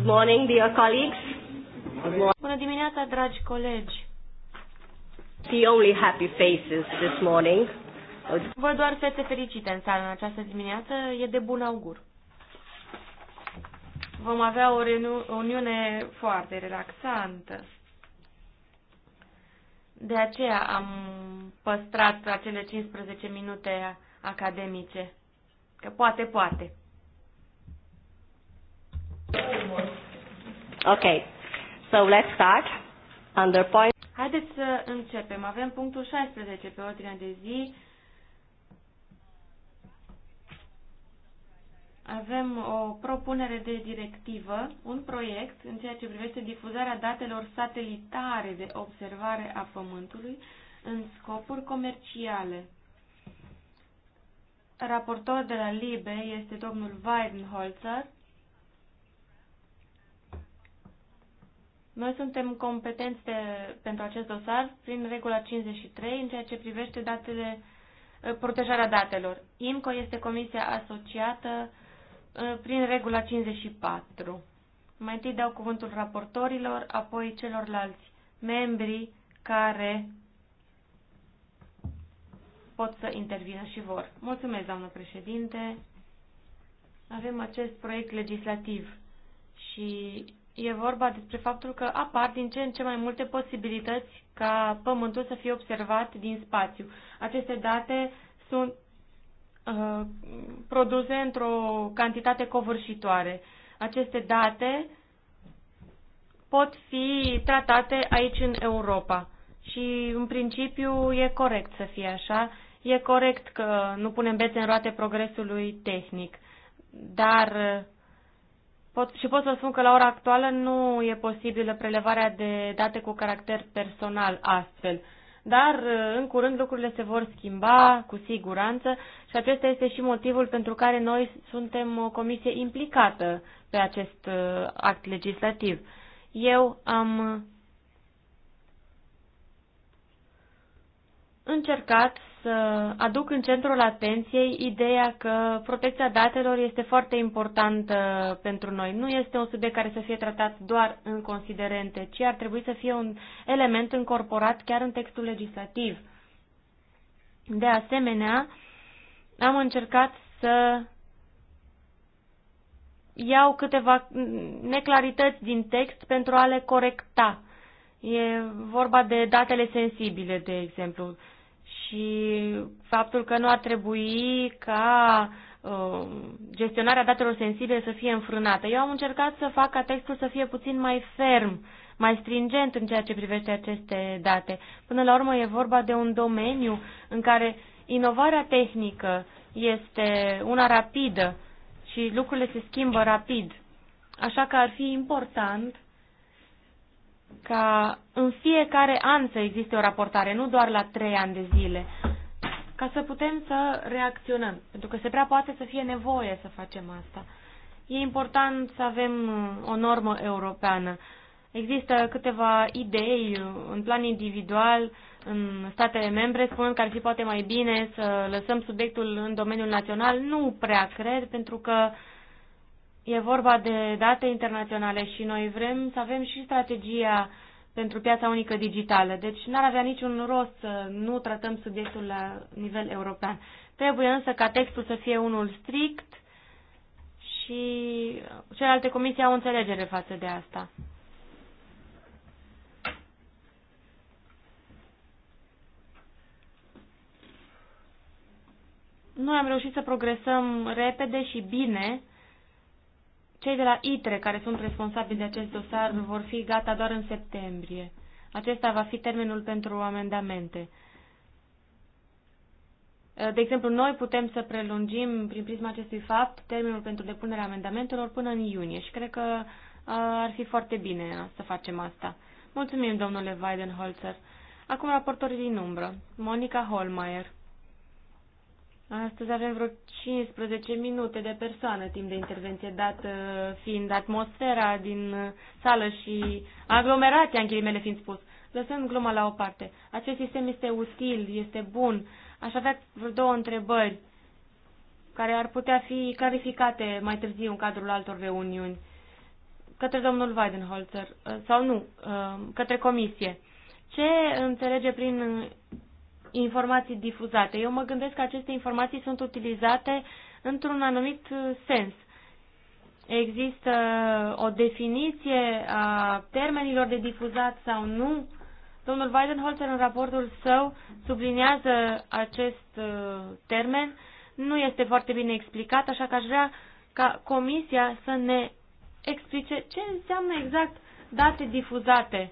Good morning, dear colleagues. Bună dimineața, dragi colegi. The only happy faces this morning. Văd doar fețe fericite în sală în această dimineață. E de bun augur. Vom avea o reuniune foarte relaxantă. De aceea am păstrat acele 15 minute academice. Că poate, poate. Ok. So let's start. Under point... Haideți să începem. Avem punctul 16 pe ordinea de zi. Avem o propunere de directivă, un proiect în ceea ce privește difuzarea datelor satelitare de observare a Pământului în scopuri comerciale. Raportor de la LIBE este domnul Weidenholzer. Noi suntem competenți pe, pentru acest dosar prin regula 53 în ceea ce privește datele, eh, protejarea datelor. INCO este comisia asociată eh, prin regula 54. Mai întâi dau cuvântul raportorilor, apoi celorlalți membri care pot să intervină și vor. Mulțumesc, doamnă președinte. Avem acest proiect legislativ și e vorba despre faptul că apar din ce în ce mai multe posibilități ca Pământul să fie observat din spațiu. Aceste date sunt uh, produse într-o cantitate covârșitoare. Aceste date pot fi tratate aici în Europa și în principiu e corect să fie așa. E corect că nu punem bețe în roate progresului tehnic, dar uh, Pot, și pot să spun că la ora actuală nu e posibilă prelevarea de date cu caracter personal astfel. Dar uh, în curând lucrurile se vor schimba cu siguranță și acesta este și motivul pentru care noi suntem o comisie implicată pe acest uh, act legislativ. Eu am încercat să aduc în centrul atenției ideea că protecția datelor este foarte importantă pentru noi. Nu este un subiect care să fie tratat doar în considerente, ci ar trebui să fie un element încorporat chiar în textul legislativ. De asemenea, am încercat să iau câteva neclarități din text pentru a le corecta. E vorba de datele sensibile, de exemplu și faptul că nu ar trebui ca uh, gestionarea datelor sensibile să fie înfrânată. Eu am încercat să fac ca textul să fie puțin mai ferm, mai stringent în ceea ce privește aceste date. Până la urmă e vorba de un domeniu în care inovarea tehnică este una rapidă și lucrurile se schimbă rapid. Așa că ar fi important ca în fiecare an să existe o raportare, nu doar la trei ani de zile, ca să putem să reacționăm, pentru că se prea poate să fie nevoie să facem asta. E important să avem uh, o normă europeană. Există câteva idei uh, în plan individual în statele membre, spunând că ar fi poate mai bine să lăsăm subiectul în domeniul național. Nu prea cred, pentru că uh, E vorba de date internaționale și noi vrem să avem și strategia pentru piața unică digitală. Deci n-ar avea niciun rost să nu tratăm subiectul la nivel european. Trebuie însă ca textul să fie unul strict și celelalte comisii au înțelegere față de asta. Noi am reușit să progresăm repede și bine cei de la ITRE care sunt responsabili de acest dosar vor fi gata doar în septembrie. Acesta va fi termenul pentru amendamente. De exemplu, noi putem să prelungim prin prisma acestui fapt termenul pentru depunerea amendamentelor până în iunie și cred că ar fi foarte bine să facem asta. Mulțumim, domnule Weidenholzer. Acum raportorii din umbră. Monica Holmeier. Astăzi avem vreo 15 minute de persoană timp de intervenție, dat uh, fiind atmosfera din uh, sală și aglomerația, în ghilimele fiind spus. Lăsând gluma la o parte, acest sistem este util, este bun. Aș avea vreo două întrebări care ar putea fi clarificate mai târziu în cadrul altor reuniuni către domnul Weidenholzer uh, sau nu, către comisie. Ce înțelege prin informații difuzate. Eu mă gândesc că aceste informații sunt utilizate într-un anumit uh, sens. Există uh, o definiție a termenilor de difuzat sau nu? Domnul Weidenholzer în raportul său subliniază acest uh, termen. Nu este foarte bine explicat, așa că aș vrea ca Comisia să ne explice ce înseamnă exact date difuzate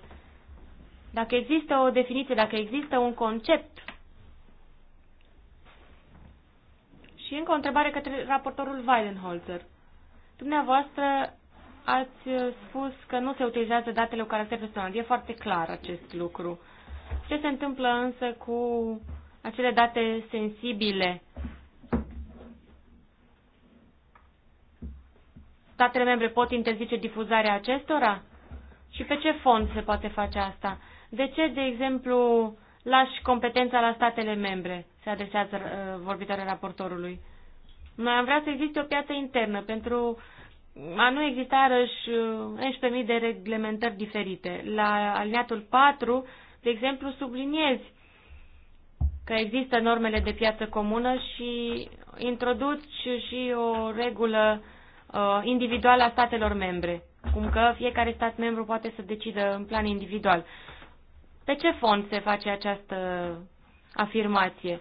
dacă există o definiție, dacă există un concept. Și încă o întrebare către raportorul Weidenholzer. Dumneavoastră ați spus că nu se utilizează datele cu caracter personal. E foarte clar acest lucru. Ce se întâmplă însă cu acele date sensibile? Statele membre pot interzice difuzarea acestora? Și pe ce fond se poate face asta? De ce, de exemplu, lași competența la statele membre? Se adresează uh, vorbitoarea raportorului. Noi am vrea să existe o piață internă pentru a nu exista răși 11.000 uh, de reglementări diferite. La aliniatul 4, de exemplu, subliniezi că există normele de piață comună și introduci și o regulă uh, individuală a statelor membre, cum că fiecare stat membru poate să decidă în plan individual. Uh, pe ce fond se face această afirmație?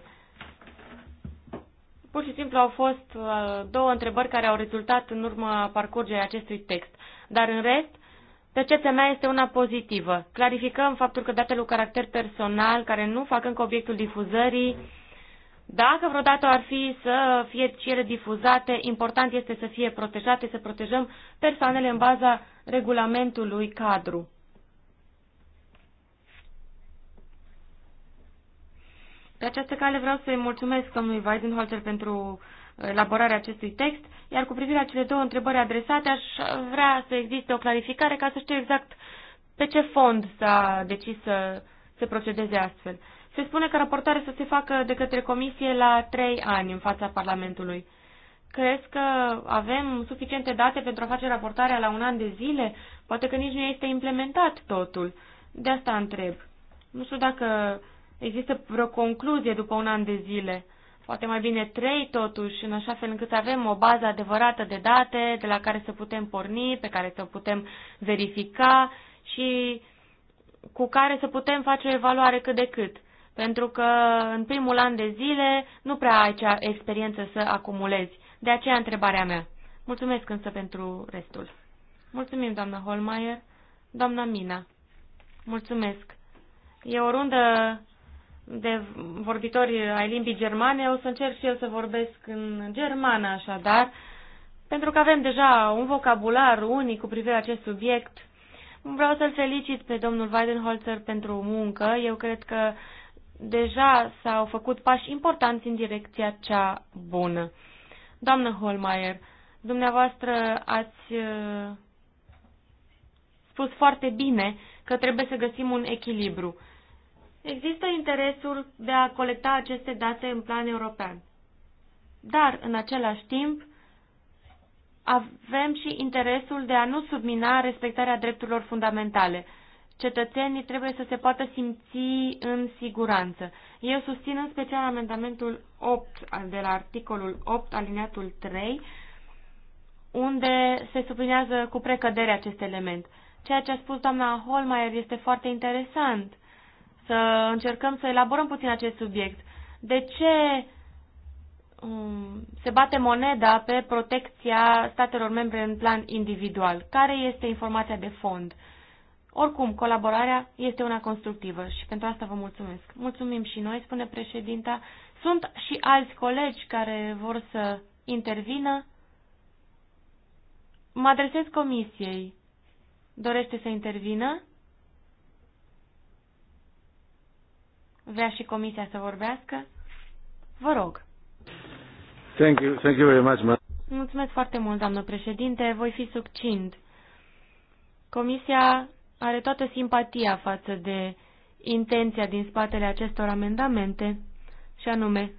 Pur și simplu au fost uh, două întrebări care au rezultat în urma parcurgerii acestui text. Dar în rest, Percepția mea este una pozitivă. Clarificăm faptul că datele cu caracter personal, care nu fac încă obiectul difuzării, dacă vreodată ar fi să fie cele difuzate, important este să fie protejate, să protejăm persoanele în baza regulamentului cadru. Pe această cale vreau să-i mulțumesc domnului Weidenholzer pentru uh, elaborarea acestui text, iar cu privire la cele două întrebări adresate, aș vrea să existe o clarificare ca să știu exact pe ce fond s-a decis să se procedeze astfel. Se spune că raportarea să se facă de către comisie la trei ani în fața Parlamentului. Crezi că avem suficiente date pentru a face raportarea la un an de zile? Poate că nici nu este implementat totul. De asta întreb. Nu știu dacă există vreo concluzie după un an de zile. Poate mai bine trei, totuși, în așa fel încât să avem o bază adevărată de date de la care să putem porni, pe care să o putem verifica și cu care să putem face o evaluare cât de cât. Pentru că în primul an de zile nu prea ai acea experiență să acumulezi. De aceea întrebarea mea. Mulțumesc însă pentru restul. Mulțumim, doamna Holmeier. Doamna Mina. Mulțumesc. E o rundă de vorbitori ai limbii germane, o să încerc și eu să vorbesc în germană așadar, pentru că avem deja un vocabular unic cu privire la acest subiect. Vreau să-l felicit pe domnul Weidenholzer pentru muncă. Eu cred că deja s-au făcut pași importanți în direcția cea bună. Doamnă Holmeier, dumneavoastră ați uh, spus foarte bine că trebuie să găsim un echilibru Există interesul de a colecta aceste date în plan european. Dar, în același timp, avem și interesul de a nu submina respectarea drepturilor fundamentale. Cetățenii trebuie să se poată simți în siguranță. Eu susțin în special amendamentul 8 de la articolul 8, alineatul 3, unde se sublinează cu precădere acest element. Ceea ce a spus doamna Holmeier este foarte interesant să încercăm să elaborăm puțin acest subiect. De ce um, se bate moneda pe protecția statelor membre în plan individual? Care este informația de fond? Oricum, colaborarea este una constructivă și pentru asta vă mulțumesc. Mulțumim și noi, spune președinta. Sunt și alți colegi care vor să intervină. Mă adresez comisiei. Dorește să intervină? Vrea și comisia să vorbească? Vă rog. Thank you, thank you very much, ma- Mulțumesc foarte mult, doamnă președinte. Voi fi succint. Comisia are toată simpatia față de intenția din spatele acestor amendamente, și anume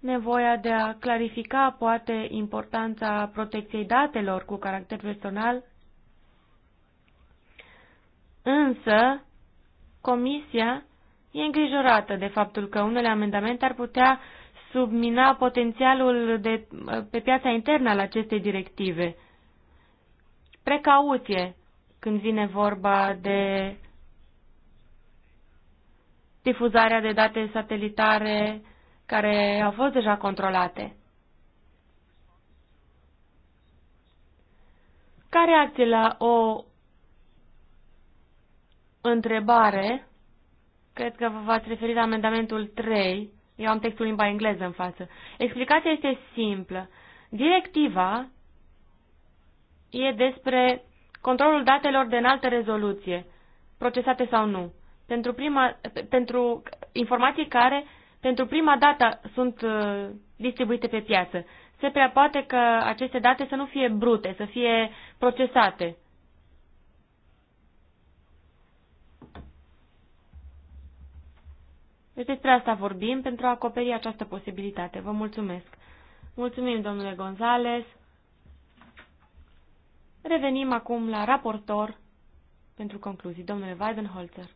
nevoia de a clarifica, poate, importanța protecției datelor cu caracter personal. Însă, Comisia e îngrijorată de faptul că unele amendamente ar putea submina potențialul de, pe piața internă al acestei directive. Precauție când vine vorba de difuzarea de date satelitare care au fost deja controlate. Ca reacție la o întrebare Cred că v-ați referit la amendamentul 3. Eu am textul limba engleză în față. Explicația este simplă. Directiva e despre controlul datelor de înaltă rezoluție, procesate sau nu, pentru, prima, pentru informații care pentru prima dată sunt uh, distribuite pe piață. Se prea poate că aceste date să nu fie brute, să fie procesate. Deci despre asta vorbim pentru a acoperi această posibilitate. Vă mulțumesc. Mulțumim, domnule Gonzales. Revenim acum la raportor pentru concluzii. Domnule Weidenholzer.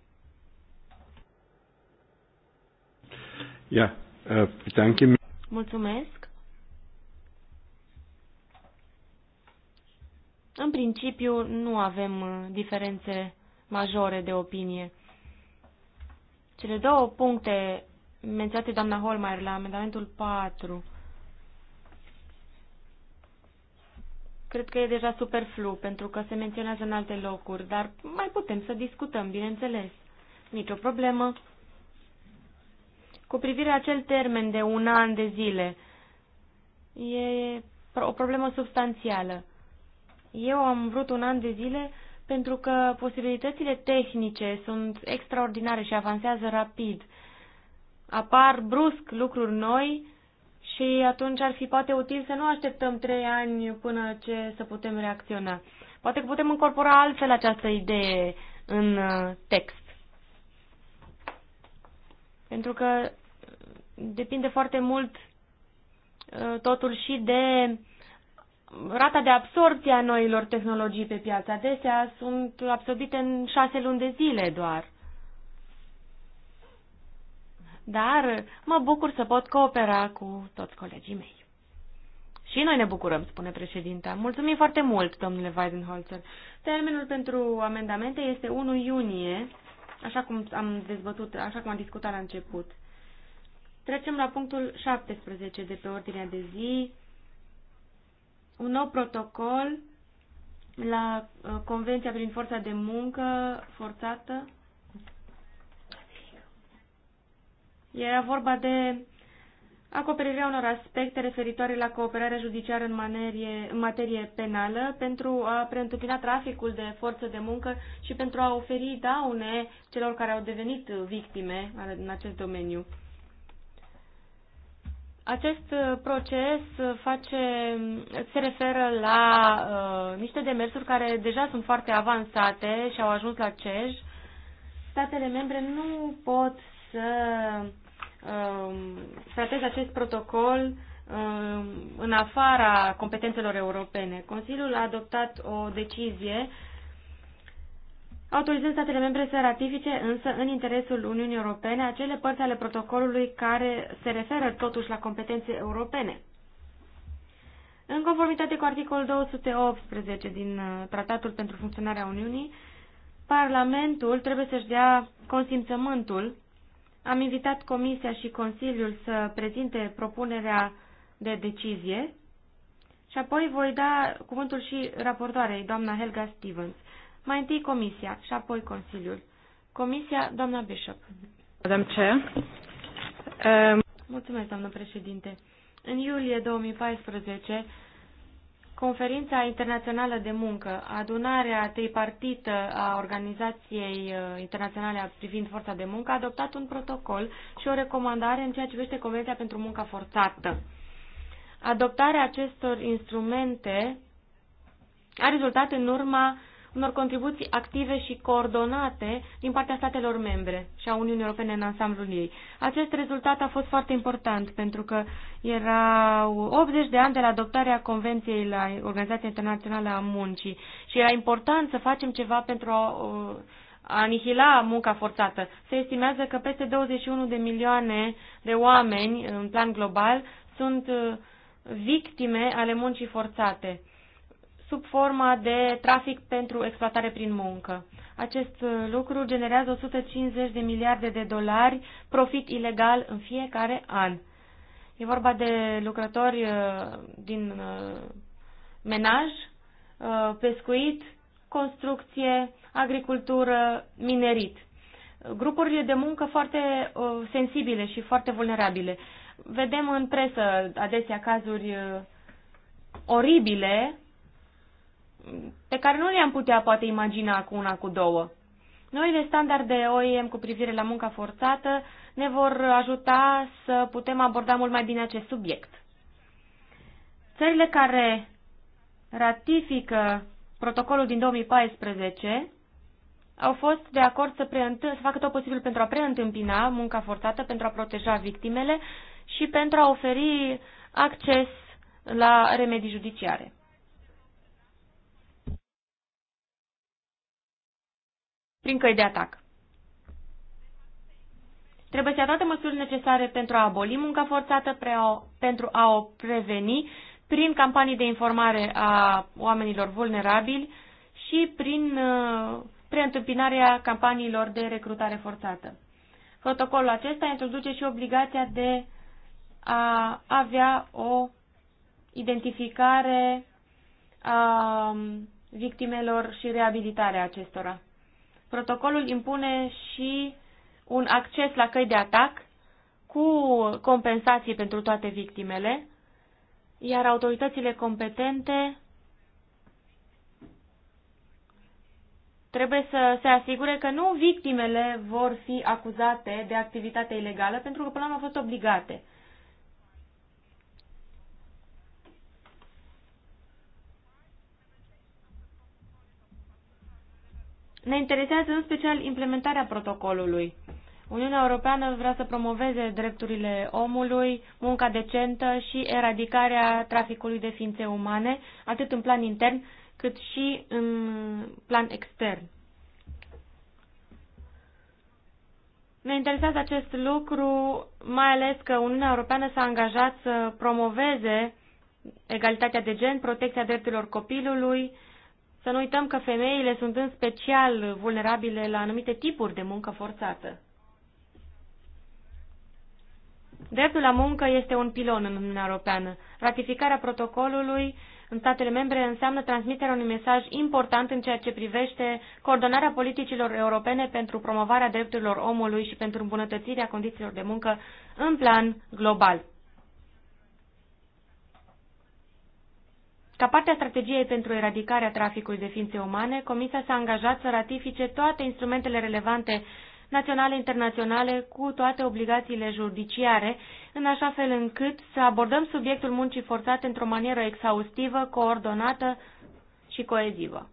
Ja, eh, bedanke Mulțumesc. În principiu, nu avem eh, diferențe majore de opinie. Cele două puncte menționate doamna Holmeier la amendamentul 4 cred că e deja superflu, pentru că se menționează în alte locuri, dar mai putem să discutăm, bineînțeles. Nicio problemă. Cu privire acel termen de un an de zile, e o problemă substanțială. Eu am vrut un an de zile pentru că posibilitățile tehnice sunt extraordinare și avansează rapid. Apar brusc lucruri noi și atunci ar fi poate util să nu așteptăm trei ani până ce să putem reacționa. Poate că putem incorpora altfel această idee în uh, text. Pentru că depinde foarte mult uh, totul și de rata de absorbție a noilor tehnologii pe piață. Adesea sunt absorbite în șase luni de zile doar. Dar mă bucur să pot coopera cu toți colegii mei. Și noi ne bucurăm, spune președinta. Mulțumim foarte mult, domnule Weidenholzer. Termenul pentru amendamente este 1 iunie, așa cum am dezbătut, așa cum am discutat la început. Trecem la punctul 17 de pe ordinea de zi, un nou protocol la uh, Convenția prin forța de muncă forțată. Era vorba de acoperirea unor aspecte referitoare la cooperarea judiciară în, manerie, în materie penală pentru a preîntâmpina traficul de forță de muncă și pentru a oferi daune celor care au devenit victime în acest domeniu. Acest uh, proces uh, face, se referă la uh, niște demersuri care deja sunt foarte avansate și au ajuns la CEJ. Statele membre nu pot să uh, trateze acest protocol uh, în afara competențelor europene. Consiliul a adoptat o decizie autorizând statele membre să ratifice însă în interesul Uniunii Europene acele părți ale protocolului care se referă totuși la competențe europene. În conformitate cu articolul 218 din uh, Tratatul pentru funcționarea Uniunii, Parlamentul trebuie să-și dea consimțământul. Am invitat Comisia și Consiliul să prezinte propunerea de decizie și apoi voi da cuvântul și raportoarei, doamna Helga Stevens. Mai întâi Comisia și apoi Consiliul. Comisia, doamna Bishop. Madam Chair. Um... Mulțumesc, doamnă președinte. În iulie 2014, Conferința Internațională de Muncă, adunarea tripartită a Organizației uh, Internaționale privind forța de muncă, a adoptat un protocol și o recomandare în ceea ce privește Convenția pentru munca forțată. Adoptarea acestor instrumente a rezultat în urma unor contribuții active și coordonate din partea statelor membre și a Uniunii Europene în ansamblul ei. Acest rezultat a fost foarte important pentru că erau 80 de ani de la adoptarea Convenției la Organizația Internațională a Muncii și era important să facem ceva pentru a anihila munca forțată. Se estimează că peste 21 de milioane de oameni în plan global sunt uh, victime ale muncii forțate sub forma de trafic pentru exploatare prin muncă. Acest lucru generează 150 de miliarde de dolari profit ilegal în fiecare an. E vorba de lucrători uh, din uh, menaj, uh, pescuit, construcție, agricultură, minerit. Grupurile de muncă foarte sensibile și foarte vulnerabile. Vedem în presă adesea cazuri oribile pe care nu le-am putea poate imagina cu una, cu două. Noile standarde OIM cu privire la munca forțată ne vor ajuta să putem aborda mult mai bine acest subiect. Țările care ratifică protocolul din 2014 au fost de acord să, să facă tot posibil pentru a preîntâmpina munca forțată, pentru a proteja victimele și pentru a oferi acces la remedii judiciare. prin căi de atac. Trebuie să ia toate măsurile necesare pentru a aboli munca forțată, pentru a o preveni prin campanii de informare a oamenilor vulnerabili și prin uh, preîntâmpinarea campaniilor de recrutare forțată. Protocolul acesta introduce și obligația de a avea o identificare a um, victimelor și reabilitarea acestora protocolul impune și un acces la căi de atac cu compensații pentru toate victimele, iar autoritățile competente trebuie să se asigure că nu victimele vor fi acuzate de activitate ilegală, pentru că până la urmă au fost obligate. Ne interesează în special implementarea protocolului. Uniunea Europeană vrea să promoveze drepturile omului, munca decentă și eradicarea traficului de ființe umane, atât în plan intern cât și în plan extern. Ne interesează acest lucru, mai ales că Uniunea Europeană s-a angajat să promoveze egalitatea de gen, protecția drepturilor copilului, să nu uităm că femeile sunt în special vulnerabile la anumite tipuri de muncă forțată. Dreptul la muncă este un pilon în Uniunea Europeană. Ratificarea protocolului în statele membre înseamnă transmiterea unui mesaj important în ceea ce privește coordonarea politicilor europene pentru promovarea drepturilor omului și pentru îmbunătățirea condițiilor de muncă în plan global. Ca parte a strategiei pentru eradicarea traficului de ființe umane, Comisia s-a angajat să ratifice toate instrumentele relevante naționale, internaționale, cu toate obligațiile judiciare, în așa fel încât să abordăm subiectul muncii forțate într-o manieră exhaustivă, coordonată și coezivă.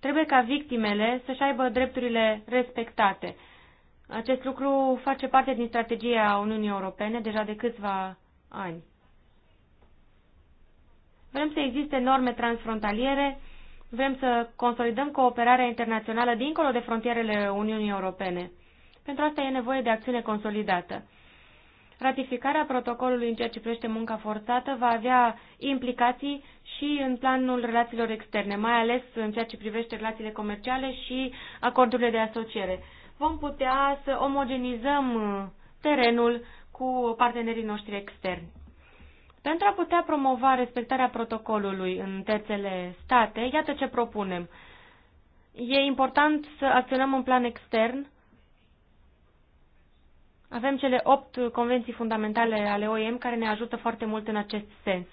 Trebuie ca victimele să-și aibă drepturile respectate. Acest lucru face parte din strategia Uniunii Europene deja de câțiva ani. Vrem să existe norme transfrontaliere, vrem să consolidăm cooperarea internațională dincolo de frontierele Uniunii Europene. Pentru asta e nevoie de acțiune consolidată. Ratificarea protocolului în ceea ce privește munca forțată va avea implicații și în planul relațiilor externe, mai ales în ceea ce privește relațiile comerciale și acordurile de asociere. Vom putea să omogenizăm uh, terenul cu partenerii noștri externi. Pentru a putea promova respectarea protocolului în terțele state, iată ce propunem. E important să acționăm în plan extern. Avem cele opt convenții fundamentale ale OIM care ne ajută foarte mult în acest sens.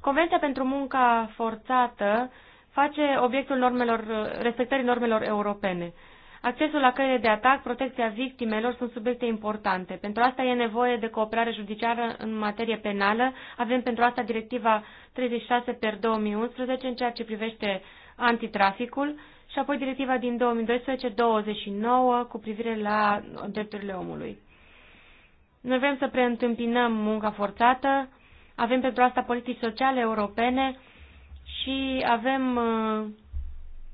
Convenția pentru munca forțată face obiectul normelor, respectării normelor europene. Accesul la căile de atac, protecția victimelor sunt subiecte importante. Pentru asta e nevoie de cooperare judiciară în materie penală. Avem pentru asta directiva 36 per 2011 în ceea ce privește antitraficul și apoi directiva din 2012-29 cu privire la drepturile omului. Noi vrem să preîntâmpinăm munca forțată, avem pentru asta politici sociale europene și avem uh,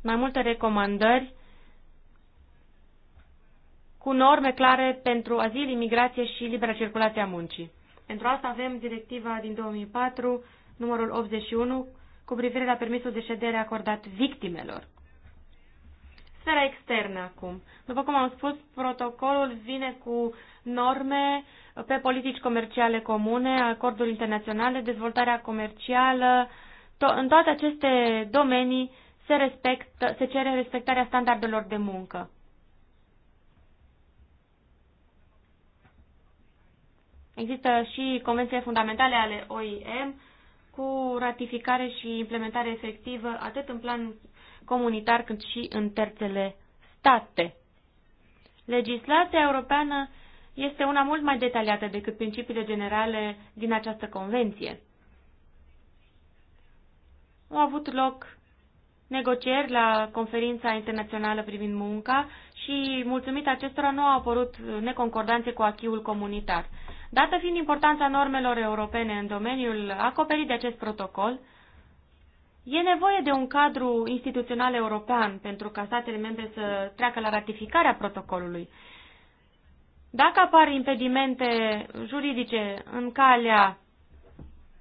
mai multe recomandări cu norme clare pentru azil, imigrație și libera circulație a muncii. Pentru asta avem directiva din 2004, numărul 81, cu privire la permisul de ședere acordat victimelor. Sfera externă acum. După cum am spus, protocolul vine cu norme pe politici comerciale comune, acorduri internaționale, dezvoltarea comercială. To- în toate aceste domenii se, respectă, se cere respectarea standardelor de muncă. Există și convenții fundamentale ale OIM cu ratificare și implementare efectivă atât în plan comunitar cât și în terțele state. Legislația europeană este una mult mai detaliată decât principiile generale din această convenție. Au avut loc negocieri la conferința internațională privind munca și, mulțumit acestora, nu au apărut neconcordanțe cu achiul comunitar. Dată fiind importanța normelor europene în domeniul acoperit de acest protocol, e nevoie de un cadru instituțional european pentru ca statele membre să treacă la ratificarea protocolului. Dacă apar impedimente juridice în calea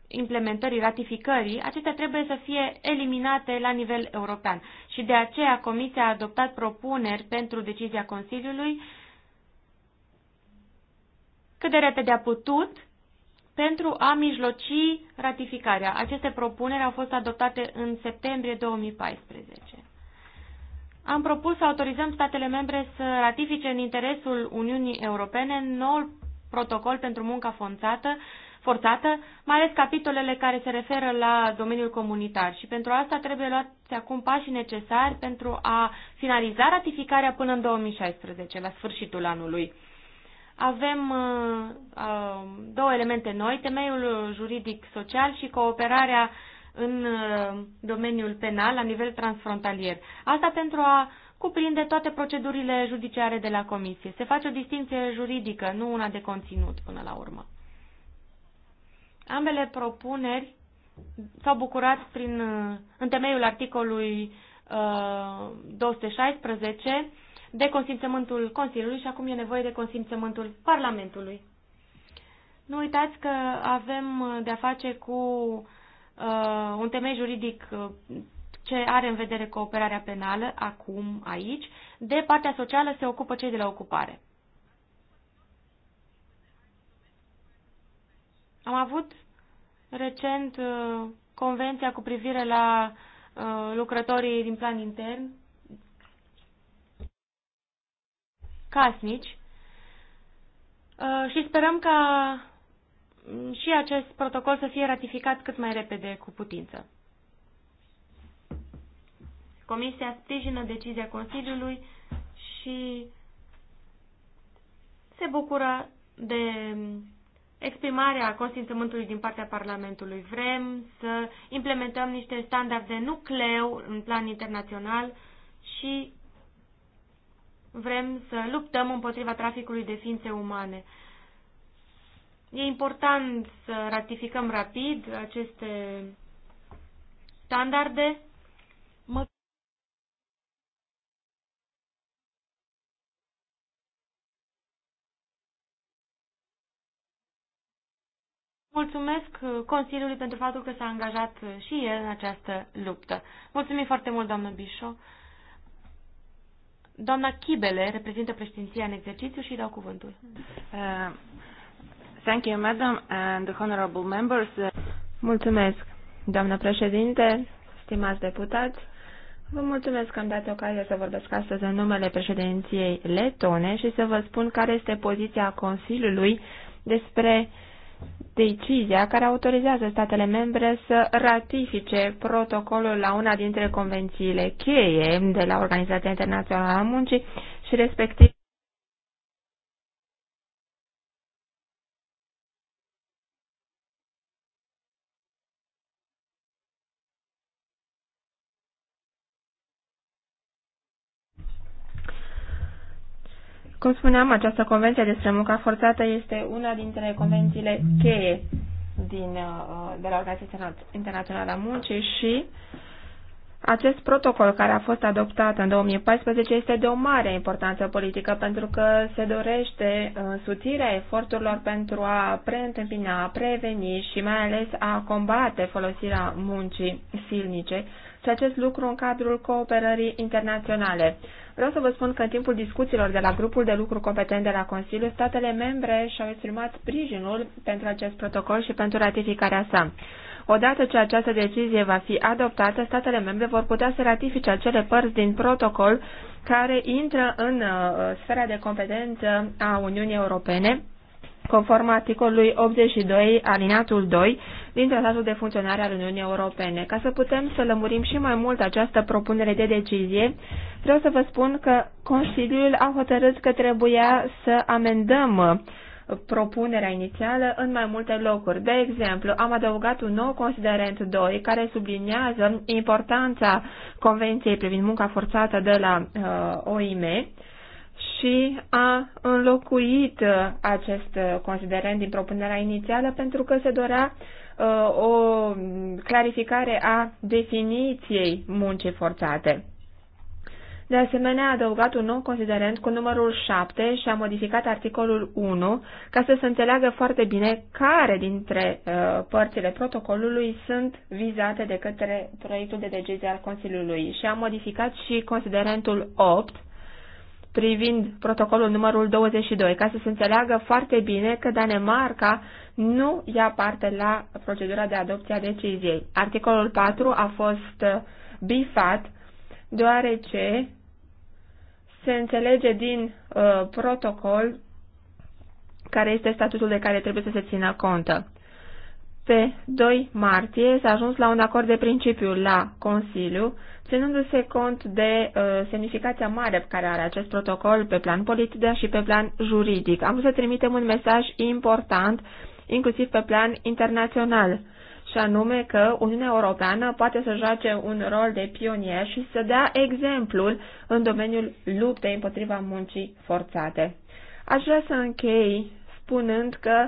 implementării, ratificării, acestea trebuie să fie eliminate la nivel european. Și de aceea Comisia a adoptat propuneri pentru decizia Consiliului uh, cât de repede a putut pentru a mijloci ratificarea. Aceste propuneri au fost adoptate în septembrie 2014. Am propus să autorizăm statele membre să ratifice în interesul Uniunii Europene noul protocol pentru munca forțată, forțată, mai ales capitolele care se referă la domeniul comunitar. Și pentru asta trebuie luați acum pașii necesari pentru a finaliza ratificarea până în 2016, la sfârșitul anului avem uh, uh, două elemente noi, temeiul juridic social și cooperarea în uh, domeniul penal la nivel transfrontalier. Asta pentru a cuprinde toate procedurile judiciare de la comisie. Se face o distinție juridică, nu una de conținut până la urmă. Ambele propuneri s-au bucurat prin, uh, în temeiul articolului uh, 216 de consimțământul Consiliului și acum e nevoie de consimțământul Parlamentului. Nu uitați că avem de-a face cu uh, un temei juridic uh, ce are în vedere cooperarea penală acum, aici. De partea socială se ocupă cei de la ocupare. Am avut recent uh, convenția cu privire la uh, lucrătorii din plan intern casnici uh, și sperăm ca mm, și acest protocol să fie ratificat cât mai repede cu putință. Comisia sprijină decizia Consiliului și se bucură de exprimarea consimțământului din partea Parlamentului. Vrem să implementăm niște standarde nucleu în plan internațional și Vrem să luptăm împotriva traficului de ființe umane. E important să ratificăm rapid aceste standarde. Mă... Mulțumesc Consiliului pentru faptul că s-a angajat și el în această luptă. Mulțumim foarte mult, doamnă Bișo. Doamna Kibele reprezintă președinția în exercițiu și dau cuvântul. Uh, thank you, madam, and honorable members. Mulțumesc, doamna președinte, stimați deputați. Vă mulțumesc că am dat ocazia să vorbesc astăzi în numele președinției letone și să vă spun care este poziția Consiliului despre uh, decizia care autorizează statele membre să ratifice protocolul la una dintre convențiile cheie de la Organizația Internațională a Muncii și respectiv Cum spuneam, această convenție despre munca forțată este una dintre convențiile cheie din, uh, de la Organizația Internațională a Muncii și acest protocol care a fost adoptat în 2014 este de o mare importanță politică pentru că se dorește însuțirea uh, eforturilor pentru a preîntâmpina, a preveni și mai ales a combate folosirea muncii silnice și acest lucru în cadrul cooperării internaționale. Vreau să vă spun că în timpul discuțiilor de la grupul de lucru competent de la Consiliu, statele membre și-au exprimat sprijinul pentru acest protocol și pentru ratificarea sa. Odată ce această decizie va fi adoptată, statele membre vor putea să ratifice acele părți din protocol care intră în uh, sfera de competență a Uniunii Europene conform articolului 82, alineatul 2, din Tratatul de Funcționare al Uniunii Europene. Ca să putem să lămurim și mai mult această propunere de decizie, vreau să vă spun că Consiliul a hotărât că trebuia să amendăm uh, propunerea inițială în mai multe locuri. De exemplu, am adăugat un nou considerent 2 care subliniază importanța Convenției privind munca forțată de la uh, OIM, și a înlocuit acest considerent din propunerea inițială pentru că se dorea uh, o clarificare a definiției muncii forțate. De asemenea, a adăugat un nou considerent cu numărul 7 și a modificat articolul 1 ca să se înțeleagă foarte bine care dintre uh, părțile protocolului sunt vizate de către proiectul de decizie al Consiliului și a modificat și considerentul 8 privind protocolul numărul 22, ca să se înțeleagă foarte bine că Danemarca nu ia parte la procedura de adopție a deciziei. Articolul 4 a fost uh, bifat deoarece se înțelege din uh, protocol care este statutul de care trebuie să se țină contă. Pe 2 martie s-a ajuns la un acord de principiu la Consiliu ținându-se cont de uh, semnificația mare pe care are acest protocol pe plan politic, dar și pe plan juridic. Am vrut să trimitem un mesaj important, inclusiv pe plan internațional, și anume că Uniunea Europeană poate să joace un rol de pionier și să dea exemplul în domeniul luptei împotriva muncii forțate. Aș vrea să închei spunând că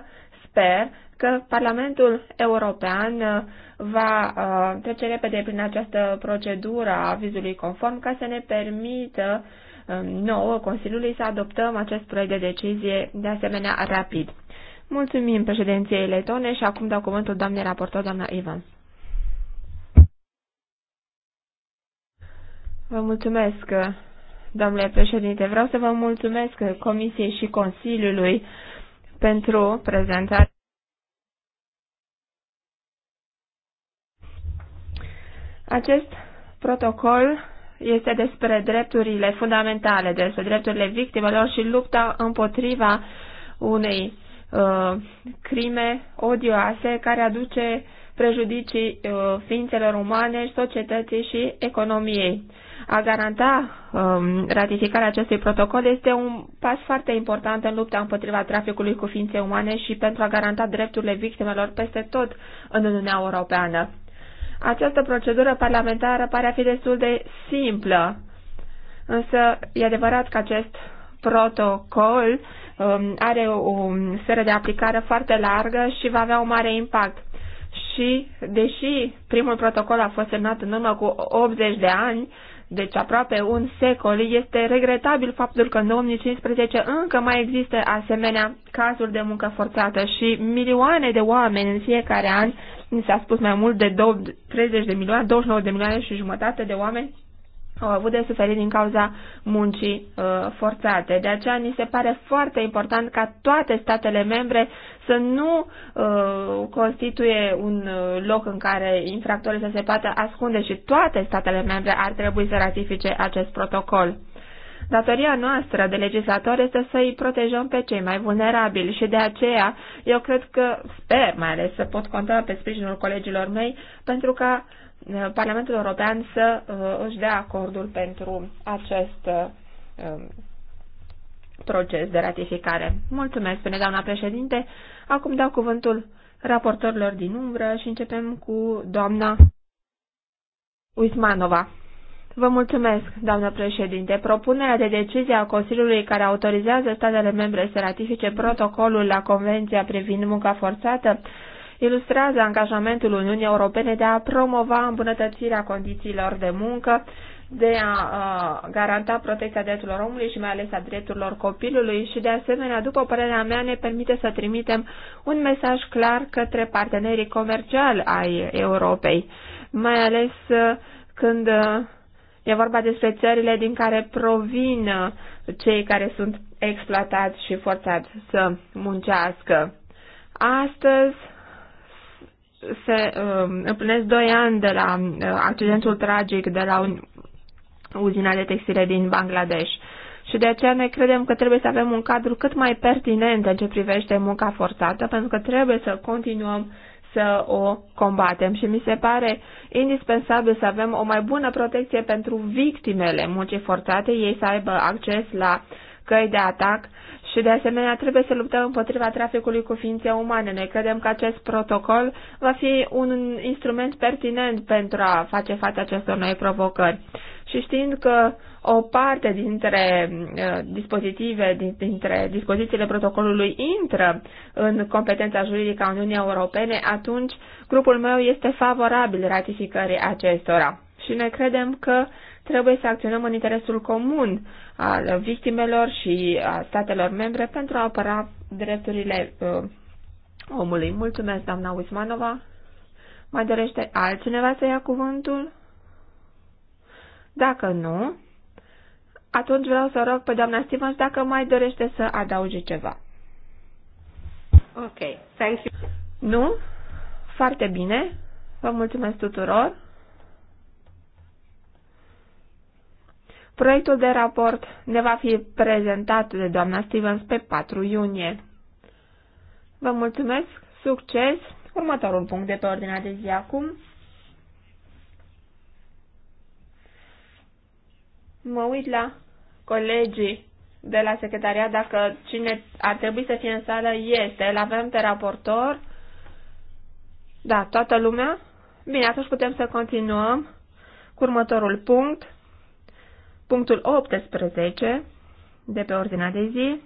sper că Parlamentul European uh, va uh, trece repede prin această procedură a vizului conform ca să ne permită uh, nouă Consiliului să adoptăm acest proiect de decizie de asemenea rapid. Mulțumim președinției letone și acum dau cuvântul doamnei raportor, doamna Ivan. Vă mulțumesc, domnule președinte. Vreau să vă mulțumesc Comisiei și Consiliului pentru prezentare. Acest protocol este despre drepturile fundamentale, despre drepturile victimelor și lupta împotriva unei uh, crime odioase care aduce prejudicii uh, ființelor umane, societății și economiei. A garanta um, ratificarea acestui protocol este un pas foarte important în lupta împotriva traficului cu ființe umane și pentru a garanta drepturile victimelor peste tot în Uniunea Europeană. Această procedură parlamentară pare a fi destul de simplă, însă e adevărat că acest protocol um, are o sferă de aplicare foarte largă și va avea un mare impact. Și, deși primul protocol a fost semnat în urmă cu 80 de ani, deci aproape un secol, este regretabil faptul că în 2015 încă mai există asemenea cazuri de muncă forțată și milioane de oameni în fiecare an ni s-a spus mai mult de 30 de milioane, 29 de milioane și jumătate de oameni au avut de suferit din cauza muncii uh, forțate. De aceea ni se pare foarte important ca toate statele membre să nu uh, constituie un uh, loc în care infractorii să se poată ascunde și toate statele membre ar trebui să ratifice acest protocol. Datoria noastră de legislator este să îi protejăm pe cei mai vulnerabili și de aceea eu cred că sper mai ales să pot conta pe sprijinul colegilor mei pentru ca uh, Parlamentul European să uh, își dea acordul pentru acest uh, um, proces de ratificare. Mulțumesc, spune doamna președinte. Acum dau cuvântul raportorilor din umbră și începem cu doamna Uismanova. Vă mulțumesc, doamnă președinte. Propunerea de decizie a Consiliului care autorizează statele membre să ratifice protocolul la Convenția privind munca forțată ilustrează angajamentul Uniunii Europene de a promova îmbunătățirea condițiilor de muncă, de a, a garanta protecția drepturilor omului și mai ales a drepturilor copilului și, de asemenea, după părerea mea, ne permite să trimitem un mesaj clar către partenerii comerciali ai Europei, mai ales când a, E vorba despre țările din care provin cei care sunt exploatați și forțați să muncească. Astăzi se um, împlinesc doi ani de la uh, accidentul tragic de la uzina de textile din Bangladesh și de aceea noi credem că trebuie să avem un cadru cât mai pertinent în ce privește munca forțată, pentru că trebuie să continuăm să o combatem și mi se pare indispensabil să avem o mai bună protecție pentru victimele muncii forțate, ei să aibă acces la căi de atac și de asemenea trebuie să luptăm împotriva traficului cu ființe umane. Noi credem că acest protocol va fi un instrument pertinent pentru a face față acestor noi provocări. Și știind că o parte dintre uh, dispozitive, dintre dispozițiile protocolului intră în competența juridică a Uniunii Europene, atunci grupul meu este favorabil ratificării acestora. Și ne credem că trebuie să acționăm în interesul comun al victimelor și a statelor membre pentru a apăra drepturile uh, omului. Mulțumesc, doamna Wismanova. Mai dorește altcineva să ia cuvântul? Dacă nu, atunci vreau să rog pe doamna Stevens dacă mai dorește să adauge ceva. Ok, thank you. Nu? Foarte bine. Vă mulțumesc tuturor. Proiectul de raport ne va fi prezentat de doamna Stevens pe 4 iunie. Vă mulțumesc, succes! Următorul punct de pe ordinea de zi acum. Mă uit la colegii de la secretariat dacă cine ar trebui să fie în sală este. Îl avem pe raportor. Da, toată lumea? Bine, atunci putem să continuăm cu următorul punct. Punctul 18 de pe ordinea de zi.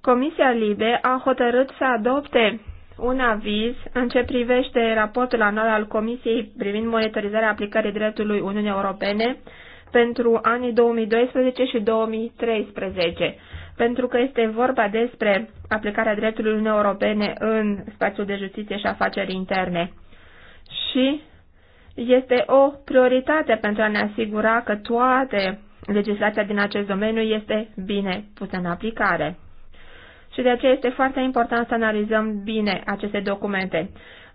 Comisia Libe a hotărât să adopte un aviz în ce privește raportul anual al Comisiei privind monitorizarea aplicării dreptului Uniunii Europene pentru anii 2012 și 2013, pentru că este vorba despre aplicarea dreptului Uniunii Europene în spațiul de justiție și afaceri interne. Și este o prioritate pentru a ne asigura că toate legislația din acest domeniu este bine pusă în aplicare. Și de aceea este foarte important să analizăm bine aceste documente.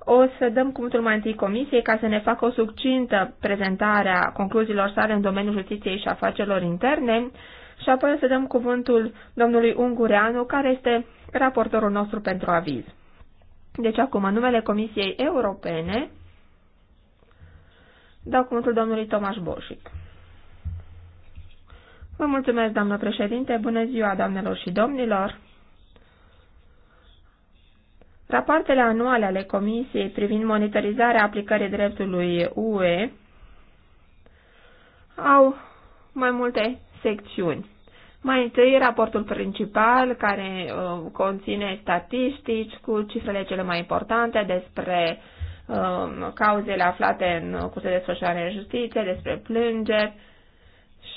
O să dăm cuvântul mai întâi comisiei ca să ne facă o succintă prezentare a concluziilor sale în domeniul justiției și afacerilor interne și apoi o să dăm cuvântul domnului Ungureanu, care este raportorul nostru pentru aviz. Deci acum, în numele Comisiei Europene, dau cuvântul domnului Tomaș Boșic. Vă mulțumesc, doamnă președinte, bună ziua, doamnelor și domnilor! Rapoartele anuale ale Comisiei privind monitorizarea aplicării dreptului UE au mai multe secțiuni. Mai întâi, raportul principal, care uh, conține statistici cu cifrele cele mai importante despre uh, cauzele aflate în curse de desfășurare în justiție, despre plângeri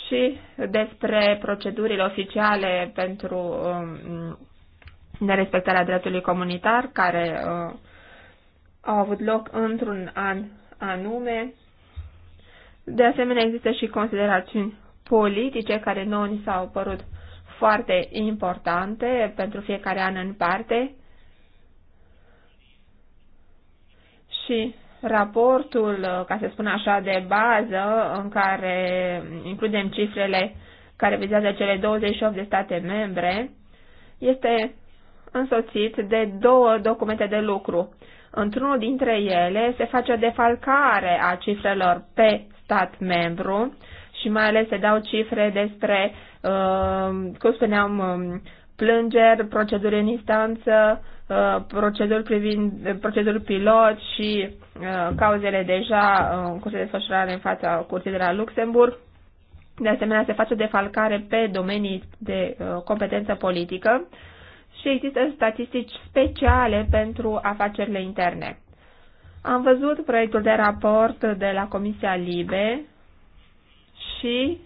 și despre procedurile oficiale pentru uh, de respectarea dreptului comunitar care uh, au avut loc într-un an anume. De asemenea, există și considerațiuni politice care nouă ni s-au părut foarte importante pentru fiecare an în parte și raportul, uh, ca să spun așa, de bază, în care includem cifrele care vizează cele 28 de state membre, este însoțit de două documente de lucru. Într-unul dintre ele se face o defalcare a cifrelor pe stat membru și mai ales se dau cifre despre, uh, cum spuneam, um, plângeri, proceduri în instanță, uh, proceduri, privind, proceduri pilot și uh, cauzele deja în curs de desfășurare în fața curții de la Luxemburg. De asemenea, se face o defalcare pe domenii de competență politică și există statistici speciale pentru afacerile interne. Am văzut proiectul de raport de la Comisia Libe și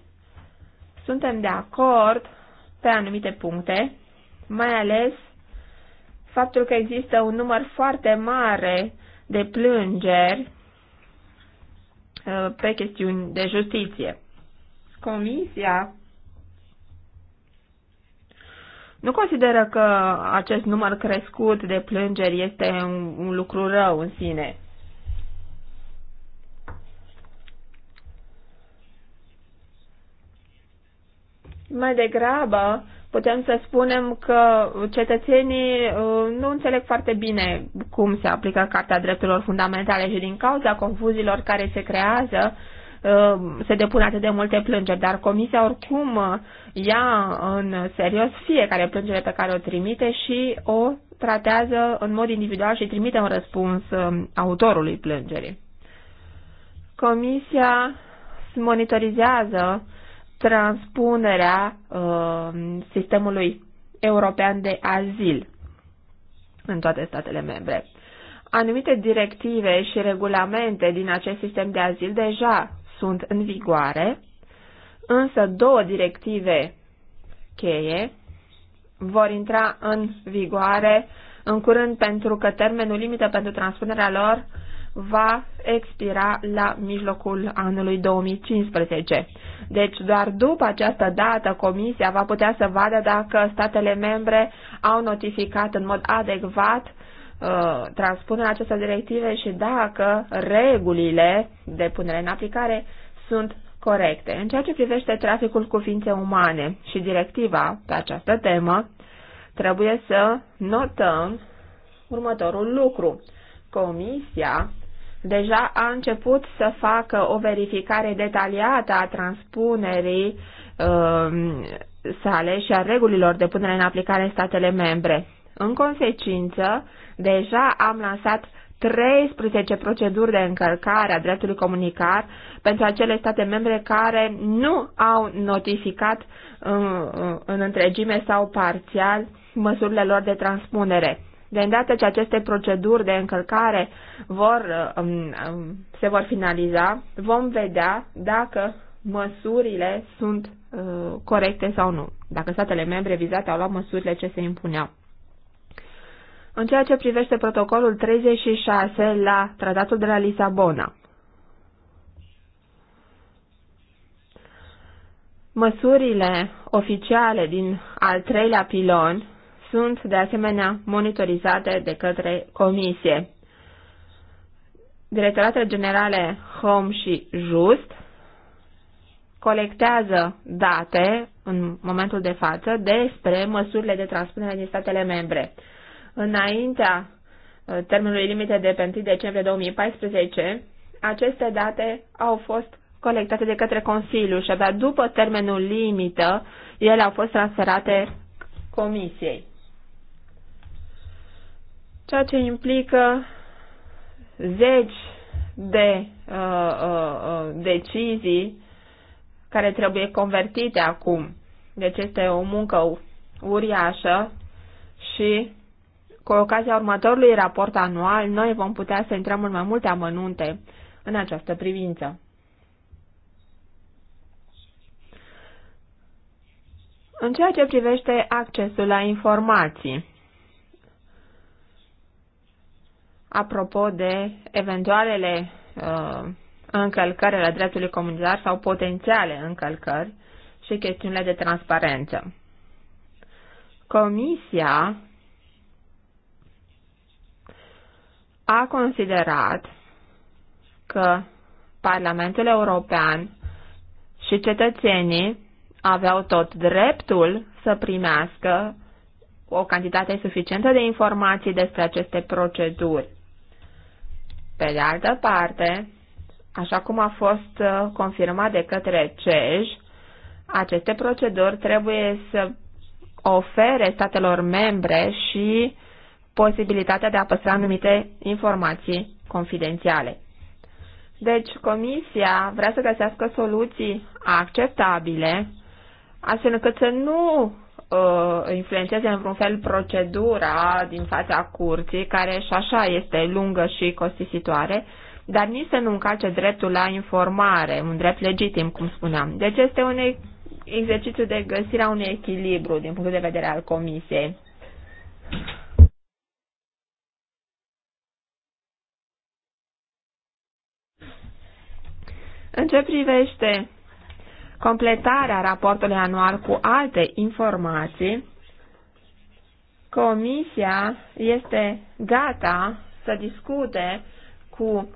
suntem de acord pe anumite puncte, mai ales faptul că există un număr foarte mare de plângeri uh, pe chestiuni de justiție. Comisia nu consideră că acest număr crescut de plângeri este un, un lucru rău în sine. Mai degrabă, putem să spunem că cetățenii uh, nu înțeleg foarte bine cum se aplică Carta Drepturilor Fundamentale și din cauza confuziilor care se creează, Ehm, se depun atât de multe plângeri, dar comisia oricum uh, ia în serios fiecare plângere pe care o trimite și o tratează în mod individual și trimite un răspuns um, autorului plângerii. Comisia monitorizează transpunerea um, sistemului european de azil în toate statele membre. Anumite directive și regulamente din acest sistem de azil deja sunt în vigoare, însă două directive cheie vor intra în vigoare în curând pentru că termenul limită pentru transpunerea lor va expira la mijlocul anului 2015. Deci doar după această dată Comisia va putea să vadă dacă statele membre au notificat în mod adecvat Uh, transpunerea acestor directive și dacă regulile de punere în aplicare sunt corecte. În ceea ce privește traficul cu ființe umane și directiva pe această temă, trebuie să notăm următorul lucru. Comisia deja a început să facă o verificare detaliată a transpunerii uh, sale și a regulilor de punere în aplicare în statele membre. În consecință, deja am lansat 13 proceduri de încălcare a dreptului comunicar pentru acele state membre care nu au notificat uh, uh, în întregime sau parțial măsurile lor de transpunere. De îndată ce aceste proceduri de încălcare vor, uh, um, um, se vor finaliza, vom vedea dacă măsurile sunt corecte sau nu, dacă statele membre vizate au luat măsurile ce se impuneau în ceea ce privește protocolul 36 la Tratatul de la Lisabona. Măsurile oficiale din al treilea pilon sunt de asemenea monitorizate de către Comisie. Directoratele Generale Home și Just colectează date în momentul de față despre măsurile de transpunere din statele membre înaintea uh, termenului limite de pe 1 decembrie 2014, aceste date au fost colectate de către Consiliu și abia după termenul limită ele au fost transferate Comisiei. Ceea ce implică zeci de uh, uh, uh decizii care trebuie convertite acum. Deci este o muncă uriașă și cu ocazia următorului raport anual, noi vom putea să intrăm în mai multe amănunte în această privință. În ceea ce privește accesul la informații, apropo de eventualele uh, încălcări ale dreptului comunitar sau potențiale încălcări și chestiunile de transparență. Comisia a considerat că Parlamentul European și cetățenii aveau tot dreptul să primească o cantitate suficientă de informații despre aceste proceduri. Pe de altă parte, așa cum a fost uh, confirmat de către CEJ, aceste proceduri trebuie să ofere statelor membre și uh, posibilitatea de a păstra anumite informații confidențiale. Deci, Comisia vrea să găsească soluții acceptabile, astfel încât să nu uh, influențeze în vreun fel procedura din fața curții, care și așa este lungă și costisitoare, dar nici să nu încalce dreptul la informare, un drept legitim, cum spuneam. Deci este un exercițiu de găsirea unui echilibru din punct de vedere al Comisiei. În ce privește completarea raportului anual cu alte informații, Comisia este gata să discute cu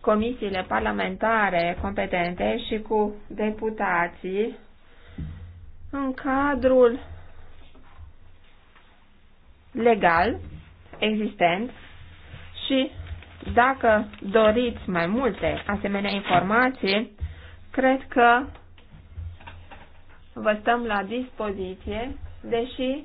comisiile parlamentare competente și cu deputații în cadrul legal existent și dacă doriți mai multe asemenea informații, cred că vă stăm la dispoziție, deși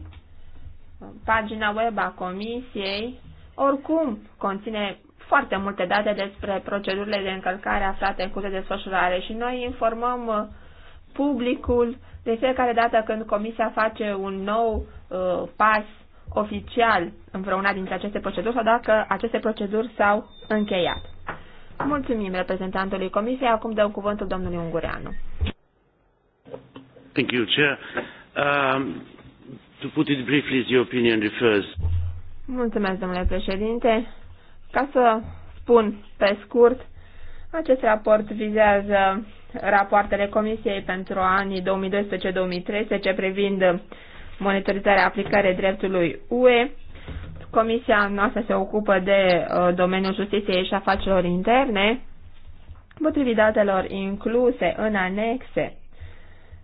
pagina web a Comisiei oricum conține foarte multe date despre procedurile de încălcare aflate în curte de desfășurare și noi informăm uh, publicul de fiecare dată când Comisia face un nou uh, pas oficial în vreuna dintre aceste proceduri sau dacă aceste proceduri s-au încheiat. Mulțumim reprezentantului Comisiei. Acum dăm cuvântul domnului Ungureanu. Thank you, Chair. Um, to put it briefly, the opinion refers. Mulțumesc, domnule președinte. Ca să spun pe scurt, acest raport vizează rapoartele Comisiei pentru anii 2012-2013 privind monitorizarea aplicării dreptului UE. Comisia noastră se ocupă de uh, domeniul justiției și afacerilor interne, potrivit datelor incluse în anexe.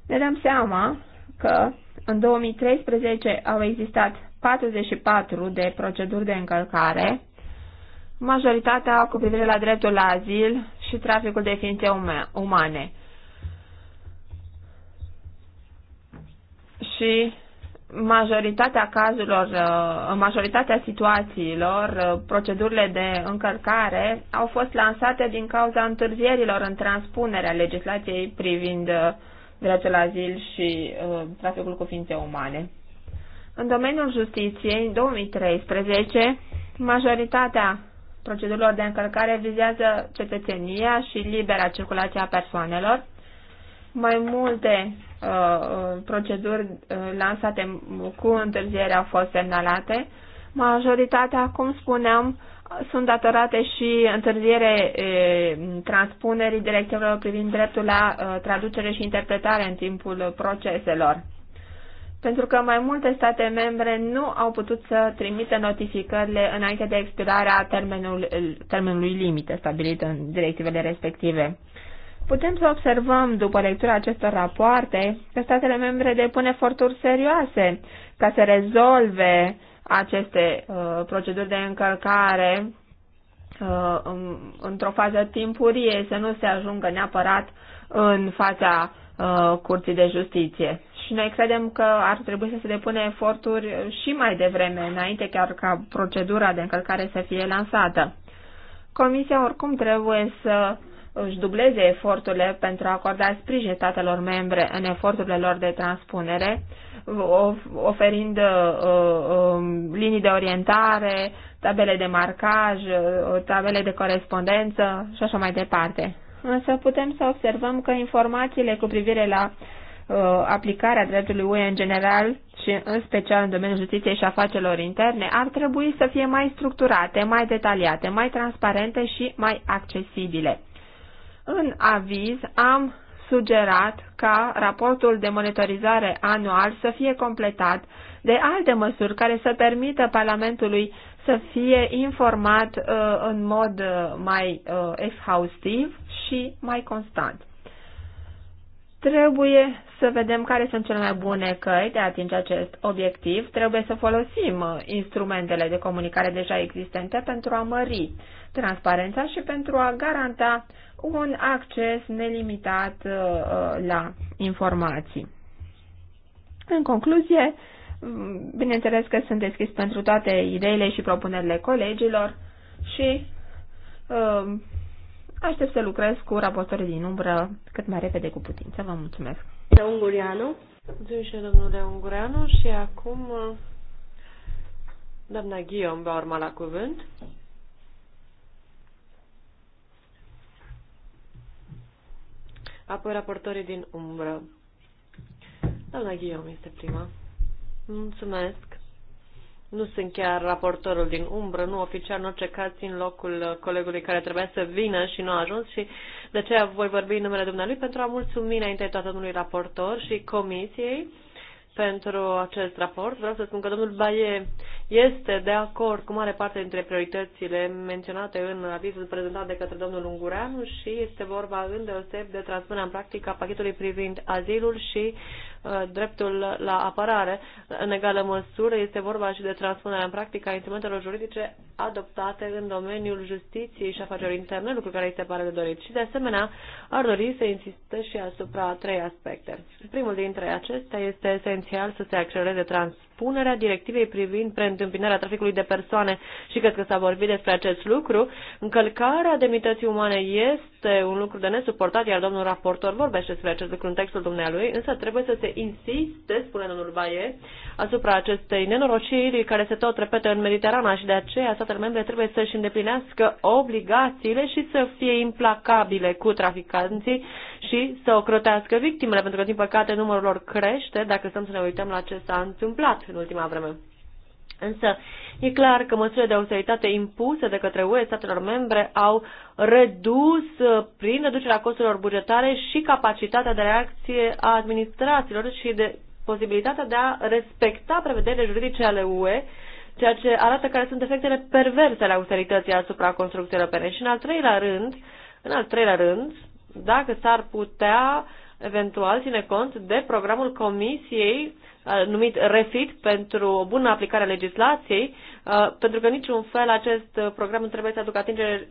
Ne dăm seama că în 2013 au existat 44 de proceduri de încălcare, majoritatea cu privire la dreptul la azil și traficul de ființe umane. Și majoritatea cazurilor, uh, în majoritatea situațiilor, uh, procedurile de încărcare au fost lansate din cauza întârzierilor în transpunerea legislației privind uh, dreptul la azil și traficul cu ființe umane. În domeniul justiției, în 2013, majoritatea procedurilor de încărcare vizează cetățenia și libera circulație a persoanelor, mai multe uh, uh, proceduri uh, lansate cu întârziere au fost semnalate. Majoritatea, cum spuneam, sunt datorate și întârziere uh, transpunerii directivelor privind dreptul la uh, traducere și interpretare în timpul proceselor. Pentru că mai multe state membre nu au putut să trimită notificările înainte de expirarea termenul, termenului limite stabilit în directivele respective. Putem să observăm, după lectura acestor rapoarte, că statele membre depun eforturi serioase ca să rezolve aceste uh, proceduri de încălcare uh, într-o fază timpurie, să nu se ajungă neapărat în fața uh, curții de justiție. Și noi credem că ar trebui să se depune eforturi și mai devreme, înainte chiar ca procedura de încălcare să fie lansată. Comisia oricum trebuie să își dubleze eforturile pentru a acorda sprijin statelor membre în eforturile lor de transpunere, oferind uh, um, linii de orientare, tabele de marcaj, uh, tabele de corespondență și așa mai departe. Însă putem să observăm că informațiile cu privire la uh, aplicarea dreptului UE în general și în special în domeniul justiției și afacerilor interne ar trebui să fie mai structurate, mai detaliate, mai transparente și mai accesibile. În aviz am sugerat ca raportul de monitorizare anual să fie completat de alte măsuri care să permită Parlamentului să fie informat uh, în mod uh, mai uh, exhaustiv și mai constant. Trebuie să vedem care sunt cele mai bune căi de a atinge acest obiectiv. Trebuie să folosim uh, instrumentele de comunicare deja existente pentru a mări transparența și pentru a garanta un acces nelimitat uh, uh, la informații. În concluzie, mm, bineînțeles că sunt deschis pentru toate ideile și propunerile colegilor și uh, aștept să lucrez cu raportorii din umbră cât mai repede cu putință. Vă mulțumesc! Ungureanu. Mulțumim domnule Ungureanu și acum uh, doamna Ghion va urma la cuvânt. apoi raportorii din umbră. Doamna Ghiom este prima. Mulțumesc. Nu sunt chiar raportorul din umbră, nu oficial, în orice caz, în locul colegului care trebuia să vină și nu a ajuns și de aceea voi vorbi în numele dumnealui pentru a mulțumi înainte toată domnului raportor și comisiei pentru acest raport. Vreau să spun că domnul Baie este de acord cu mare parte dintre prioritățile menționate în avizul prezentat de către domnul Ungureanu și este vorba îndeoseb de transpunerea în practică a pachetului privind azilul și Uh, dreptul la apărare. În egală măsură este vorba și de transpunerea în practică a instrumentelor juridice adoptate în domeniul justiției și afacerilor interne, lucru care îi se pare de dorit. Și de asemenea ar dori să insiste și asupra trei aspecte. Primul dintre acestea este esențial să se accelereze transpunerea directivei privind preîntâmpinarea traficului de persoane și cred că s-a vorbit despre acest lucru. Încălcarea demnității umane este este un lucru de nesuportat, iar domnul raportor vorbește despre acest lucru în textul dumnealui, însă trebuie să se insiste, spune domnul Baie, asupra acestei nenorociri care se tot repete în Mediterana și de aceea statele membre trebuie să-și îndeplinească obligațiile și să fie implacabile cu traficanții și să ocrotească victimele, pentru că, din păcate, numărul lor crește dacă stăm să ne uităm la ce s-a întâmplat în ultima vreme. Însă, e clar că măsurile de austeritate impuse de către UE statelor membre au redus, uh, prin reducerea costurilor bugetare, și capacitatea de reacție a administrațiilor și de posibilitatea de a respecta prevederile juridice ale UE, ceea ce arată care sunt efectele perverse ale austerității asupra construcției europene. Și în al treilea rând, în al treilea rând, dacă s-ar putea eventual ține cont de programul Comisiei Uh, numit REFIT pentru o bună aplicare a legislației, uh, pentru că niciun fel acest uh, program nu trebuie să aducă atingere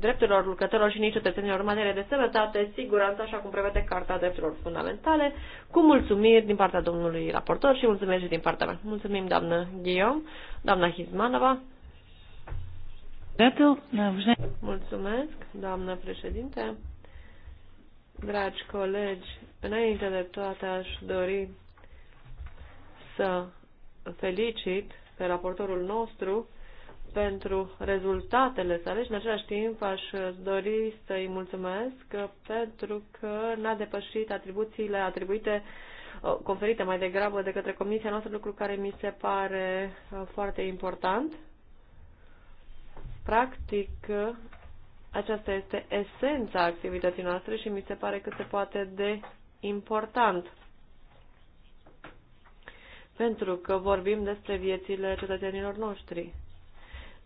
drepturilor lucrătorilor și nici cetățenilor în materie de sănătate, siguranță, așa cum prevede Carta Drepturilor Fundamentale, cu mulțumiri din partea domnului raportor și mulțumiri și din partea mea. Mulțumim, doamnă Guillaume, doamna Hizmanova. Da, Mulțumesc, doamnă președinte. Dragi colegi, înainte de toate aș dori să felicit pe raportorul nostru pentru rezultatele sale și în același timp aș dori să-i mulțumesc pentru că n-a depășit atribuțiile atribuite uh, conferite mai degrabă de către comisia noastră, lucru care mi se pare uh, foarte important. Practic, uh, aceasta este esența activității noastre și mi se pare că se poate de important pentru că vorbim despre viețile cetățenilor noștri.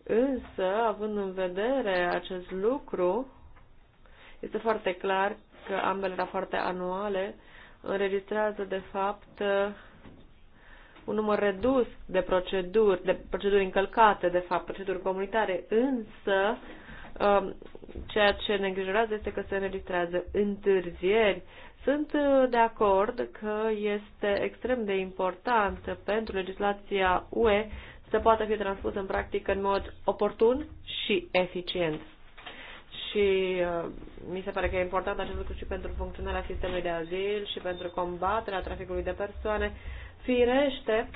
Însă, având în vedere acest lucru, este foarte clar că ambele rapoarte anuale înregistrează, de fapt, un număr redus de proceduri, de proceduri încălcate, de fapt, proceduri comunitare, însă Um, ceea ce ne îngrijorează este că se înregistrează întârzieri. Sunt uh, de acord că este extrem de important pentru legislația UE să poată fi transpusă în practică în mod oportun și eficient. Și uh, mi se pare că e important acest lucru și pentru funcționarea sistemului de azil și pentru combaterea traficului de persoane. Firește,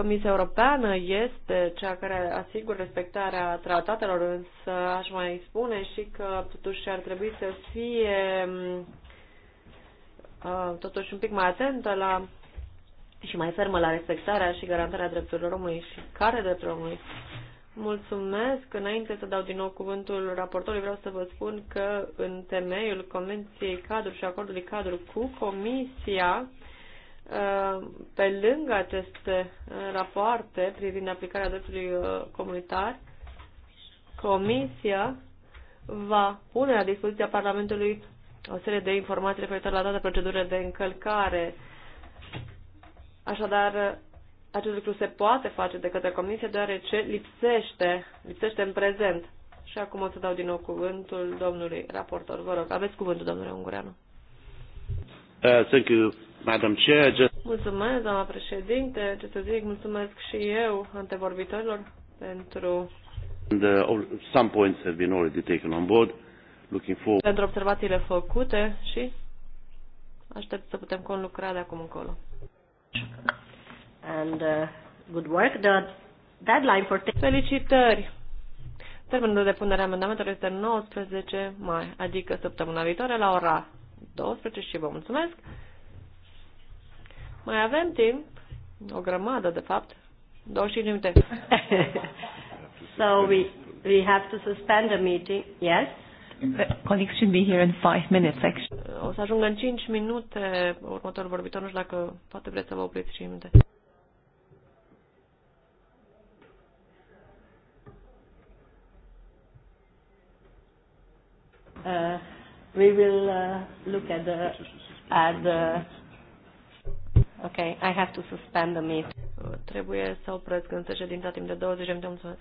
Comisia Europeană este cea care asigură respectarea tratatelor, însă aș mai spune și că totuși ar trebui să fie mm, uh, totuși un pic mai atentă la și mai fermă la respectarea și garantarea drepturilor omului și care drepturilor omului. Mulțumesc. Înainte să dau din nou cuvântul raportorului, vreau să vă spun că în temeiul Convenției Cadru și Acordului Cadru cu Comisia, Uh, pe lângă aceste uh, rapoarte privind aplicarea dreptului uh, comunitar, Comisia va pune la dispoziția Parlamentului o serie de informații referitoare la toate procedurile de încălcare. Așadar, acest lucru se poate face de către Comisie, deoarece lipsește, lipsește în prezent. Și acum o să dau din nou cuvântul domnului raportor. Vă rog, aveți cuvântul, domnule Ungureanu. Uh, thank you. Madam Chair, just... Mulțumesc, doamna președinte. Ce să zic, mulțumesc și eu antevorbitorilor pentru... And, uh, some points have been already taken on board. Looking forward... Pentru observațiile făcute și aștept să putem conlucra de acum încolo. And uh, good work. The deadline for... Felicitări! Termenul de depunere a amendamentelor este 19 mai, adică săptămâna viitoare la ora 12 și vă mulțumesc. Mai avem timp, o grămadă de fapt, 25 minute. so we, we have to suspend the meeting, yes? The colleagues should be here in five minutes, actually. O să ajungem în 5 minute următorul vorbitor, nu știu dacă poate vreți să vă opriți 5 minute. Uh, we will uh, look at the, at the Ok, I have to suspend the meeting. Trebuie să opresc în ședința timp de 20 de minute. Mulțumesc.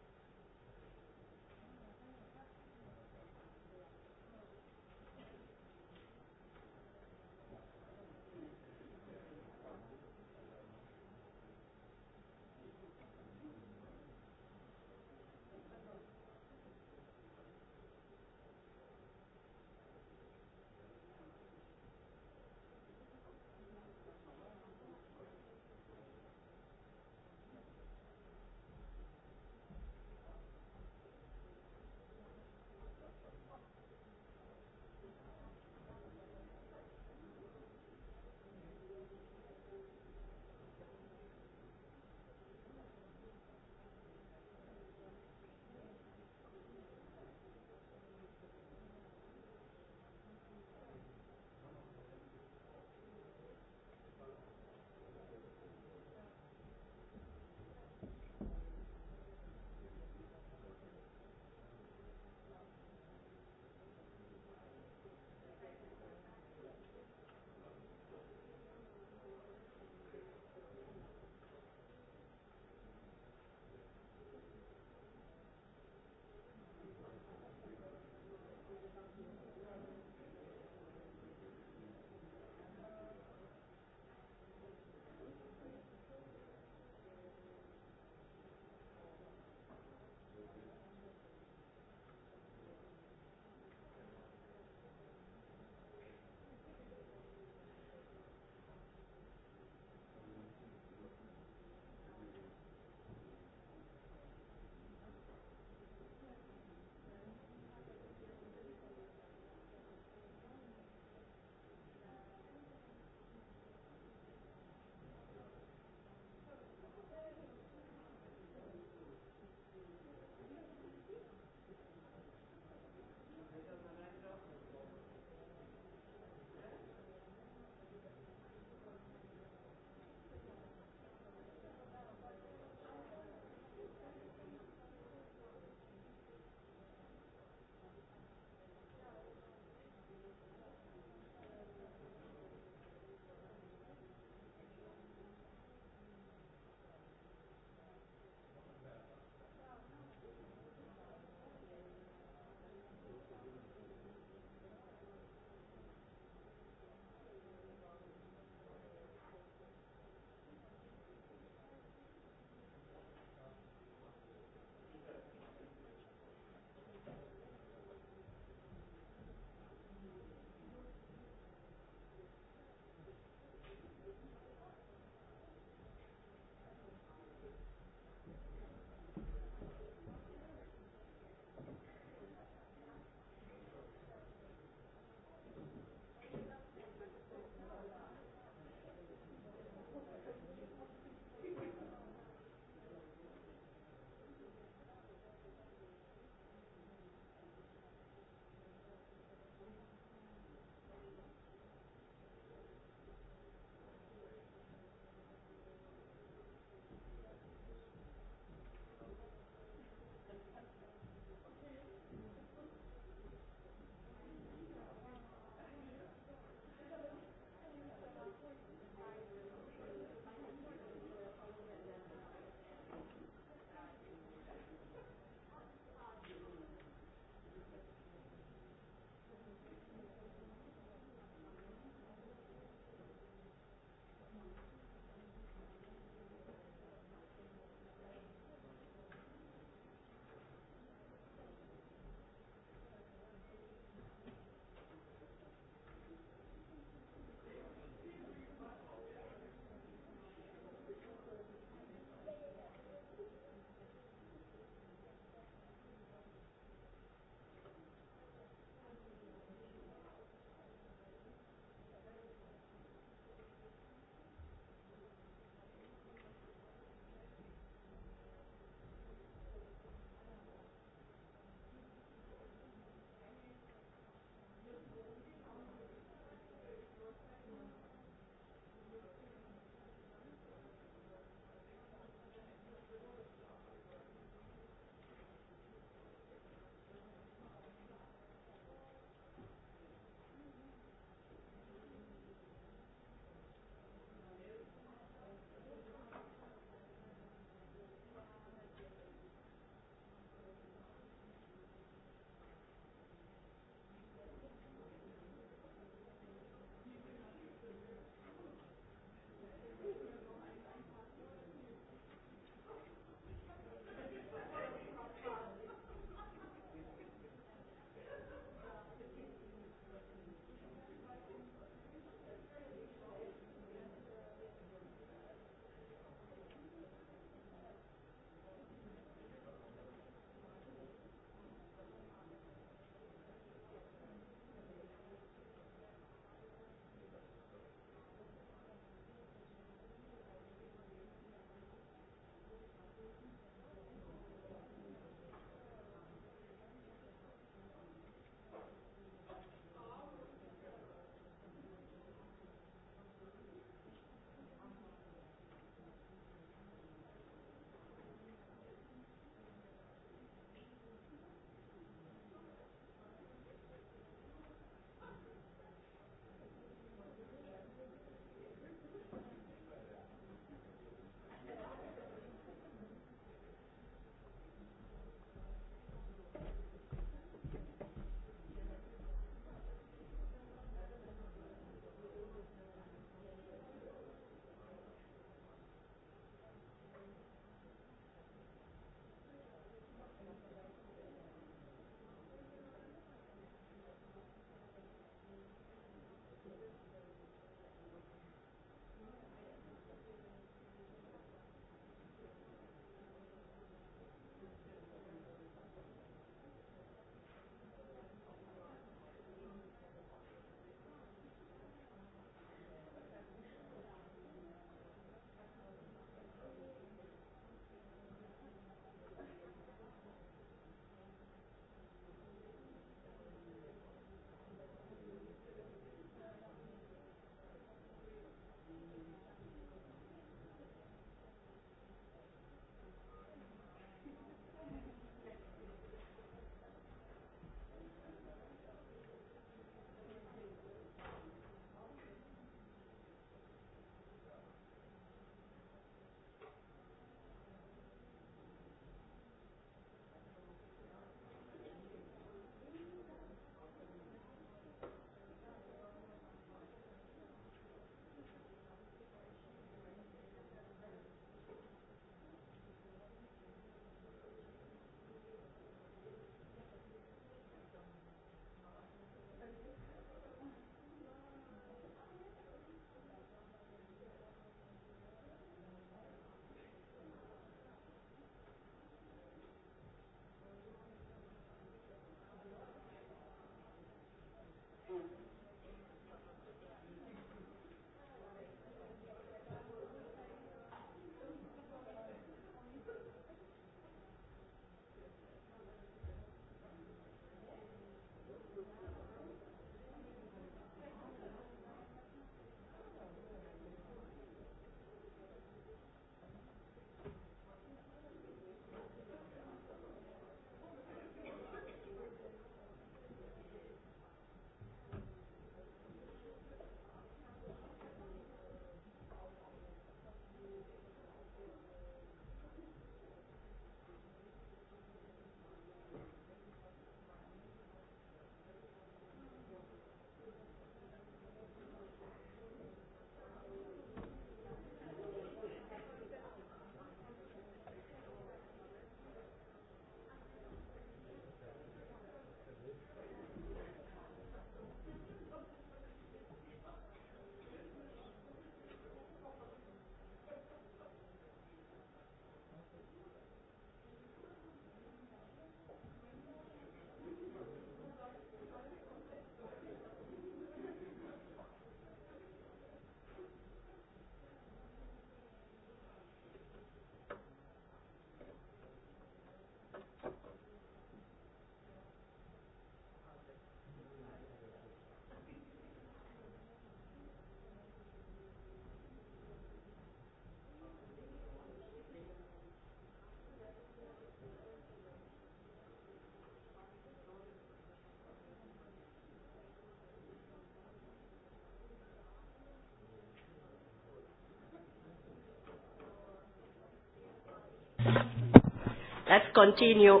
Let's continue.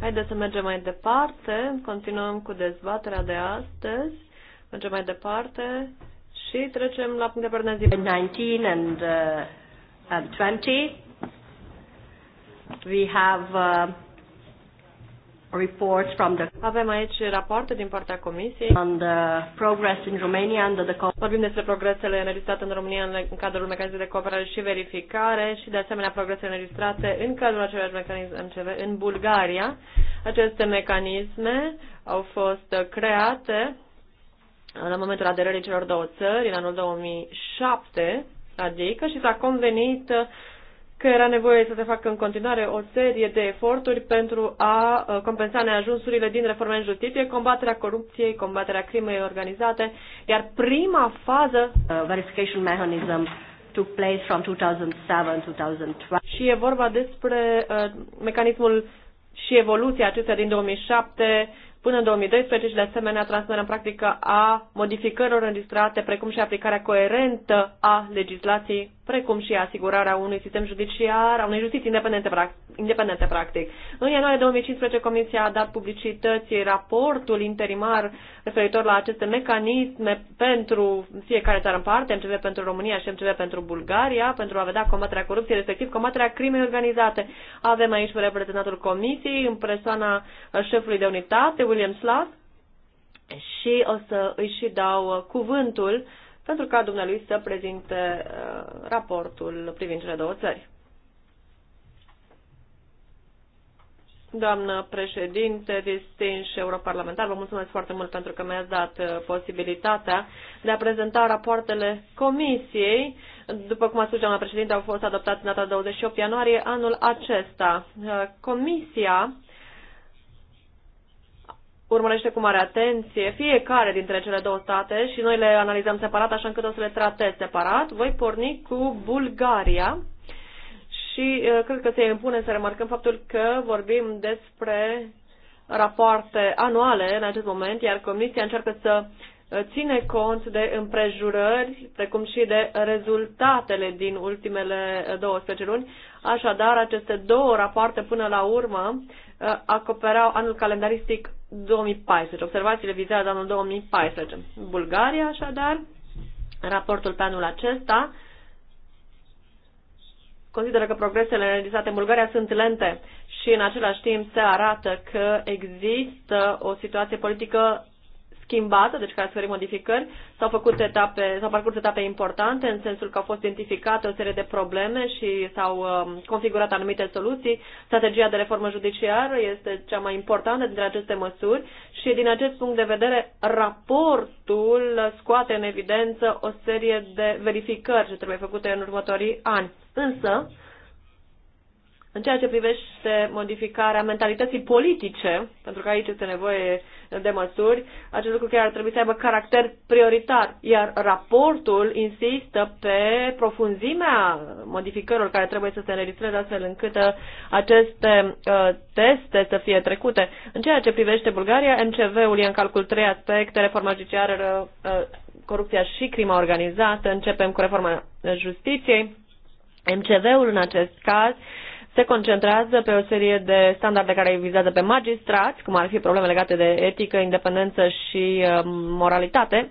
Haideți să mergem mai departe. Continuăm cu dezbaterea de astăzi. Mergem mai departe și trecem la punct de pernă zi. 19 and, uh, and 20. We have uh, reports from the Avem aici rapoarte din partea Comisiei on the progress in Romania under the Vorbim despre progresele înregistrate în România în cadrul mecanismului de cooperare și verificare și de asemenea progresele înregistrate în cadrul acelor mecanism MCV în Bulgaria. Aceste mecanisme au fost create la momentul aderării celor două țări în anul 2007, adică și s-a convenit că era nevoie să se facă în continuare o serie de eforturi pentru a uh, compensa neajunsurile din reforme în justiție, combaterea corupției, combaterea crimei organizate, iar prima fază uh, verification mechanism took place from 2007-2012. Și e vorba despre uh, mecanismul și evoluția acestea din 2007 până în 2012 și de asemenea transpunerea în practică a modificărilor înregistrate, precum și aplicarea coerentă a legislației precum și asigurarea unui sistem judiciar, a unei justiții independente, practic, independente, practic. În ianuarie 2015, Comisia a dat publicității raportul interimar referitor la aceste mecanisme pentru fiecare țară în parte, MCV pentru România și MCV pentru Bulgaria, pentru a vedea combaterea corupției, respectiv combaterea crimei organizate. Avem aici reprezentantul Comisiei, în persoana șefului de unitate, William Slav, și o să îi și dau cuvântul pentru ca dumnealui să prezinte uh, raportul privind cele două țări. Doamnă președinte, distinși europarlamentar, vă mulțumesc foarte mult pentru că mi-ați dat uh, posibilitatea de a prezenta rapoartele comisiei. După cum a spus doamna președinte, au fost adoptate în data 28 ianuarie anul acesta. Uh, comisia urmărește cu mare atenție fiecare dintre cele două state și noi le analizăm separat, așa încât o să le tratez separat. Voi porni cu Bulgaria și uh, cred că se impune să remarcăm faptul că vorbim despre rapoarte anuale în acest moment, iar Comisia încearcă să uh, ține cont de împrejurări, precum și de rezultatele din ultimele 12 uh, luni. Așadar, aceste două rapoarte până la urmă Uh, acoperau anul calendaristic 2014. Observațiile vizează anul 2014. Bulgaria, așadar, raportul pe anul acesta consideră că progresele realizate în Bulgaria sunt lente și în același timp se arată că există o situație politică schimbată, deci care suferit modificări, s-au făcut etape, s-au parcurs etape importante în sensul că au fost identificate o serie de probleme și s-au um, configurat anumite soluții. Strategia de reformă judiciară este cea mai importantă dintre aceste măsuri și din acest punct de vedere raportul scoate în evidență o serie de verificări ce trebuie făcute în următorii ani. Însă, în ceea ce privește modificarea mentalității politice, pentru că aici este nevoie de măsuri, acest lucru chiar ar trebui să aibă caracter prioritar, iar raportul insistă pe profunzimea modificărilor care trebuie să se înregistreze astfel încât uh, aceste uh, teste să fie trecute. În ceea ce privește Bulgaria, MCV-ul e în calcul trei aspecte, reforma judiciară, uh, corupția și crima organizată. Începem cu reforma justiției. MCV-ul în acest caz uh, se concentrează pe o serie de standarde care vizează pe magistrați, cum ar fi probleme legate de etică, independență și uh, moralitate,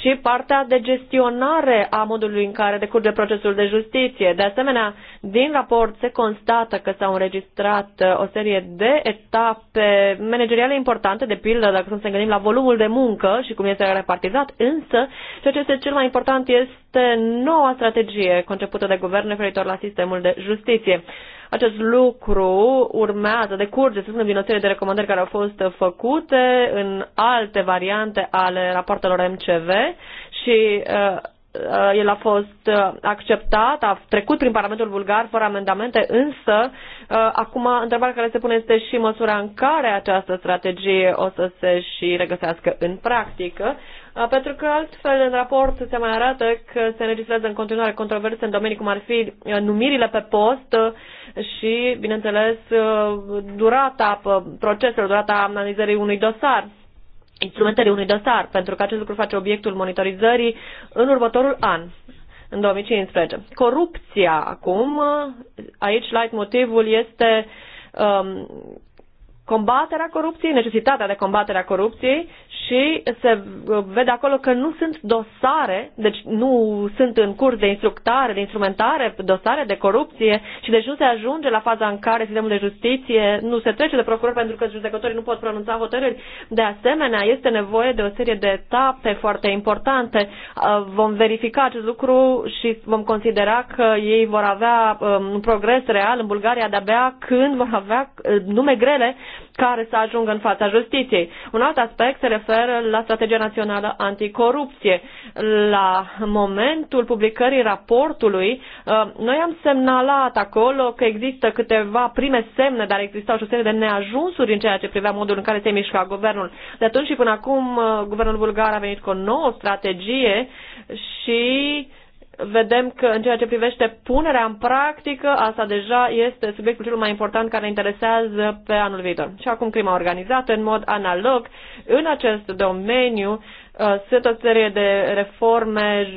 și partea de gestionare a modului în care decurge procesul de justiție. De asemenea, din raport se constată că s-au înregistrat uh, o serie de etape manageriale importante, de pildă dacă să ne gândim la volumul de muncă și cum este repartizat, însă ceea ce este cel mai important este noua strategie concepută de guvern referitor la sistemul de justiție. Acest lucru urmează, decurge, să spunem, din o serie de recomandări care au fost făcute în alte variante ale rapoartelor MCV și uh, Uh, el a fost uh, acceptat, a trecut prin Parlamentul Bulgar fără amendamente, însă uh, acum întrebarea care se pune este și măsura în care această strategie o să se și regăsească în practică, pentru că altfel în raport se mai arată că se înregistrează în continuare controverse în domenii cum ar fi numirile pe post și, bineînțeles, durata proceselor, durata analizării unui dosar instrumentării unui dosar, pentru că acest lucru face obiectul monitorizării în următorul an, în 2015. Corupția acum, aici light motivul este um, combaterea corupției, necesitatea de combaterea corupției și se uh, vede acolo că nu sunt dosare, deci nu sunt în curs de instructare, de instrumentare, dosare de corupție și deci nu se ajunge la faza în care sistemul de justiție nu se trece de procuror pentru că judecătorii nu pot pronunța hotărâri. De asemenea, este nevoie de o serie de etape foarte importante. Uh, vom verifica acest lucru și vom considera că ei vor avea um, un progres real în Bulgaria de-abia când vor avea uh, nume grele care să ajungă în fața justiției. Un alt aspect se referă la strategia națională anticorupție. La momentul publicării raportului, uh, noi am semnalat acolo că există câteva prime semne, dar existau și o serie de neajunsuri în ceea ce privea modul în care se mișca guvernul. De atunci și până acum, uh, guvernul bulgar a venit cu o nouă strategie și vedem că în ceea ce privește punerea în practică, asta deja este subiectul cel mai important care interesează pe anul viitor. Și acum crima organizată, în mod analog, în acest domeniu uh, sunt o serie de reforme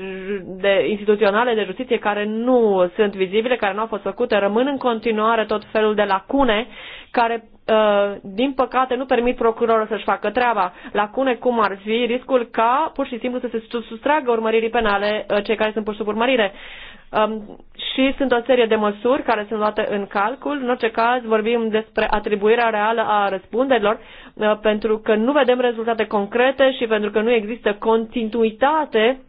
de instituționale de justiție care nu sunt vizibile, care nu au fost făcute, rămân în continuare tot felul de lacune care Uh, din păcate, nu permit procurorul să-și facă treaba. Lacune cum ar fi riscul ca pur și simplu să se sustragă urmăririi penale uh, cei care sunt puși sub urmărire. Um, și sunt o serie de măsuri care sunt luate în calcul. În orice caz, vorbim despre atribuirea reală a răspunderilor, uh, pentru că nu vedem rezultate concrete și pentru că nu există continuitate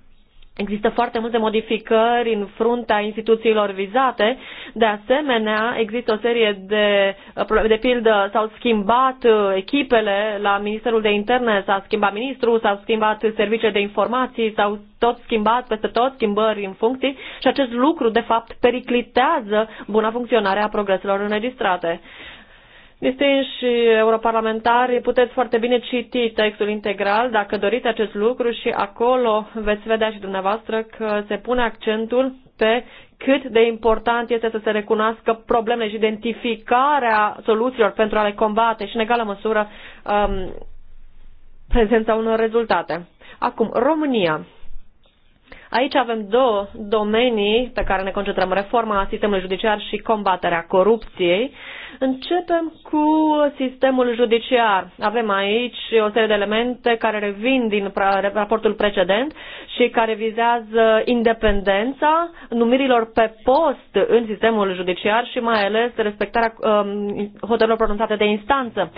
Există foarte multe modificări în fruntea instituțiilor vizate. De asemenea, există o serie de, uh, de pildă, s-au schimbat uh, echipele la Ministerul de Interne, s-a schimbat ministrul, s-au schimbat serviciile de informații, s-au tot schimbat, peste tot schimbări în funcții și acest lucru, de fapt, periclitează buna funcționare a progreselor înregistrate. Distinși europarlamentari, puteți foarte bine citi textul integral dacă doriți acest lucru și acolo veți vedea și dumneavoastră că se pune accentul pe cât de important este să se recunoască problemele și identificarea soluțiilor pentru a le combate și în egală măsură um, prezența unor rezultate. Acum, România. Aici avem două domenii pe care ne concentrăm, reforma sistemului judiciar și combaterea corupției. Uh, Începem cu sistemul judiciar. Avem aici o serie de elemente care revin din raportul precedent și care vizează independența numirilor pe post în sistemul judiciar și mai ales respectarea um, hotărârilor pronunțate de instanță.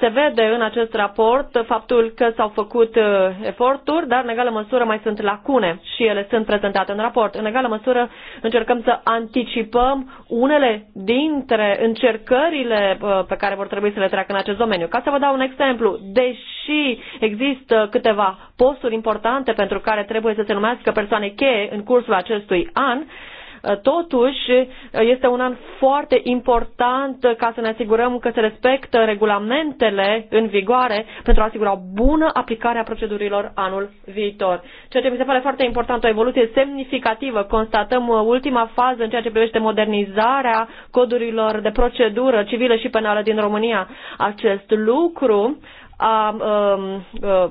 Se vede în acest raport faptul că s-au făcut uh, eforturi, dar în egală măsură mai sunt lacune și ele sunt prezentate în raport. În egală măsură încercăm să anticipăm unele dintre încercările uh, pe care vor trebui să le treacă în acest domeniu. Ca să vă dau un exemplu, deși există câteva posturi importante pentru care trebuie să se numească persoane cheie în cursul acestui an, Ă, totuși, este un an foarte important ca să ne asigurăm că se respectă regulamentele în vigoare pentru a asigura bună aplicare a procedurilor anul viitor. Ceea ce mi se pare foarte important, o evoluție semnificativă. Constatăm uh, ultima fază în ceea ce privește modernizarea codurilor de procedură civilă și penală din România. Acest lucru a, a, um, a uh,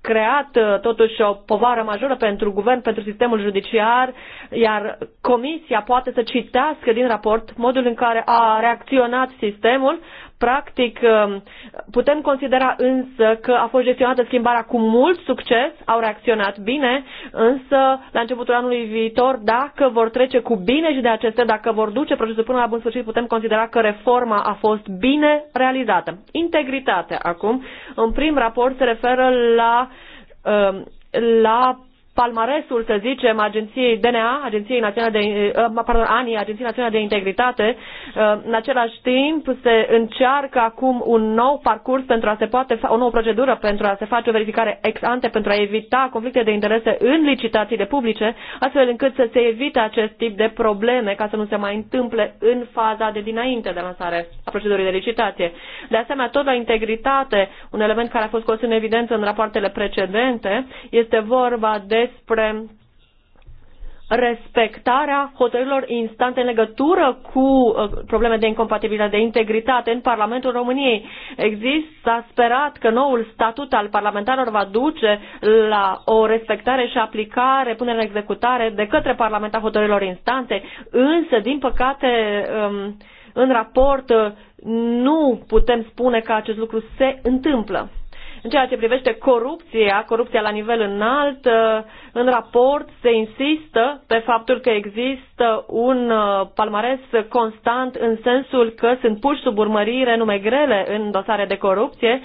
creat uh, totuși o povară majoră pentru guvern, pentru sistemul judiciar, iar comisia poate să citească din raport modul în care a reacționat sistemul, Practic, um, putem considera însă că a fost gestionată schimbarea cu mult succes, au reacționat bine, însă la începutul anului viitor, dacă vor trece cu bine și de acestea, dacă vor duce procesul până la bun sfârșit, putem considera că reforma a fost bine realizată. Integritate acum, în prim raport se referă la um, la palmaresul, să zicem, Agenției DNA, Agenției Naționale de, eh, pardon, ANI, Agenției Naționale de Integritate. Eh, în același timp se încearcă acum un nou parcurs pentru a se poate, o nouă procedură pentru a se face o verificare ex ante pentru a evita conflicte de interese în licitațiile publice, astfel încât să se evite acest tip de probleme ca să nu se mai întâmple în faza de dinainte de lansare a procedurii de licitație. De asemenea, tot la integritate, un element care a fost scos în evidență în rapoartele precedente, este vorba de despre respectarea hotărârilor instante în legătură cu uh, probleme de incompatibilitate, de integritate în Parlamentul României. Există sperat că noul statut al parlamentarilor va duce la o respectare și aplicare, punere în executare de către Parlament a hotărârilor instante, însă, din păcate, um, în raport uh, nu putem spune că acest lucru se întâmplă. În ceea ce privește corupția, corupția la nivel înalt, uh, în raport se insistă pe faptul că există un uh, palmares constant în sensul că sunt puși sub urmărire nume grele în dosare de corupție.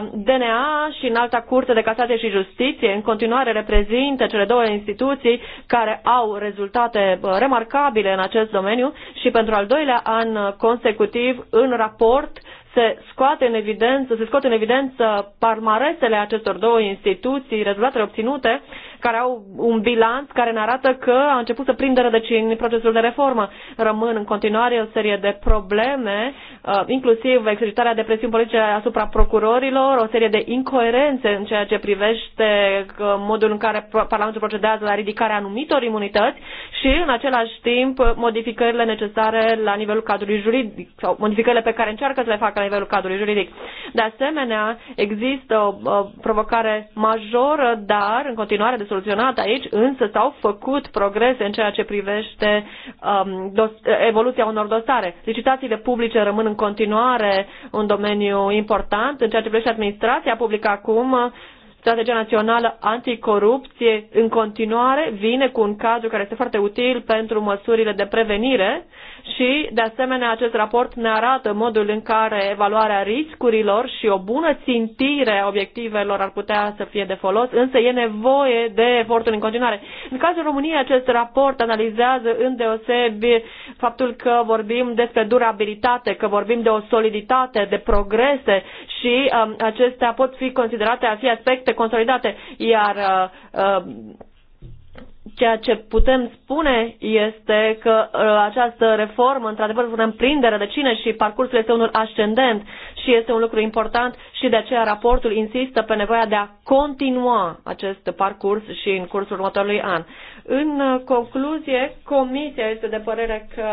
Um, DNA și în alta curte de casate și justiție în continuare reprezintă cele două instituții care au rezultate uh, remarcabile în acest domeniu și pentru al doilea an consecutiv în raport se scoate în evidență, se scoate în evidență parmaresele acestor două instituții, rezultatele obținute care au un bilanț care ne arată că a început să prindă rădăcini procesul de reformă. Rămân în continuare o serie de probleme, uh, inclusiv exercitarea de presiuni politice asupra procurorilor, o serie de incoerențe în ceea ce privește uh, modul în care Parlamentul procedează la ridicarea anumitor imunități și, în același timp, modificările necesare la nivelul cadrului juridic sau modificările pe care încearcă să le facă la nivelul cadrului juridic. De asemenea, există o provocare majoră, dar în continuare de soluționat aici, însă s-au făcut progrese în ceea ce privește um, dos, evoluția unor dosare. Licitațiile publice rămân în continuare un domeniu important. În ceea ce privește administrația publică acum, Strategia Națională Anticorupție în continuare vine cu un cadru care este foarte util pentru măsurile de prevenire și, de asemenea, acest raport ne arată modul în care evaluarea riscurilor și o bună țintire a obiectivelor ar putea să fie de folos, însă e nevoie de eforturi în continuare. În cazul României, acest raport analizează îndeosebi faptul că vorbim despre durabilitate, că vorbim de o soliditate, de progrese și um, acestea pot fi considerate a fi aspecte consolidate, iar uh, uh, Ceea ce putem spune este că uh, această reformă, într-adevăr, vrem prinderea de cine și parcursul este unul ascendent și este un lucru important și de aceea raportul insistă pe nevoia de a continua acest parcurs și în cursul următorului an. În concluzie, Comisia este de părere că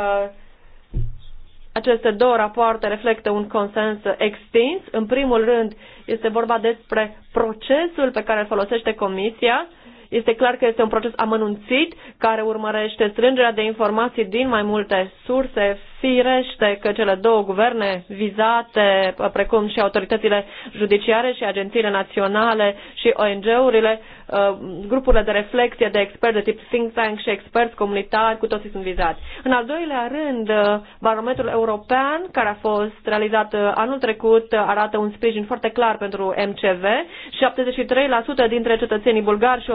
aceste două rapoarte reflectă un consens extins. În primul rând, este vorba despre procesul pe care îl folosește Comisia este clar că este un proces amănunțit care urmărește strângerea de informații din mai multe surse, Firește că cele două guverne vizate, precum și autoritățile judiciare și agențiile naționale și ONG-urile, uh, grupurile de reflexie de experți de tip think tank și experți comunitari, cu toții sunt vizați. În al doilea rând, uh, barometrul european, care a fost realizat uh, anul trecut, arată un sprijin foarte clar pentru MCV. 73% dintre cetățenii bulgari și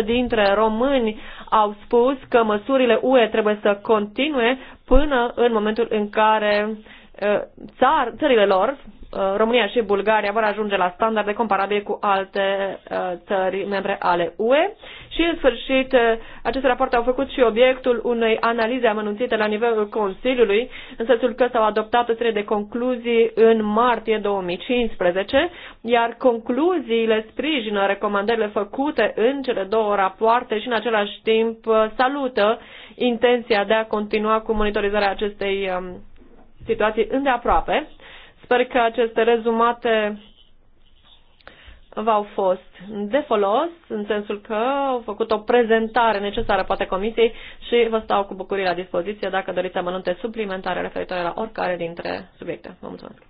83% dintre români au spus că măsurile UE trebuie să continue până în momentul în care Eh, țar, țările lor, eh, România și Bulgaria, vor ajunge la standarde comparabile cu alte eh, țări membre ale UE. Și, în sfârșit, aceste rapoarte au făcut și obiectul unei analize amănunțite la nivelul Consiliului, în sensul că s-au adoptat o serie de concluzii în martie 2015, iar concluziile sprijină recomandările făcute în cele două rapoarte și, în același timp, salută intenția de a continua cu monitorizarea acestei situații îndeaproape. Sper că aceste rezumate v-au fost de folos, în sensul că au făcut o prezentare necesară, poate, comisiei și vă stau cu bucurie la dispoziție dacă doriți amănunte suplimentare referitoare la oricare dintre subiecte. Vă mulțumesc!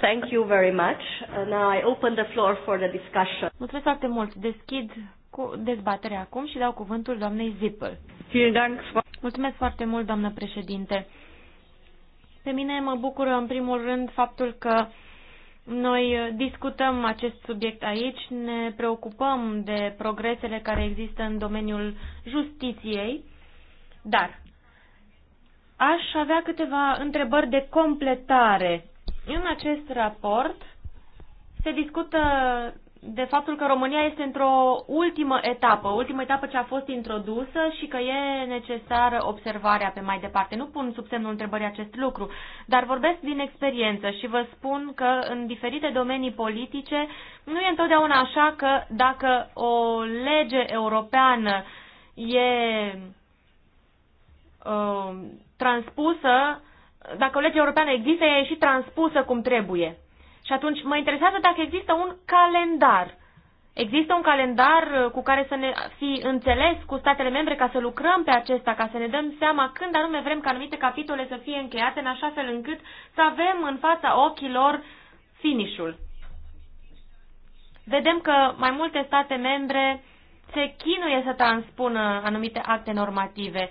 Thank you very much. Uh, now I open the floor for the discussion. Mulțumesc foarte mult. Deschid cu dezbaterea acum și dau cuvântul doamnei Zippel. Mulțumesc foarte mult, doamnă președinte. Pe mine mă bucură în primul rând faptul că noi discutăm acest subiect aici, ne preocupăm de progresele care există în domeniul justiției, dar aș avea câteva întrebări de completare. În acest raport se discută de faptul că România este într-o ultimă etapă, ultima etapă ce a fost introdusă și că e necesară observarea pe mai departe. Nu pun sub semnul întrebării acest lucru, dar vorbesc din experiență și vă spun că în diferite domenii politice nu e întotdeauna așa că dacă o lege europeană e uh, transpusă, dacă o lege europeană există, e și transpusă cum trebuie. Și atunci mă interesează dacă există un calendar. Există un calendar uh, cu care să ne fi înțeles cu statele membre ca să lucrăm pe acesta, ca să ne dăm seama când anume vrem ca anumite capitole să fie încheiate în așa fel încât să avem în fața ochilor finișul. Vedem că mai multe state membre se chinuie să transpună anumite acte normative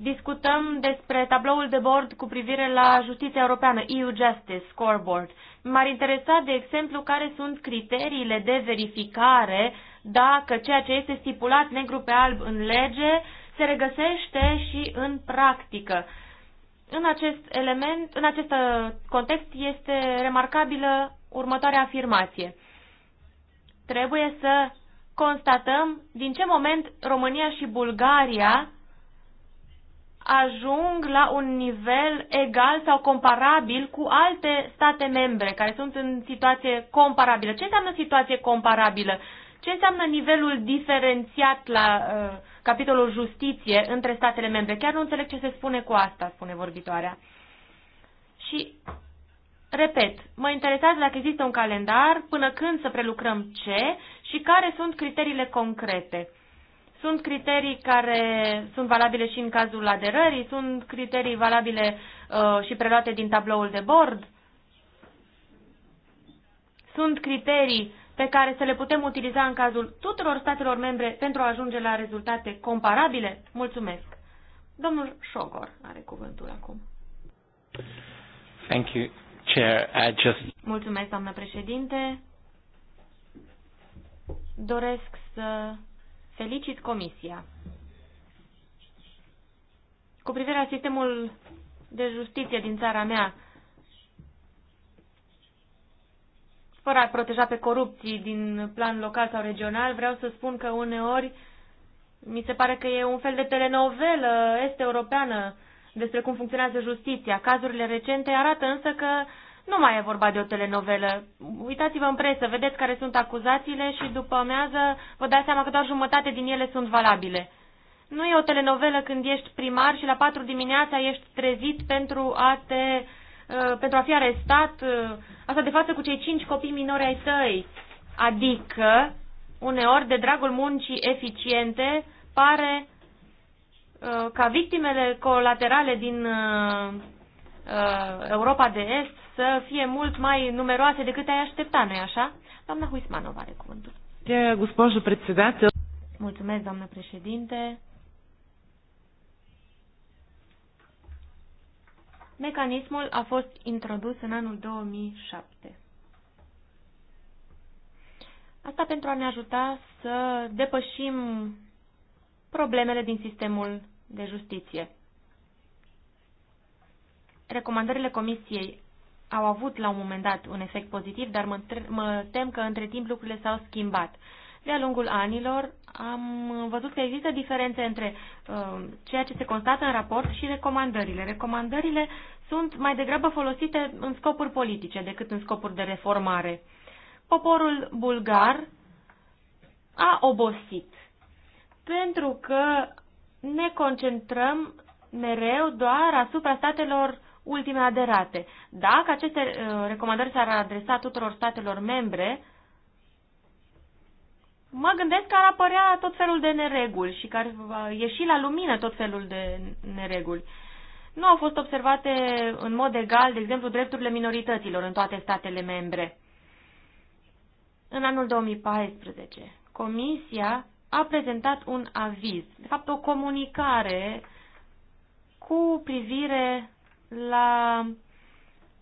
discutăm despre tabloul de bord cu privire la justiția europeană, EU Justice Scoreboard. M-ar interesa, de exemplu, care sunt criteriile de verificare dacă ceea ce este stipulat negru pe alb în lege se regăsește și în practică. În acest element, în acest uh, context este remarcabilă următoarea afirmație. Trebuie să constatăm din ce moment România și Bulgaria ajung la un nivel egal sau comparabil cu alte state membre care sunt în situație comparabilă. Ce înseamnă situație comparabilă? Ce înseamnă nivelul diferențiat la uh, capitolul justiție între statele membre? Chiar nu înțeleg ce se spune cu asta, spune vorbitoarea. Și, repet, mă interesează dacă există un calendar, până când să prelucrăm ce și care sunt criteriile concrete. Sunt criterii care sunt valabile și în cazul aderării, sunt criterii valabile uh, și preluate din tabloul de bord, sunt criterii pe care să le putem utiliza în cazul tuturor statelor membre pentru a ajunge la rezultate comparabile? Mulțumesc! Domnul Șogor are cuvântul acum. Thank you, Chair. I just... Mulțumesc, doamnă președinte. Doresc să Felicit Comisia. Cu privire la sistemul de justiție din țara mea, fără a proteja pe corupții din plan local sau regional, vreau să spun că uneori mi se pare că e un fel de telenovelă este europeană despre cum funcționează justiția. Cazurile recente arată însă că nu mai e vorba de o telenovelă. Uitați-vă în presă, vedeți care sunt acuzațiile și după amează vă dați seama că doar jumătate din ele sunt valabile. Nu e o telenovelă când ești primar și la patru dimineața ești trezit pentru a te uh, pentru a fi arestat, uh, asta de față cu cei cinci copii minori ai tăi. Adică, uneori, de dragul muncii eficiente, pare uh, ca victimele colaterale din Europa de Est să fie mult mai numeroase decât ai aștepta, nu-i așa? Doamna Huismanova are cuvântul. Mulțumesc, doamnă președinte. Mecanismul a fost introdus în anul 2007. Asta pentru a ne ajuta să depășim problemele din sistemul de justiție. Recomandările Comisiei au avut la un moment dat un efect pozitiv, dar mă, mă tem că între timp lucrurile s-au schimbat. De-a lungul anilor am văzut că există diferențe între uh, ceea ce se constată în raport și recomandările. Recomandările sunt mai degrabă folosite în scopuri politice decât în scopuri de reformare. Poporul bulgar a obosit pentru că ne concentrăm mereu doar asupra statelor ultime aderate. Dacă aceste uh, recomandări s-ar adresa tuturor statelor membre, mă gândesc că ar apărea tot felul de nereguli și că ar ieși la lumină tot felul de nereguli. Nu au fost observate în mod egal, de exemplu, drepturile minorităților în toate statele membre. În anul 2014, Comisia a prezentat un aviz, de fapt o comunicare cu privire la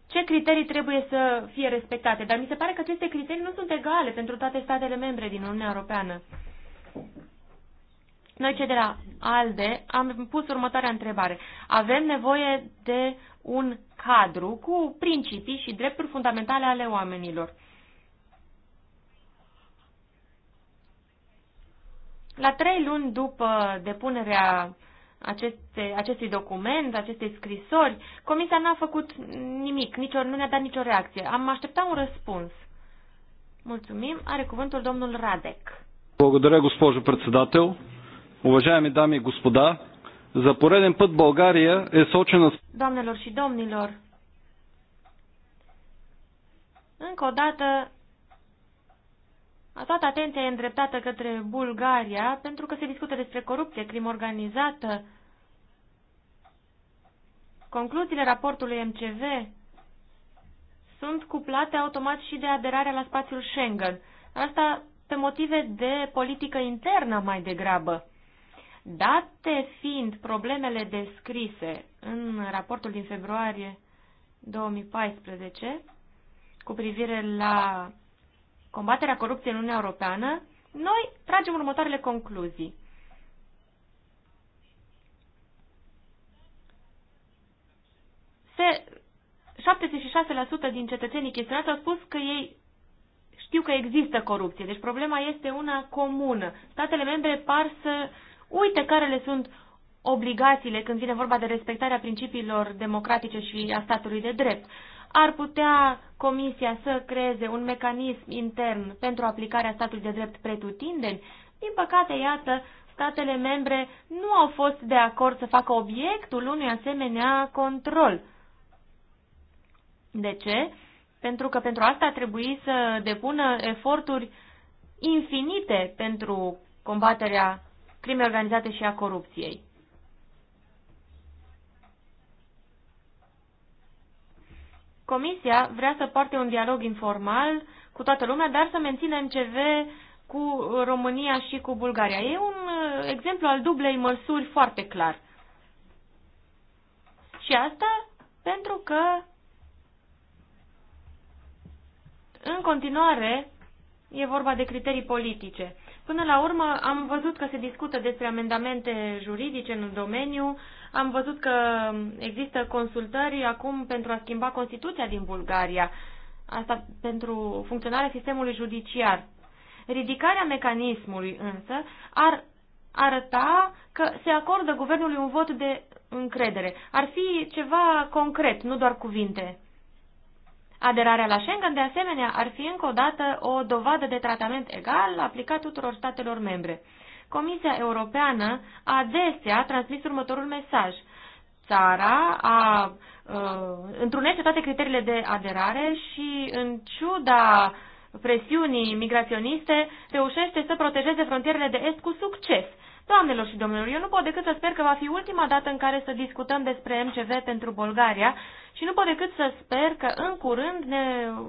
ce criterii trebuie să fie respectate, dar mi se pare că aceste criterii nu sunt egale pentru toate statele membre din Uniunea Europeană. Noi, cei de la ALDE, am pus următoarea întrebare. Avem nevoie de un cadru cu principii și drepturi fundamentale ale oamenilor. La trei luni după depunerea aceste, acestui document, acestei scrisori, Comisia n-a făcut nimic, nicio, nu ne-a dat nicio reacție. Am așteptat un răspuns. Mulțumim. Are cuvântul domnul Radec. Благодаря, госпожо председател. Уважаеми дами и господа, за пореден път България е сочена... Doamnelor și domnilor, încă o dată Toată atenția e îndreptată către Bulgaria pentru că se discută despre corupție, crimă organizată. Concluziile raportului MCV sunt cuplate automat și de aderarea la spațiul Schengen. Asta pe motive de politică internă mai degrabă. Date fiind problemele descrise în raportul din februarie 2014 cu privire la combaterea corupției în Uniunea Europeană, noi tragem următoarele concluzii. Se, 76% din cetățenii chestionați au spus că ei știu că există corupție, deci problema este una comună. Statele membre par să uite care le sunt obligațiile când vine vorba de respectarea principiilor democratice și a statului de drept ar putea Comisia să creeze un mecanism intern pentru aplicarea statului de drept pretutindeni? Din păcate, iată, statele membre nu au fost de acord să facă obiectul unui asemenea control. De ce? Pentru că pentru asta ar trebui să depună eforturi infinite pentru combaterea crimei organizate și a corupției. Comisia vrea să poarte un dialog informal cu toată lumea, dar să mențină MCV cu România și cu Bulgaria. E un uh, exemplu al dublei măsuri foarte clar. Și asta pentru că în continuare e vorba de criterii politice. Până la urmă am văzut că se discută despre amendamente juridice în domeniu, am văzut că există consultări acum pentru a schimba Constituția din Bulgaria, asta pentru funcționarea sistemului judiciar. Ridicarea mecanismului însă ar arăta că se acordă guvernului un vot de încredere. Ar fi ceva concret, nu doar cuvinte. Aderarea la Schengen, de asemenea, ar fi încă o dată o dovadă de tratament egal aplicat tuturor statelor membre. Comisia Europeană adesea a transmis următorul mesaj. Țara a, uh, întrunește toate criteriile de aderare și, în ciuda presiunii migraționiste, reușește să protejeze frontierele de est cu succes. Doamnelor și domnilor, eu nu pot decât să sper că va fi ultima dată în care să discutăm despre MCV pentru Bulgaria și nu pot decât să sper că în curând ne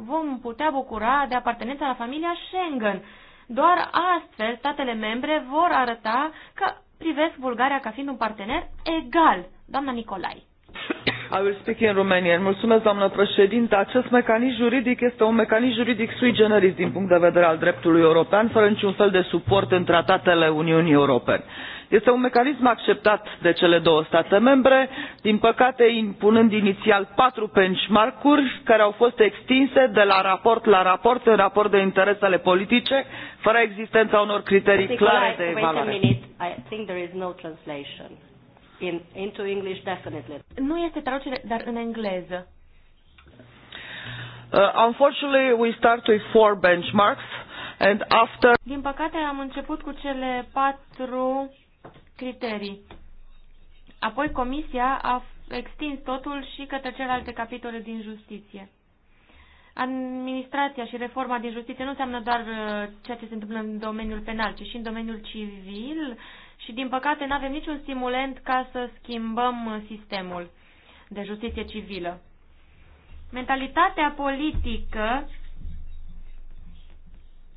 vom putea bucura de apartenența la familia Schengen. Doar astfel statele membre vor arăta că privesc Bulgaria ca fiind un partener egal. Doamna Nicolai. I will speak in Romanian. Mulțumesc, doamnă președinte. Acest mecanism juridic este un mecanism juridic sui generis din punct de vedere al dreptului european, fără niciun fel de suport în tratatele Uniunii Europene. Este un mecanism acceptat de cele două state membre, din păcate impunând inițial patru benchmark-uri care au fost extinse de la raport la raport în raport de interesele politice, fără existența unor criterii clare de evaluare. Nu este traducere, dar în engleză. Uh, unfortunately, we start with four benchmarks and after... Din păcate, am început cu cele patru criterii. Apoi Comisia a extins totul și către celelalte capitole din justiție. Administrația și reforma din justiție nu înseamnă doar uh, ceea ce se întâmplă în domeniul penal, ci și în domeniul civil și, din păcate, nu avem niciun stimulent ca să schimbăm uh, sistemul de justiție civilă. Mentalitatea politică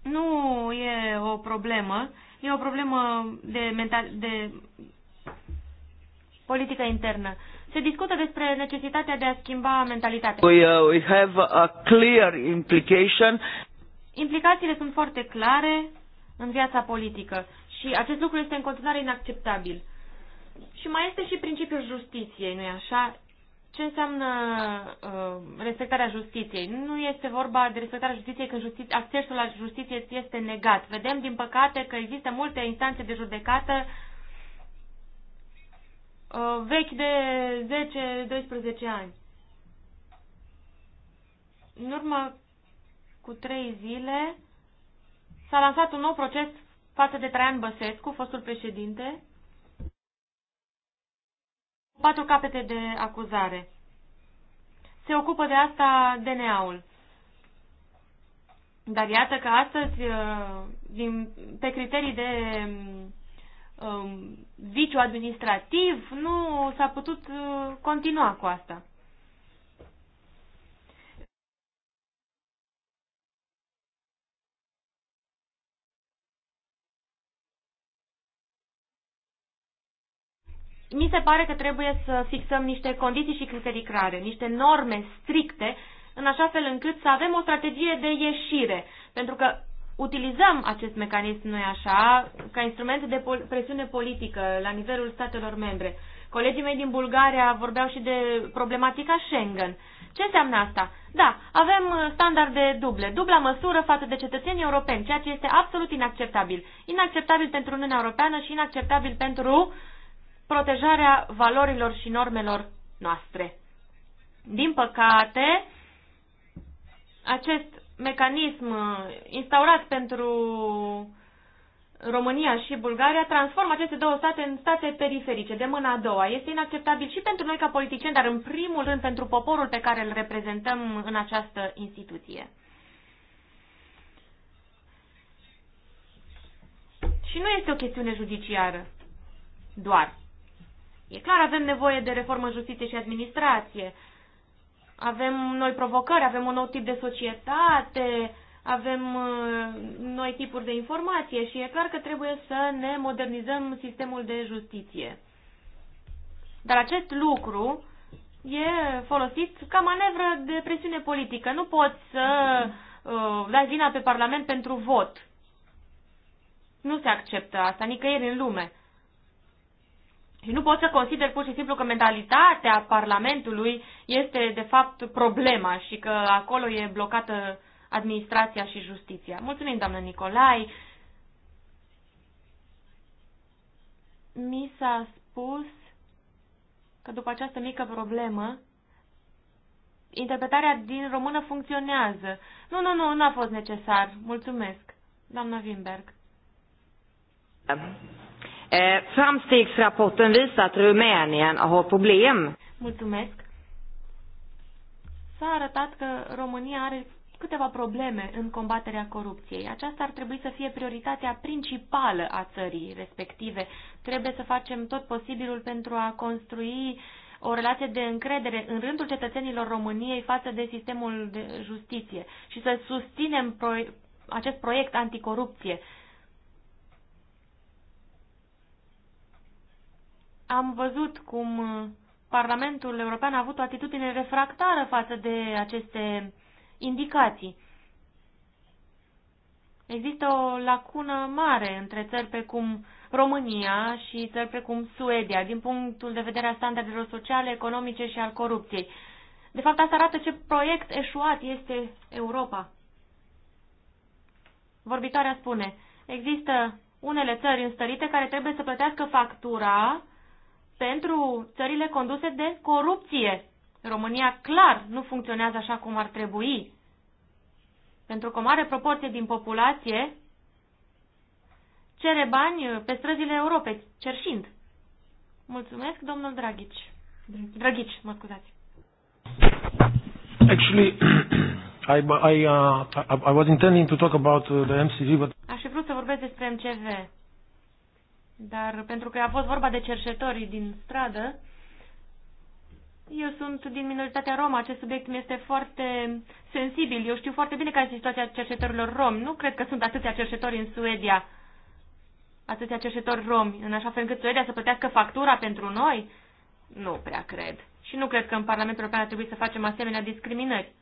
nu e o problemă, e o problemă de, mental, de politică internă se discută despre necesitatea de a schimba mentalitatea. We, uh, we have a clear implication. Implicațiile sunt foarte clare în viața politică și acest lucru este în continuare inacceptabil. Și mai este și principiul justiției, nu-i așa? Ce înseamnă uh, respectarea justiției? Nu este vorba de respectarea justiției când justi- accesul la justiție este negat. Vedem, din păcate, că există multe instanțe de judecată uh, vechi de 10-12 ani. În urmă cu trei zile s-a lansat un nou proces față de Traian Băsescu, fostul președinte, cu patru capete de acuzare. Se ocupă de asta DNA-ul. Dar iată că astăzi, uh, din, pe criterii de um, viciu administrativ, nu s-a putut uh, continua cu asta. mi se pare că trebuie să fixăm niște condiții și criterii clare, niște norme stricte, în așa fel încât să avem o strategie de ieșire. Pentru că utilizăm acest mecanism, nu așa, ca instrument de presiune politică la nivelul statelor membre. Colegii mei din Bulgaria vorbeau și de problematica Schengen. Ce înseamnă asta? Da, avem uh, standarde duble, dubla măsură față de cetățenii europeni, ceea ce este absolut inacceptabil. Inacceptabil pentru Uniunea Europeană și inacceptabil pentru protejarea valorilor și normelor noastre. Din păcate, acest mecanism uh, instaurat pentru România și Bulgaria transformă aceste două state în state periferice, de mâna a doua. Este inacceptabil și pentru noi ca politicieni, dar în primul rând pentru poporul pe care îl reprezentăm în această instituție. Și nu este o chestiune judiciară, doar. E clar, avem nevoie de reformă justiție și administrație, avem noi provocări, avem un nou tip de societate, avem uh, noi tipuri de informație și e clar că trebuie să ne modernizăm sistemul de justiție. Dar acest lucru e folosit ca manevră de presiune politică. Nu poți să uh, dai vina pe Parlament pentru vot. Nu se acceptă asta nicăieri în lume. Și nu pot să consider pur și simplu că mentalitatea Parlamentului este, de fapt, problema și că acolo e blocată administrația și justiția. Mulțumim, doamnă Nicolai. Mi s-a spus că după această mică problemă, interpretarea din română funcționează. Nu, nu, nu, nu a fost necesar. Mulțumesc, doamnă Wimberg. Eh, framstegsrapporten visar att Rumänien har problem. Mulțumesc. S-a arătat că România are câteva probleme în combaterea corupției. Aceasta ar trebui să fie prioritatea principală a țării respective. Trebuie să facem tot posibilul pentru a construi o relație de încredere în rândul cetățenilor României față de sistemul de justiție și să susținem pro acest proiect anticorupție am văzut cum uh, Parlamentul European a avut o atitudine refractară față de aceste indicații. Există o lacună mare între țări precum România și țări precum Suedia, din punctul de vedere a standardelor sociale, economice și al corupției. De fapt, asta arată ce proiect eșuat este Europa. Vorbitoarea spune, există unele țări înstărite care trebuie să plătească factura pentru țările conduse de corupție. România clar nu funcționează așa cum ar trebui, pentru că o mare proporție din populație cere bani pe străzile Europei, cerșind. Mulțumesc, domnul Draghici. Draghici, mă scuzați. Actually, I, I, uh, I was intending to talk about uh, the MCV, but... Aș fi vrut să vorbesc despre MCV, dar pentru că a fost vorba de cercetorii din stradă, eu sunt din minoritatea romă, acest subiect mi este foarte sensibil. Eu știu foarte bine care este situația cercetătorilor rom. Nu cred că sunt atâția cercetători în Suedia, atâția cercetători romi, în așa fel încât Suedia să plătească factura pentru noi. Nu prea cred. Și nu cred că în Parlamentul European ar trebui să facem asemenea discriminări.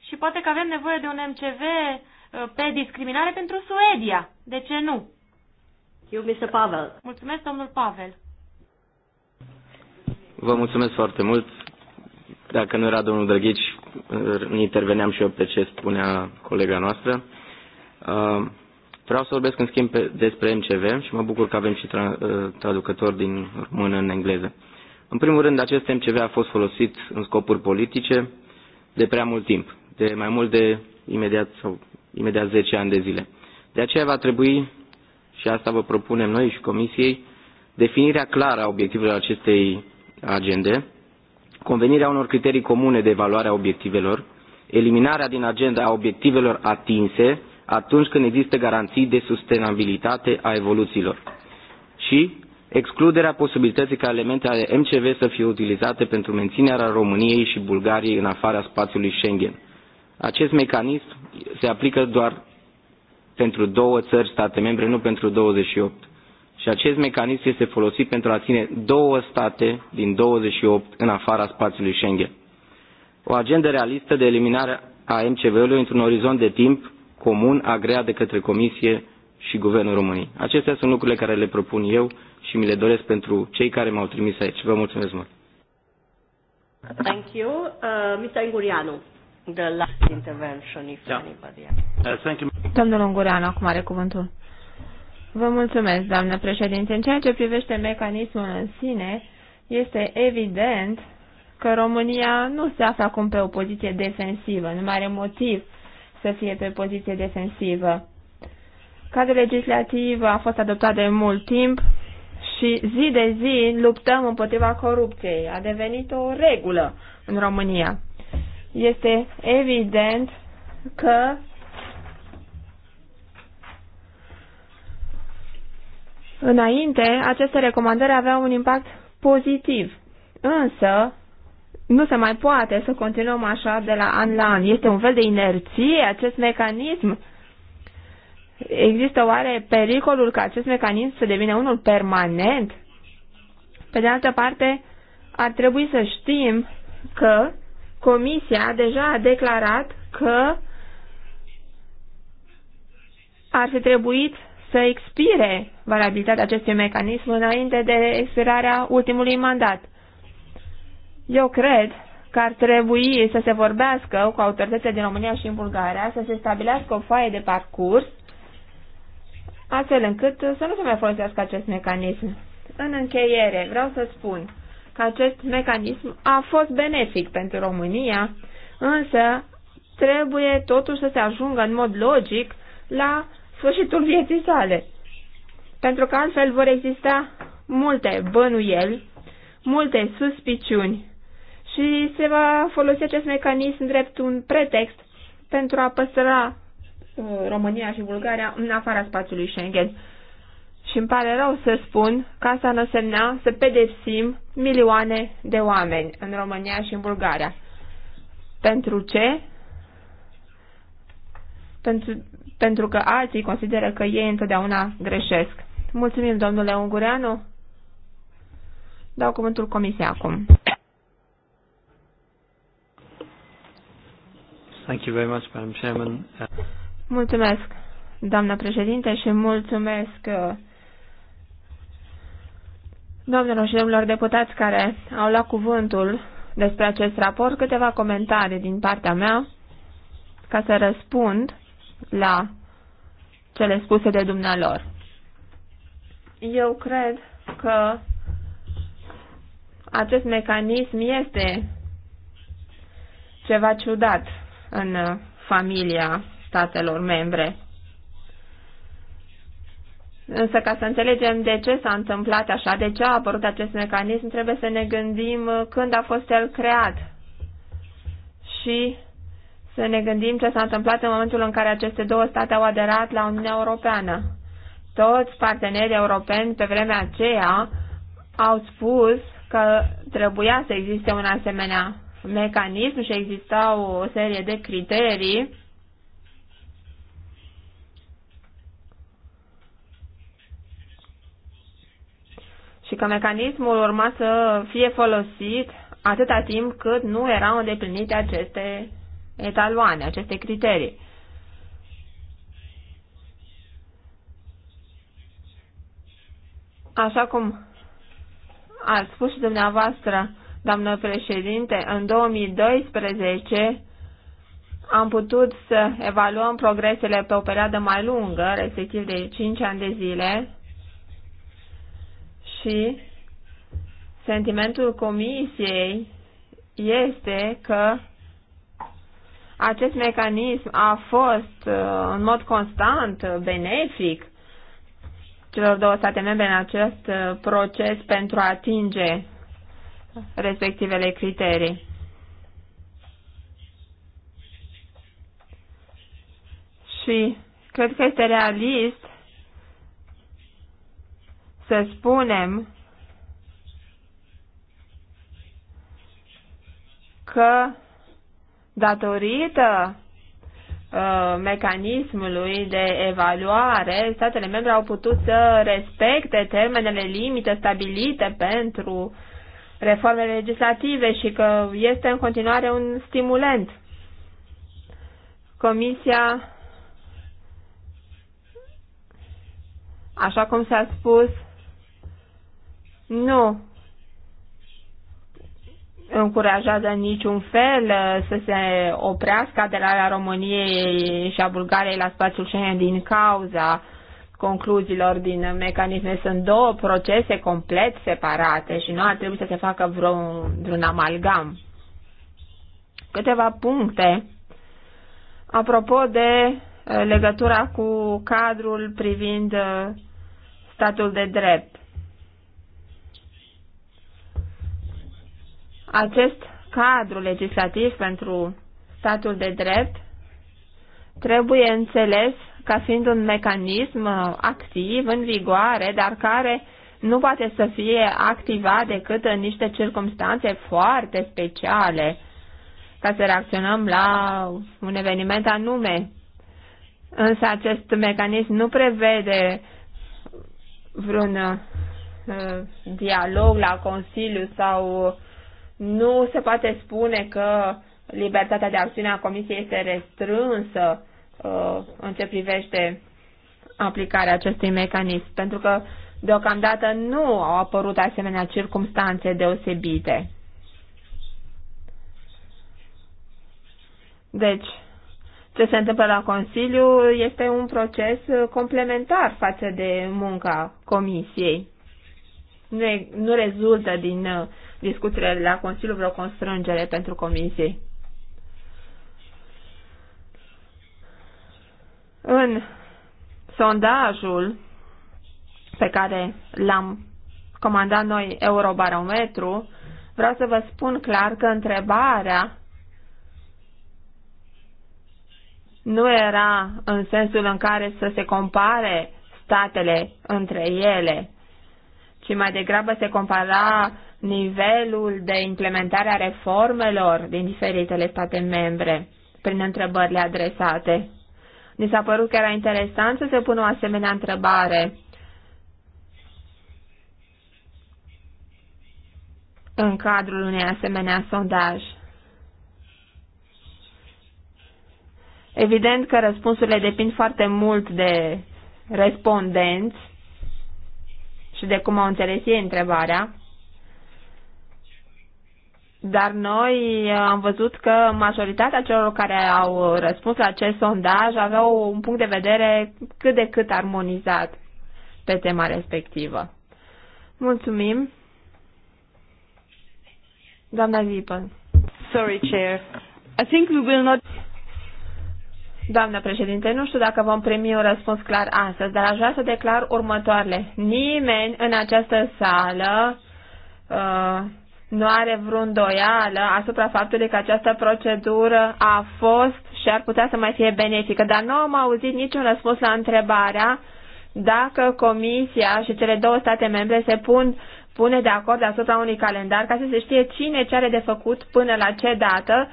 Și poate că avem nevoie de un MCV uh, pe discriminare pentru Suedia. De ce nu? Eu, Mr. Pavel. Mulțumesc, domnul Pavel. Vă mulțumesc foarte mult. Dacă nu era domnul Drăghici, interveneam și eu pe ce spunea colega noastră. Uh, vreau să vorbesc în schimb despre MCV și mă bucur că avem și tra, uh, traducători din română în engleză. În primul rând, acest MCV a fost folosit în scopuri politice de prea mult timp, de mai mult de imediat sau imediat 10 ani de zile. De aceea va trebui și asta vă propunem noi și Comisiei, definirea clară a obiectivelor acestei agende, convenirea unor criterii comune de evaluare a obiectivelor, eliminarea din agenda a obiectivelor atinse atunci când există garanții de sustenabilitate a evoluțiilor și excluderea posibilității ca elemente ale MCV să fie utilizate pentru menținerea României și Bulgariei în afara spațiului Schengen. Acest mecanism se aplică doar pentru două țări state membre, nu pentru 28. Și acest mecanism este folosit pentru a ține două state din 28 în afara spațiului Schengen. O agendă realistă de eliminare a MCV-ului într-un orizont de timp comun agreat de către Comisie și Guvernul României. Acestea sunt lucrurile care le propun eu și mi le doresc pentru cei care m-au trimis aici. Vă mulțumesc mult! Thank you. Uh, Mr. Ingurianu the last intervention if yeah. anybody else. Uh, thank you. Domnul Ungureanu, acum are cuvântul. Vă mulțumesc, doamnă președinte. În ceea ce privește mecanismul în sine, este evident că România nu se află acum pe o poziție defensivă, nu mai are motiv să fie pe poziție defensivă. Cadrul legislativ a fost adoptat de mult timp și zi de zi luptăm împotriva corupției. A devenit o regulă în România este evident că înainte aceste recomandări aveau un impact pozitiv, însă nu se mai poate să continuăm așa de la an la an. Este un fel de inerție acest mecanism. Există oare pericolul ca acest mecanism să devină unul permanent? Pe de altă parte, ar trebui să știm că Comisia deja a declarat că ar fi trebuit să expire valabilitatea acestui mecanism înainte de expirarea ultimului mandat. Eu cred că ar trebui să se vorbească cu autoritățile din România și în Bulgaria, să se stabilească o foaie de parcurs, astfel încât să nu se mai folosească acest mecanism. În încheiere, vreau să spun că acest mecanism a fost benefic pentru România, însă trebuie totuși să se ajungă în mod logic la sfârșitul vieții sale. Pentru că altfel vor exista multe bănuieli, multe suspiciuni și se va folosi acest mecanism drept un pretext pentru a păstra uh, România și Bulgaria în afara spațiului Schengen. Și îmi pare rău să spun că asta însemna să pedepsim milioane de oameni în România și în Bulgaria. Pentru ce? Pentru, pentru că alții consideră că ei întotdeauna greșesc. Mulțumim, domnule Ungureanu. Dau cuvântul comisiei acum. Thank you very much, Madam Chairman. Mulțumesc, doamna președinte, și mulțumesc uh, Doamnelor și domnilor deputați care au luat cuvântul despre acest raport, câteva comentarii din partea mea ca să răspund la cele spuse de dumnealor. Eu cred că acest mecanism este ceva ciudat în familia statelor membre. Însă ca să înțelegem de ce s-a întâmplat așa, de ce a apărut acest mecanism, trebuie să ne gândim uh, când a fost el creat și să ne gândim ce s-a întâmplat în momentul în care aceste două state au aderat la Uniunea Europeană. Toți partenerii europeni pe vremea aceea au spus că trebuia să existe un asemenea mecanism și exista o serie de criterii și că mecanismul urma să fie folosit atâta timp cât nu erau îndeplinite aceste etaloane, aceste criterii. Așa cum ați spus și dumneavoastră, doamnă președinte, în 2012 am putut să evaluăm progresele pe o perioadă mai lungă, respectiv de 5 ani de zile, și sentimentul comisiei este că acest mecanism a fost uh, în mod constant uh, benefic celor două state membre în acest uh, proces pentru a atinge respectivele criterii. Și cred că este realist să spunem că datorită uh, mecanismului de evaluare, statele membre au putut să respecte termenele limite stabilite pentru reforme legislative și că este în continuare un stimulent. Comisia, așa cum s-a spus, nu încurajează în niciun fel uh, să se oprească aderarea României și a Bulgariei la spațiul Schengen din cauza concluziilor din mecanisme. Sunt două procese complet separate și nu ar trebui să se facă vreun, vreun amalgam. Câteva puncte. Apropo de uh, legătura cu cadrul privind uh, statul de drept Acest cadru legislativ pentru statul de drept trebuie înțeles ca fiind un mecanism uh, activ, în vigoare, dar care nu poate să fie activat decât în niște circunstanțe foarte speciale, ca să reacționăm la un eveniment anume. Însă acest mecanism nu prevede vreun uh, dialog la Consiliu sau nu se poate spune că libertatea de acțiune a Comisiei este restrânsă uh, în ce privește aplicarea acestui mecanism, pentru că deocamdată nu au apărut asemenea circumstanțe deosebite. Deci, ce se întâmplă la Consiliu este un proces complementar față de munca Comisiei. Nu, e, nu rezultă din uh, discuțiile de la Consiliu vreo constrângere pentru comisie. În sondajul pe care l-am comandat noi Eurobarometru, vreau să vă spun clar că întrebarea nu era în sensul în care să se compare statele între ele, ci mai degrabă se compara nivelul de implementare a reformelor din diferitele state membre prin întrebările adresate. Ni s-a părut că era interesant să se pună o asemenea întrebare. în cadrul unei asemenea sondaj. Evident că răspunsurile depind foarte mult de respondenți și de cum au înțeles ei întrebarea. Dar noi uh, am văzut că majoritatea celor care au răspuns la acest sondaj aveau un punct de vedere cât de cât armonizat pe tema respectivă. Mulțumim. Doamna Zipăl. Sorry, Chair. I think we will not... Doamna președinte, nu știu dacă vom primi un răspuns clar astăzi, dar aș vrea să declar următoarele. Nimeni în această sală uh, nu are vreo îndoială asupra faptului că această procedură a fost și ar putea să mai fie benefică, dar nu am auzit niciun răspuns la întrebarea dacă Comisia și cele două state membre se pun pune de acord asupra unui calendar ca să se știe cine ce are de făcut până la ce dată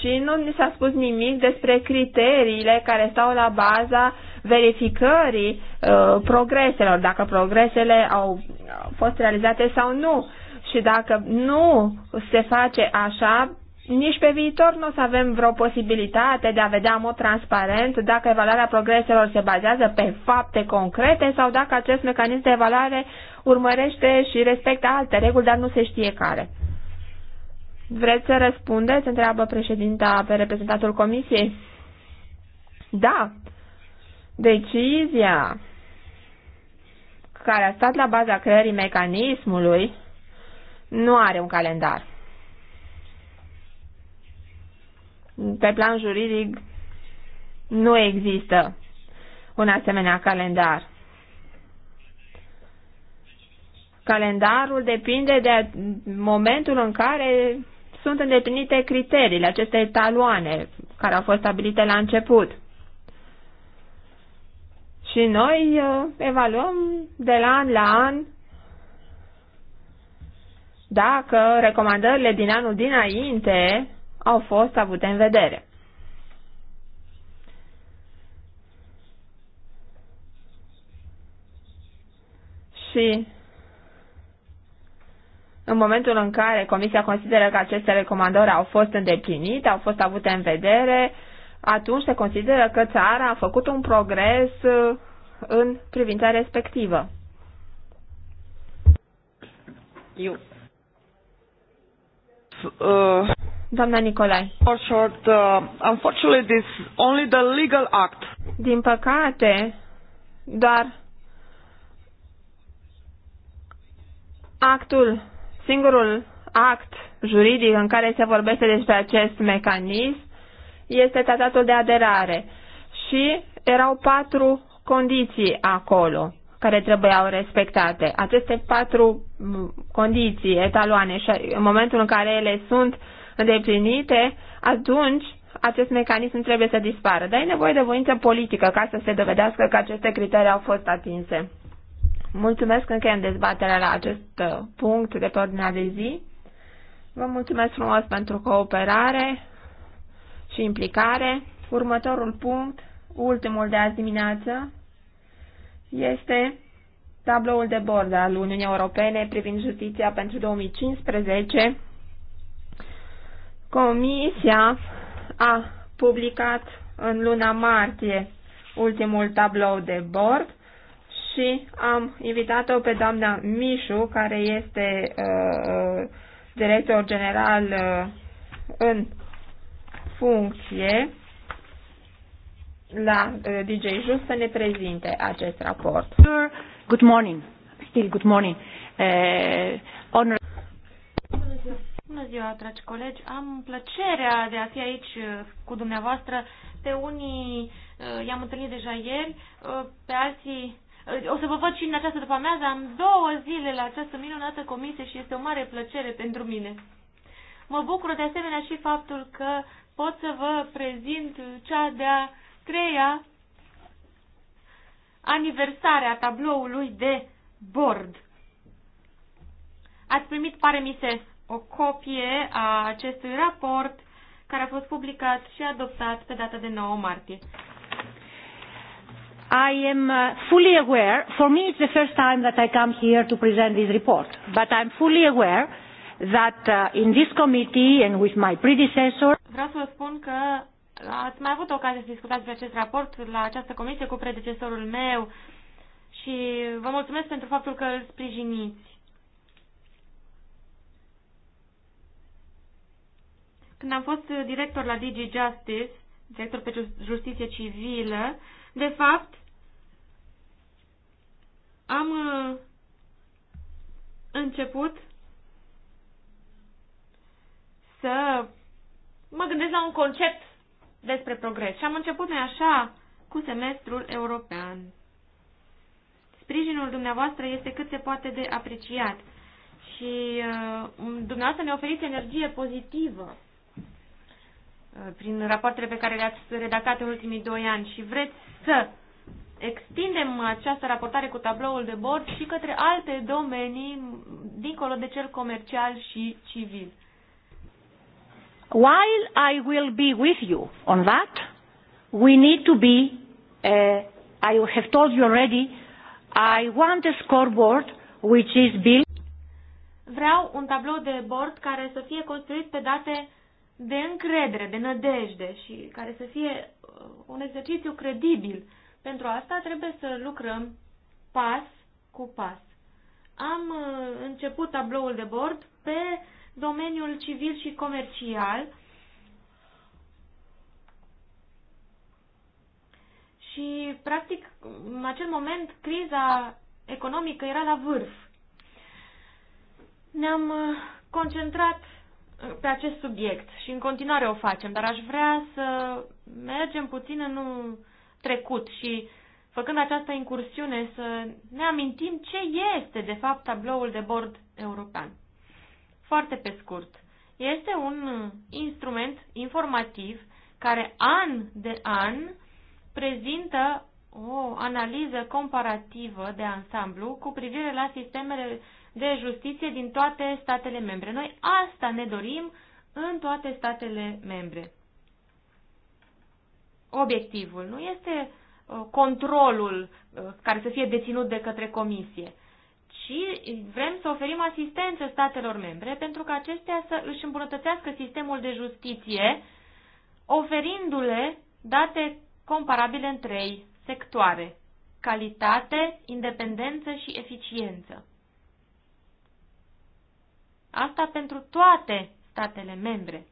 și nu ni s-a spus nimic despre criteriile care stau la baza verificării uh, progreselor, dacă progresele au, au fost realizate sau nu și dacă nu se face așa, nici pe viitor nu o să avem vreo posibilitate de a vedea în mod transparent dacă evaluarea progreselor se bazează pe fapte concrete sau dacă acest mecanism de evaluare urmărește și respectă alte reguli, dar nu se știe care. Vreți să răspundeți? Întreabă președinta pe reprezentantul comisiei. Da. Decizia care a stat la baza creării mecanismului nu are un calendar. Pe plan juridic nu există un asemenea calendar. Calendarul depinde de momentul în care sunt îndeplinite criteriile, aceste taloane care au fost stabilite la început. Și noi uh, evaluăm de la an la an dacă recomandările din anul dinainte au fost avute în vedere. Și în momentul în care Comisia consideră că aceste recomandări au fost îndeplinite, au fost avute în vedere, atunci se consideră că țara a făcut un progres uh, în privința respectivă. Eu. Uh, doamna Nicolai. For short, uh, unfortunately, this only the legal act. Din păcate, doar actul, singurul act juridic în care se vorbește despre acest mecanism este tratatul de aderare și erau patru condiții acolo care trebuiau respectate. Aceste patru condiții, etaloane, și uh, în momentul în care ele sunt îndeplinite, atunci acest mecanism trebuie să dispară. Dar e nevoie de voință politică ca să se dovedească că aceste criterii au fost atinse. Mulțumesc încă în dezbaterea la acest uh, punct de pe ordinea de zi. Vă mulțumesc frumos pentru cooperare și implicare. Următorul punct, ultimul de azi dimineață, este tabloul de bord al Uniunii Europene privind justiția pentru 2015. Comisia a publicat în luna martie ultimul tablou de bord și am invitat-o pe doamna Mișu, care este uh, uh director general uh, în funcție la uh, DJ Just să ne prezinte acest raport. Good morning. Still good morning. Uh, honor... Bună ziua. dragi colegi. Am plăcerea de a fi aici uh, cu dumneavoastră. Pe unii uh, i-am întâlnit deja ieri, pe alții o să vă văd și în această după amiază. Am două zile la această minunată comisie și este o mare plăcere pentru mine. Mă bucur de asemenea și faptul că pot să vă prezint cea de-a treia, aniversarea tabloului de bord. Ați primit, pare mi se, o copie a acestui raport care a fost publicat și adoptat pe data de 9 martie. I am uh, fully aware, for me it's the first time that I come here to present this report, but I'm fully aware that uh, in this committee and with my predecessor Vreau să vă spun că Ați mai avut ocazia să discutați despre acest raport la această comisie cu predecesorul meu și vă mulțumesc pentru faptul că îl sprijiniți. Când am fost director la DG Justice, director pe justiție civilă, de fapt, am uh, început să mă gândesc la un concept despre progres. Și am început noi așa cu semestrul european. Sprijinul dumneavoastră este cât se poate de apreciat și uh, um, dumneavoastră ne oferiți energie pozitivă uh, prin rapoartele pe care le-ați redactat în ultimii doi ani și vreți să extindem această raportare cu tabloul de bord și către alte domenii dincolo de cel comercial și civil. While I will be with you on that, we need to be, uh, I have told you already, I want a scoreboard which is built. Vreau un tablou de bord care să fie construit pe date de încredere, de nădejde și care să fie uh, un exercițiu credibil. Pentru asta trebuie să lucrăm pas cu pas. Am uh, început tabloul de bord pe domeniul civil și comercial și, practic, în acel moment, criza economică era la vârf. Ne-am uh, concentrat uh, pe acest subiect și în continuare o facem, dar aș vrea să mergem puțin în trecut și făcând această incursiune să ne amintim ce este de fapt tabloul de bord european. Foarte pe scurt, este un instrument informativ care an de an prezintă o analiză comparativă de ansamblu cu privire la sistemele de justiție din toate statele membre. Noi asta ne dorim în toate statele membre. Obiectivul nu este uh, controlul uh, care să fie deținut de către comisie, și vrem să oferim asistență statelor membre pentru că acestea să își îmbunătățească sistemul de justiție, oferindu-le date comparabile în trei sectoare, calitate, independență și eficiență. Asta pentru toate statele membre.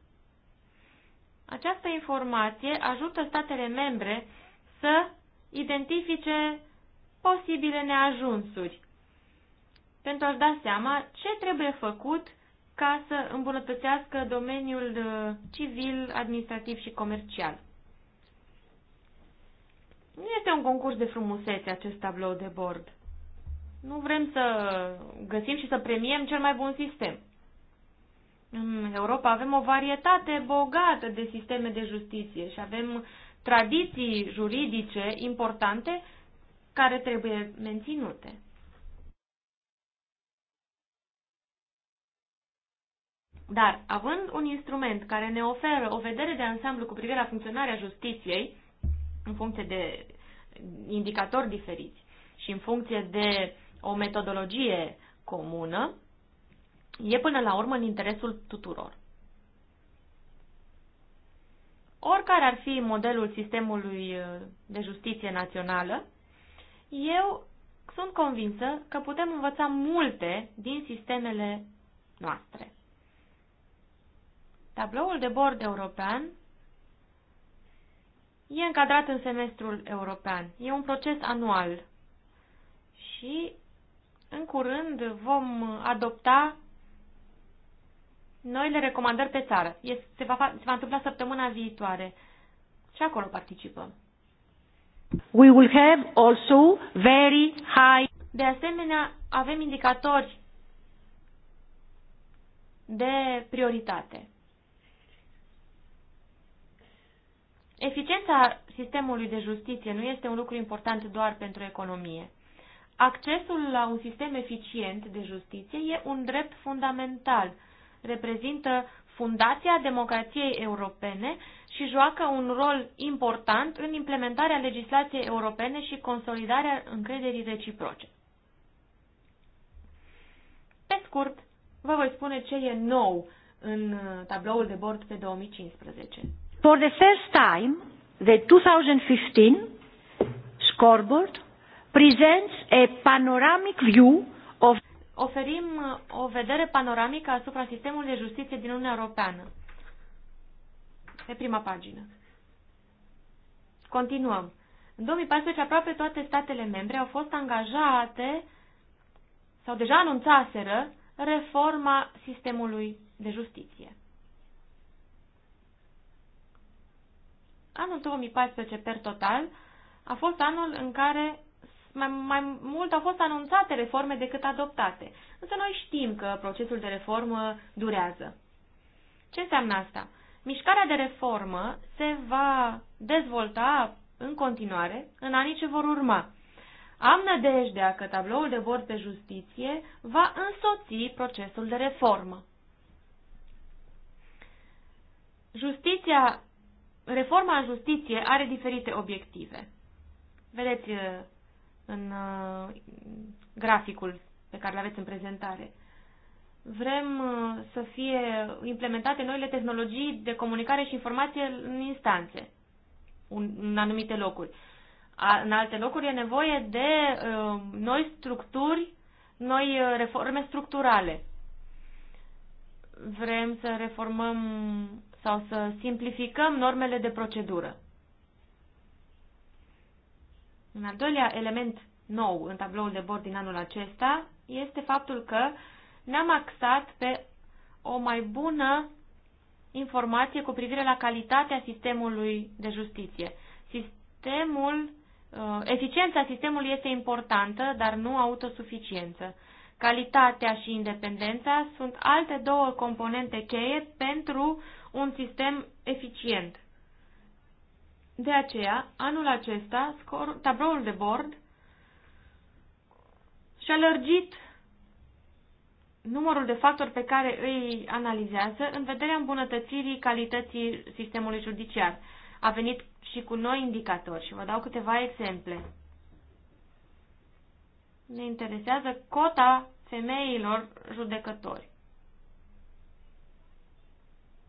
Această informație ajută statele membre să identifice posibile neajunsuri pentru a-și da seama ce trebuie făcut ca să îmbunătățească domeniul uh, civil, administrativ și comercial. Nu este un concurs de frumusețe acest tablou de bord. Nu vrem să găsim și să premiem cel mai bun sistem. În Europa avem o varietate bogată de sisteme de justiție și avem tradiții juridice importante care trebuie menținute. Dar, având un instrument care ne oferă o vedere de ansamblu cu privire la funcționarea justiției, în funcție de indicatori diferiți și în funcție de o metodologie comună, e până la urmă în interesul tuturor. Oricare ar fi modelul sistemului uh, de justiție națională, eu sunt convinsă că putem învăța multe din sistemele noastre. Tabloul de bord european e încadrat în semestrul european. E un proces anual și în curând vom adopta noile recomandări pe țară. Se va, se va întâmpla săptămâna viitoare și acolo participăm. We will have also very high... De asemenea, avem indicatori de prioritate. Eficiența sistemului de justiție nu este un lucru important doar pentru economie. Accesul la un sistem eficient de justiție e un drept fundamental, reprezintă fundația democrației europene și joacă un rol important în implementarea legislației europene și consolidarea încrederii reciproce. Pe scurt, vă voi spune ce e nou în tabloul de bord pe 2015. For the first time, the 2015 scoreboard presents a panoramic view of Oferim o vedere panoramică asupra sistemului de justiție din Uniunea Europeană. Pe prima pagină. Continuăm. În 2014 aproape toate statele membre au fost angajate sau deja anunțaseră reforma sistemului de justiție. Anul 2014, per total, a fost anul în care mai, mai mult au fost anunțate reforme decât adoptate. Însă noi știm că procesul de reformă durează. Ce înseamnă asta? Mișcarea de reformă se va dezvolta în continuare în anii ce vor urma. Am nădejdea că tabloul de bord pe justiție va însoți procesul de reformă. Justiția reforma în justiție are diferite obiective. Vedeți uh, în uh, graficul pe care l aveți în prezentare. Vrem uh, să fie implementate noile tehnologii de comunicare și informație în instanțe, în anumite locuri. În alte locuri e nevoie de noi structuri, noi reforme structurale. Vrem să reformăm sau să simplificăm normele de procedură. Un al doilea element nou în tabloul de bord din anul acesta este faptul că ne-am axat pe o mai bună informație cu privire la calitatea sistemului de justiție. Sistemul, uh, eficiența sistemului este importantă, dar nu autosuficiență. Calitatea și independența sunt alte două componente cheie pentru un sistem eficient. De aceea, anul acesta, scor, tabloul de bord și-a lărgit numărul de factori pe care îi analizează în vederea îmbunătățirii calității sistemului judiciar. A venit și cu noi indicatori și vă dau câteva exemple. Ne interesează cota femeilor judecători.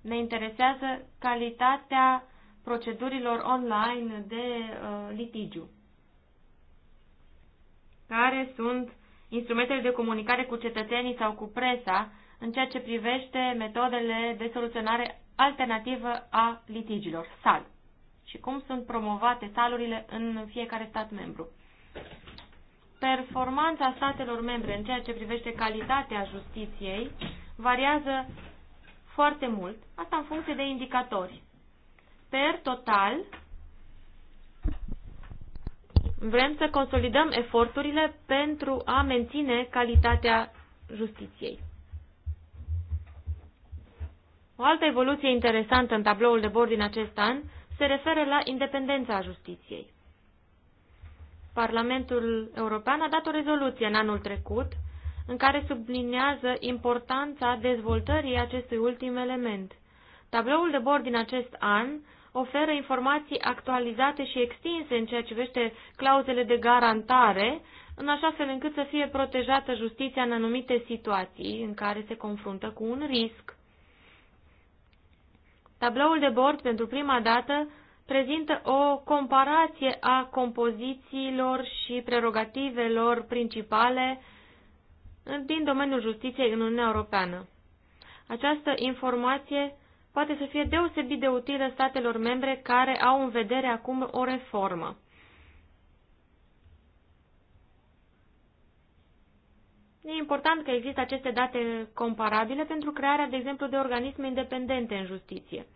Ne interesează calitatea procedurilor online de uh, litigiu, care sunt instrumentele de comunicare cu cetățenii sau cu presa în ceea ce privește metodele de soluționare alternativă a litigilor, SAL, și cum sunt promovate salurile în fiecare stat membru. Performanța statelor membre în ceea ce privește calitatea justiției variază foarte mult, asta în funcție de indicatori. Per total, vrem să consolidăm eforturile pentru a menține calitatea justiției. O altă evoluție interesantă în tabloul de bord din acest an se referă la independența justiției. Parlamentul European a dat o rezoluție în anul trecut în care sublinează importanța dezvoltării acestui ultim element. Tabloul de bord din acest an oferă informații actualizate și extinse în ceea ce vește clauzele de garantare, în așa fel încât să fie protejată justiția în anumite situații în care se confruntă cu un risc. Tabloul de bord, pentru prima dată, prezintă o comparație a compozițiilor și prerogativelor principale din domeniul justiției în Uniunea Europeană. Această informație poate să fie deosebit de utilă statelor membre care au în vedere acum o reformă. E important că există aceste date comparabile pentru crearea, de exemplu, de organisme independente în justiție.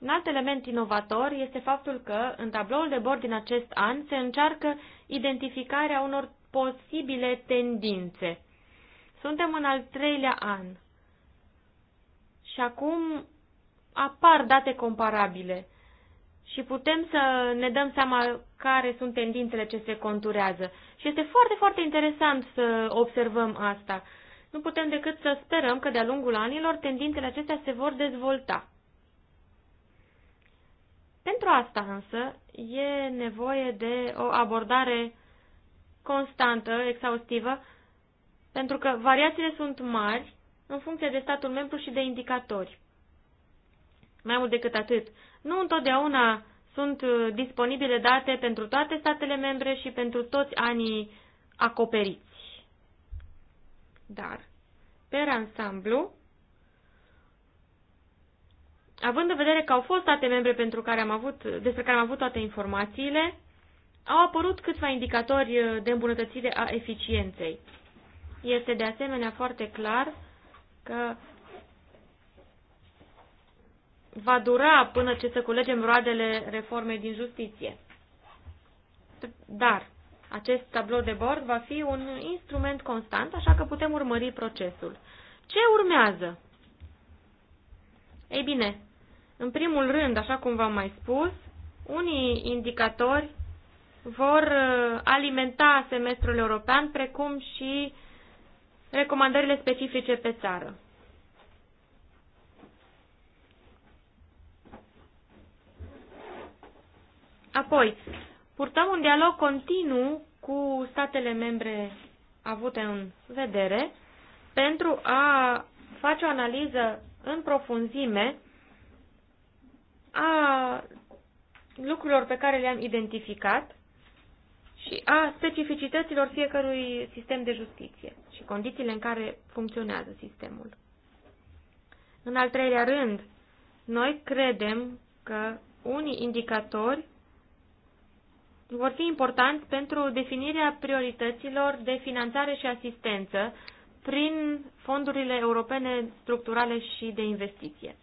Un alt element inovator este faptul că, în tabloul de bord din acest an, se încearcă identificarea unor posibile tendințe. Suntem în al treilea an și acum apar date comparabile și putem să ne dăm seama care sunt tendințele ce se conturează. Și este foarte, foarte interesant să observăm asta. Nu putem decât să sperăm că de-a lungul anilor tendințele acestea se vor dezvolta. Pentru asta însă e nevoie de o abordare constantă, exhaustivă, pentru că variațiile sunt mari în funcție de statul membru și de indicatori. Mai mult decât atât, nu întotdeauna sunt uh, disponibile date pentru toate statele membre și pentru toți anii acoperiți. Dar, per ansamblu, având în vedere că au fost state membre pentru care am avut, despre care am avut toate informațiile, au apărut câțiva indicatori uh, de îmbunătățire a eficienței. Este de asemenea foarte clar că va dura până ce să culegem roadele reformei din justiție. Dar acest tablou de bord va fi un instrument constant, așa că putem urmări procesul. Ce urmează? Ei bine, în primul rând, așa cum v-am mai spus, unii indicatori vor uh, alimenta semestrul european, precum și recomandările specifice pe țară. Apoi, purtăm un dialog continuu cu statele membre avute în vedere pentru a face o analiză în profunzime a lucrurilor pe care le-am identificat și a specificităților fiecărui sistem de justiție și condițiile în care funcționează sistemul. În al treilea rând, noi credem că unii indicatori vor fi importanți pentru definirea priorităților de finanțare și asistență prin fondurile europene structurale și de investiție.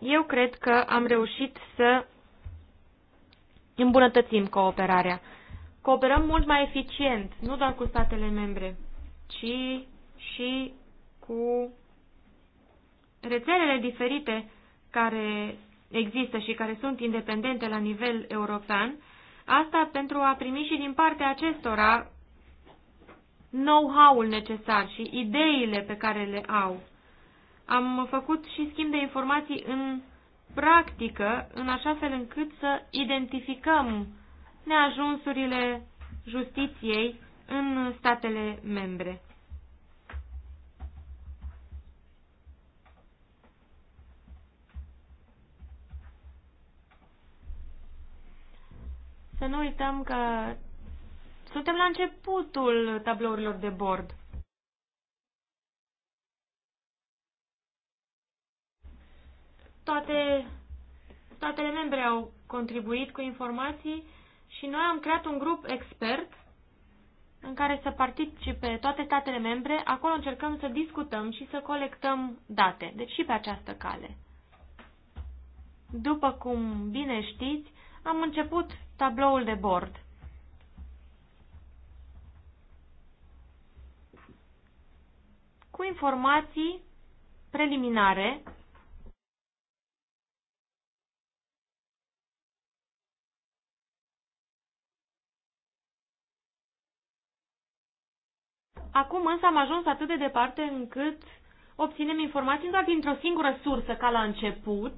Eu cred că am reușit să îmbunătățim cooperarea. Cooperăm mult mai eficient, nu doar cu statele membre, ci și cu rețelele diferite care există și care sunt independente la nivel european, asta pentru a primi și din partea acestora know-how-ul necesar și ideile pe care le au am făcut și schimb de informații în practică, în așa fel încât să identificăm neajunsurile justiției în statele membre. Să nu uităm că suntem la începutul tablourilor de bord. toate statele membre au contribuit cu informații și noi am creat un grup expert în care să participe toate statele membre. Acolo încercăm să discutăm și să colectăm date, deci și pe această cale. După cum bine știți, am început tabloul de bord. Cu informații preliminare Acum însă am ajuns atât de departe încât obținem informații doar dintr-o singură sursă ca la început,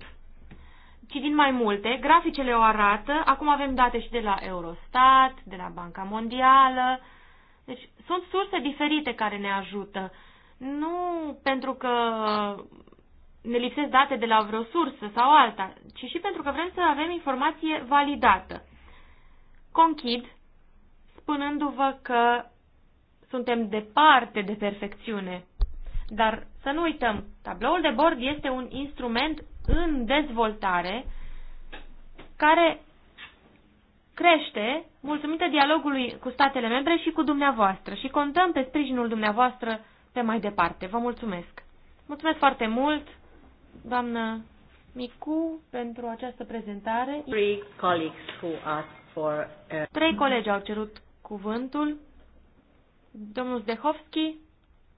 ci din mai multe. Graficele o arată, acum avem date și de la Eurostat, de la Banca Mondială. Deci sunt surse diferite care ne ajută. Nu pentru că ne lipsesc date de la vreo sursă sau alta, ci și pentru că vrem să avem informație validată. Conchid spunându-vă că suntem departe de perfecțiune. Dar să nu uităm, tabloul de bord este un instrument în dezvoltare care crește mulțumită dialogului cu statele membre și cu dumneavoastră și contăm pe sprijinul dumneavoastră pe mai departe. Vă mulțumesc! Mulțumesc foarte mult, doamnă Micu, pentru această prezentare. Three colleagues who asked for, uh... Trei colegi au cerut cuvântul domnul Zdehovski,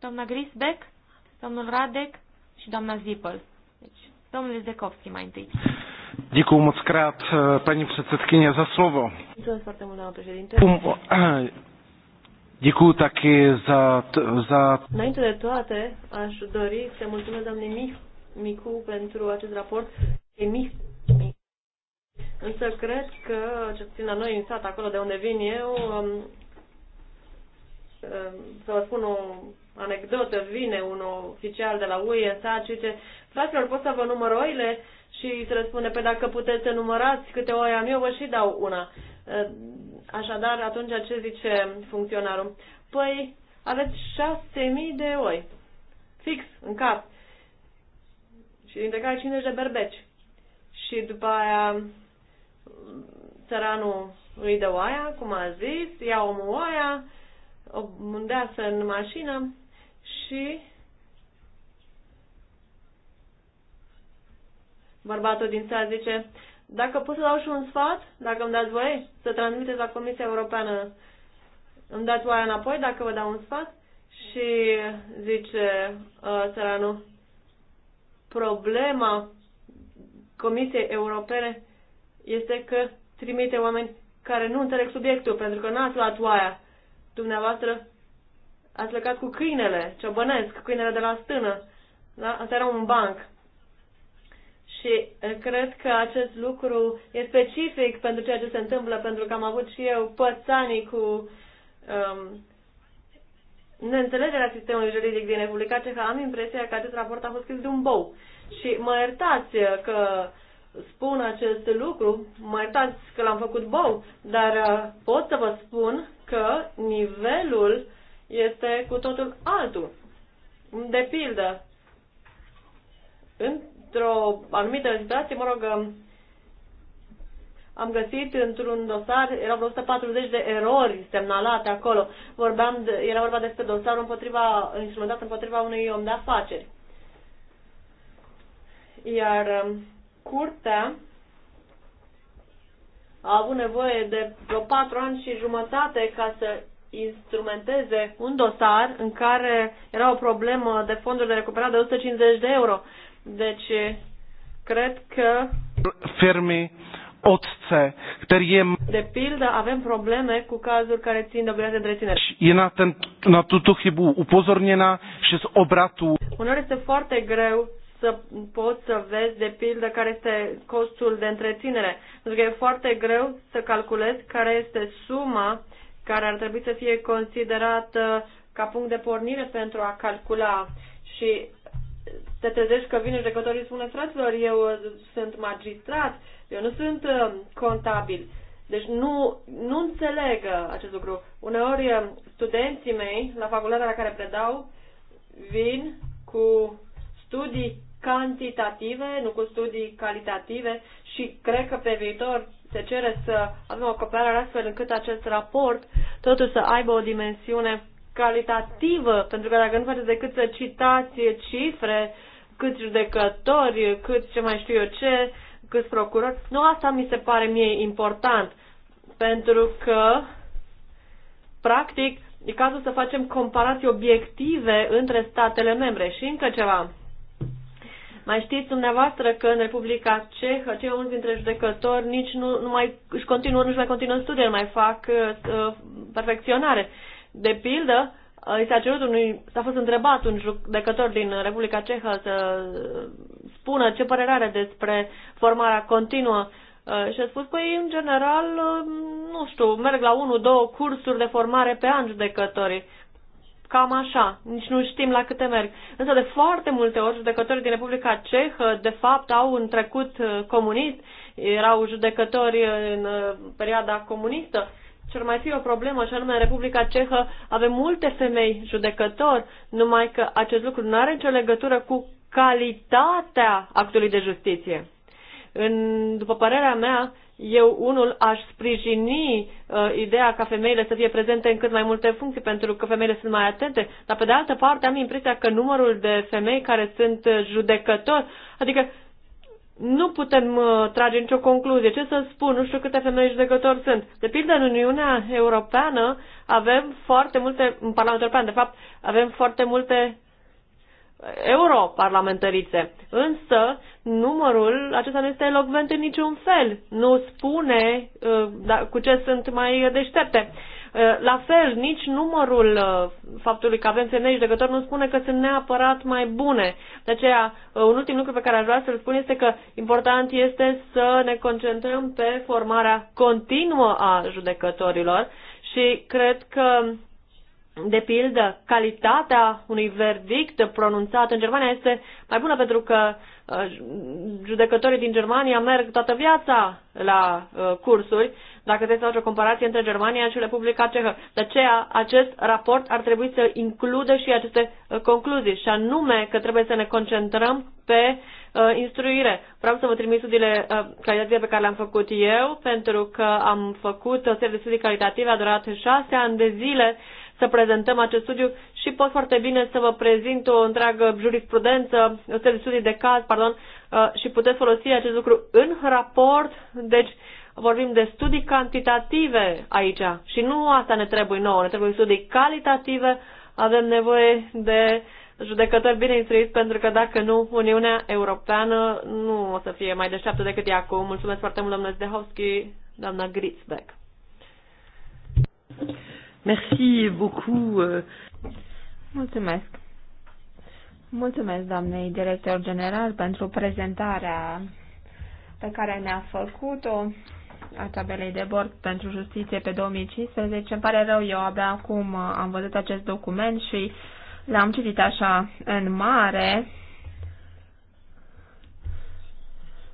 doamna Grisbeck, domnul Radek și doamna Zipel. Deci, domnul Zdehovski mai întâi. Dicu, moc krát, paní předsedkyně, za slovo. Mulțumesc foarte mult, doamna președinte. Dicu, za, za... Înainte de toate, aș dori să mulțumesc doamnei Micu pentru acest raport. E mic, Însă cred că, cel puțin la noi în sat, acolo de unde vin eu, um, Ehm, să vă spun o anecdotă, vine un oficial de la UE în sat și zice, fraților, pot să vă număr oile? Și se răspunde, pe dacă puteți să numărați câte oi am eu, vă și dau una. Ehm, așadar, atunci ce zice funcționarul? Păi, aveți șase mii de oi. Fix, în cap. Și dintre care 50 de berbeci. Și după aia, țăranul îi dă oaia, cum a zis, ia omul oaia, o mundeasă în mașină și bărbatul din țară zice, dacă pot să dau și un sfat, dacă îmi dați voie să transmiteți la Comisia Europeană, îmi dați voie înapoi dacă vă dau un sfat? Și zice uh, ă, țăranul, problema Comisiei Europene este că trimite oameni care nu înțeleg subiectul, pentru că n-ați luat oaia. Dumneavoastră ați plecat cu câinele, ciobănesc, câinele de la stână. Da? Asta era un banc. Și cred că acest lucru e specific pentru ceea ce se întâmplă, pentru că am avut și eu pățanii cu um, neînțelegerea sistemului juridic din Republica Ceha. Am impresia că acest raport a fost scris de un bou. Și mă iertați că spun acest lucru, mă iertați că l-am făcut bou, dar uh, pot să vă spun că nivelul este cu totul altul. De pildă, într-o anumită situație, mă rog, am găsit într-un dosar, erau vreo 140 de erori semnalate acolo. Vorbeam de, era vorba despre dosarul împotriva, instrumentat împotriva unui om de afaceri. Iar um, curtea a avut nevoie de vreo patru ani și jumătate ca să instrumenteze un dosar în care era o problemă de fonduri de recuperare de 150 de euro. Deci, cred că... Firme otce, který je... De pildă, avem probleme cu cazuri care țin de obligația întreținere. Je na, ten, na tuto chybu upozorněna, že z obratu... Uneori este foarte greu să poți să vezi, de pildă, care este costul de întreținere. Pentru că e foarte greu să calculezi care este suma care ar trebui să fie considerată ca punct de pornire pentru a calcula și te trezești că vine judecătorii și spune, fraților, eu uh, sunt magistrat, eu nu sunt uh, contabil. Deci nu, nu înțeleg uh, acest lucru. Uneori studenții mei la facultatea la care predau vin cu studii cantitative, nu cu studii calitative și cred că pe viitor se cere să avem o cooperare astfel încât acest raport totuși să aibă o dimensiune calitativă, pentru că dacă nu faceți decât să citați cifre, câți judecători, cât ce mai știu eu ce, câți procurori, nu asta mi se pare mie important, pentru că practic e cazul să facem comparații obiective între statele membre și încă ceva. Mai știți dumneavoastră că în Republica Cehă, cei unul dintre judecători nici nu, nu mai își continuă, nu mai continuă studiile, mai fac uh, uh perfecționare. De pildă, uh, s-a cerut unui, s-a fost întrebat un judecător din Republica Cehă să spună ce părere are despre formarea continuă uh, și a spus, păi, în general, uh, nu știu, merg la unul, două cursuri de formare pe an judecătorii. Uh, cam așa, nici nu știm la câte merg. Însă de foarte multe ori judecătorii din Republica Cehă de fapt au un trecut uh, comunist, erau judecători în uh, perioada comunistă. Și ar mai fi o problemă, și anume în Republica Cehă avem multe femei judecători, numai că acest lucru nu are nicio legătură cu calitatea actului de justiție. În, după părerea mea, eu unul aș sprijini uh, ideea ca femeile să fie prezente în cât mai multe funcții, pentru că femeile sunt mai atente, dar pe de altă parte am impresia că numărul de femei care sunt judecători, adică nu putem uh, trage nicio concluzie. Ce să spun? Nu știu câte femei judecători sunt. De pildă, în Uniunea Europeană avem foarte multe, în Parlamentul European, de fapt, avem foarte multe europarlamentărițe. Însă, numărul acesta nu este elocvent în niciun fel. Nu spune uh, da, cu ce sunt mai deștepte. Uh, la fel, nici numărul uh, faptului că avem femei judecători nu spune că sunt neapărat mai bune. De aceea, uh, un ultim lucru pe care aș vrea să-l spun este că important este să ne concentrăm pe formarea continuă a judecătorilor și cred că de pildă, calitatea unui verdict pronunțat în Germania este mai bună pentru că uh, judecătorii din Germania merg toată viața la uh, cursuri, dacă trebuie să faci o comparație între Germania și Republica Cehă. De aceea, acest raport ar trebui să includă și aceste uh, concluzii, și anume că trebuie să ne concentrăm pe uh, instruire. Vreau să vă trimit studiile uh, calitative pe care le-am făcut eu, pentru că am făcut o serie de studii calitative, a durat șase ani de zile, uh, să prezentăm acest studiu și pot foarte bine să vă prezint o întreagă jurisprudență, o serie de studii de caz, pardon, uh, și puteți folosi acest lucru în raport. Deci vorbim de studii cantitative aici și nu asta ne trebuie nouă, ne trebuie studii calitative, avem nevoie de judecători bine instruiți, pentru că dacă nu, Uniunea Europeană nu o să fie mai deșteaptă decât e acum. Mulțumesc foarte mult, domnule Zdehovski, doamna Gritzbeck. Merci beaucoup. Euh. Mulțumesc. Mulțumesc, doamnei director general, pentru prezentarea pe care ne-a făcut-o a tabelei de bord pentru justiție pe 2015. Îmi pare rău, eu abia acum am văzut acest document și l-am citit așa în mare.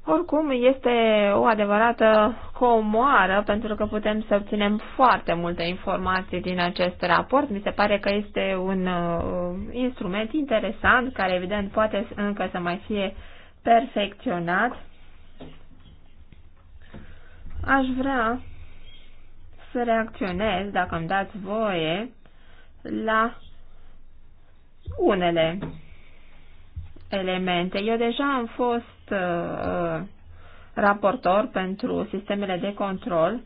Oricum, este o adevărată comoară pentru că putem să obținem foarte multe informații din acest raport. Mi se pare că este un uh, instrument interesant care evident poate încă să mai fie perfecționat. Aș vrea să reacționez, dacă îmi dați voie, la unele elemente. Eu deja am fost fost uh, raportor pentru sistemele de control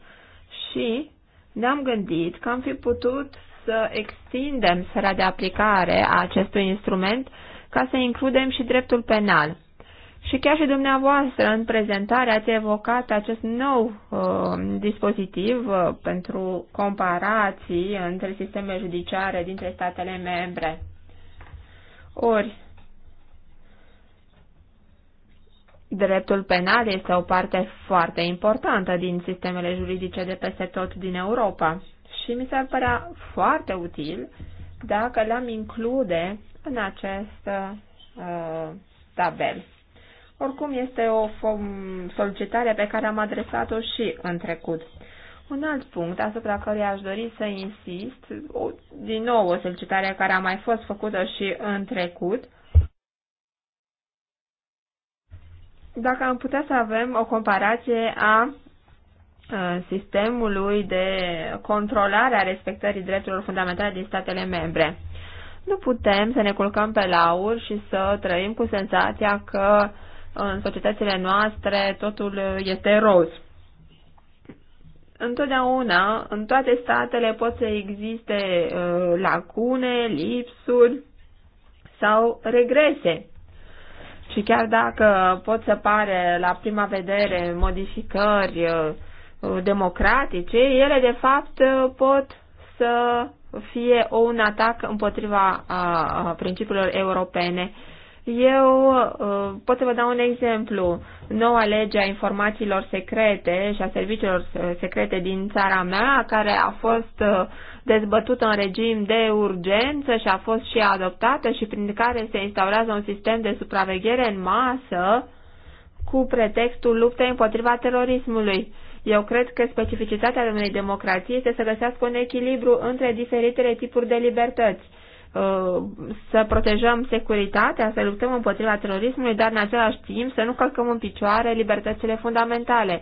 și ne-am gândit că am fi putut să extindem sfera de aplicare a acestui instrument ca să includem și dreptul penal. Și chiar și dumneavoastră, în prezentare, ați evocat acest nou uh, dispozitiv uh, pentru comparații între sistemele judiciare dintre statele membre. Ori, Dreptul penal este o parte foarte importantă din sistemele juridice de peste tot din Europa și mi s-ar părea foarte util dacă l-am include în acest uh, tabel. Oricum, este o solicitare pe care am adresat-o și în trecut. Un alt punct asupra căruia aș dori să insist, o, din nou o solicitare care a mai fost făcută și în trecut, dacă am putea să avem o comparație a sistemului de controlare a respectării drepturilor fundamentale din statele membre. Nu putem să ne culcăm pe laur și să trăim cu senzația că în societățile noastre totul este roz. Întotdeauna, în toate statele pot să existe uh, lacune, lipsuri sau regrese și chiar dacă pot să pare la prima vedere modificări uh, democratice, ele de fapt uh, pot să fie un atac împotriva a principiilor europene. Eu uh, pot să vă dau un exemplu. Noua lege a informațiilor secrete și a serviciilor secrete din țara mea, care a fost dezbătută în regim de urgență și a fost și adoptată și prin care se instaurează un sistem de supraveghere în masă cu pretextul luptei împotriva terorismului. Eu cred că specificitatea unei democrații este să găsească un echilibru între diferitele tipuri de libertăți. Uh, să protejăm securitatea, să luptăm împotriva terorismului, dar în același timp să nu călcăm în picioare libertățile fundamentale.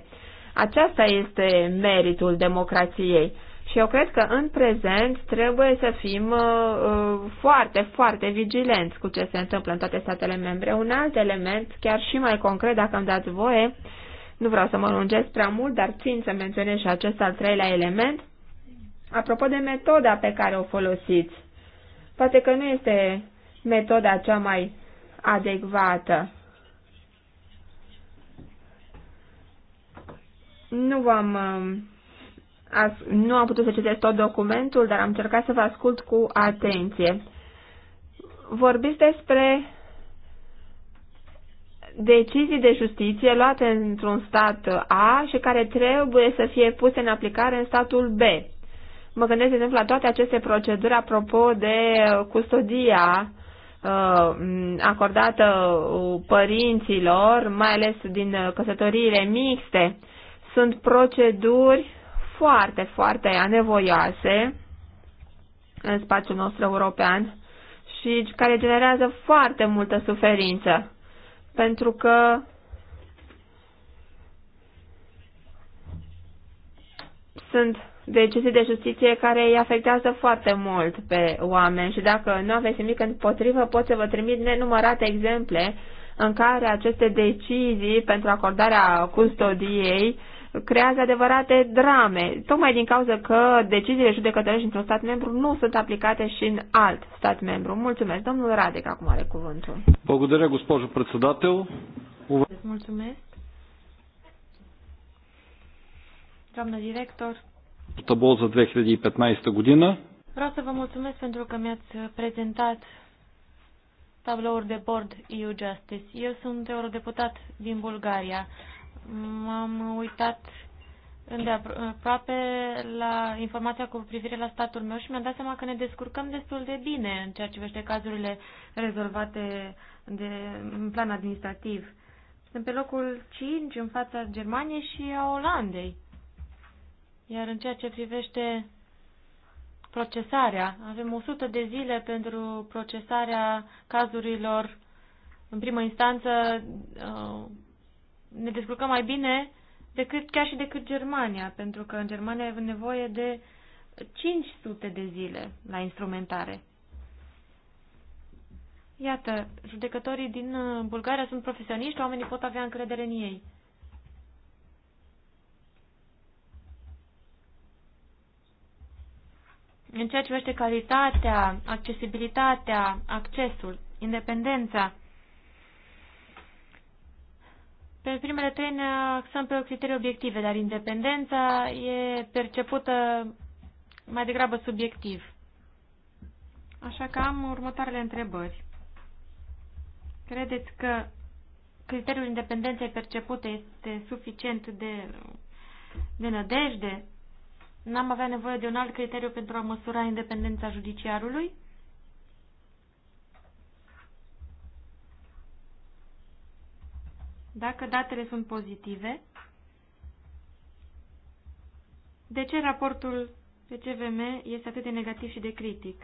Aceasta este meritul democrației și eu cred că în prezent trebuie să fim uh, uh, foarte, foarte vigilenți cu ce se întâmplă în toate statele membre. Un alt element, chiar și mai concret, dacă îmi dați voie, nu vreau să mă lungesc prea mult, dar țin să menționez și acest al treilea element. Apropo de metoda pe care o folosiți, poate că nu este metoda cea mai adecvată. Nu v-am... Uh, nu am putut să citesc tot documentul, dar am încercat să vă ascult cu atenție. Vorbiți despre decizii de justiție luate într-un stat A și care trebuie să fie puse în aplicare în statul B. Mă gândesc, de exemplu, la toate aceste proceduri apropo de custodia uh, acordată părinților, mai ales din căsătoriile mixte. Sunt proceduri foarte, foarte anevoioase în spațiul nostru european și care generează foarte multă suferință, pentru că sunt decizii de justiție care îi afectează foarte mult pe oameni și dacă nu aveți nimic împotrivă, pot să vă trimit nenumărate exemple în care aceste decizii pentru acordarea custodiei creează adevărate drame, tocmai din cauza că deciziile judecătorești într-un stat membru nu sunt aplicate și în alt stat membru. Mulțumesc. Domnul Radec acum are cuvântul. Благодаря, госпожо председател. Mulțumesc. Doamnă director. Tabol за 2015 година. Vreau să vă mulțumesc pentru că mi-ați prezentat tablouri de bord EU Justice. Eu sunt eurodeputat din Bulgaria m-am uitat îndeaproape la informația cu privire la statul meu și mi-am dat seama că ne descurcăm destul de bine în ceea ce privește cazurile rezolvate de, în plan administrativ. Sunt pe locul 5 în fața Germaniei și a Olandei. Iar în ceea ce privește procesarea, avem 100 de zile pentru procesarea cazurilor în primă instanță uh, ne descurcăm mai bine decât chiar și decât Germania, pentru că în Germania e nevoie de 500 de zile la instrumentare. Iată, judecătorii din uh, Bulgaria sunt profesioniști, oamenii pot avea încredere în ei. În ceea ce privește calitatea, accesibilitatea, accesul, independența, pe primele trei ne axăm pe o criterii obiective, dar independența e percepută mai degrabă subiectiv. Așa că am următoarele întrebări. Credeți că criteriul independenței percepute este suficient de, de nădejde? N-am avea nevoie de un alt criteriu pentru a măsura independența judiciarului? Dacă datele sunt pozitive, de ce raportul pe CVM este atât de negativ și de critic?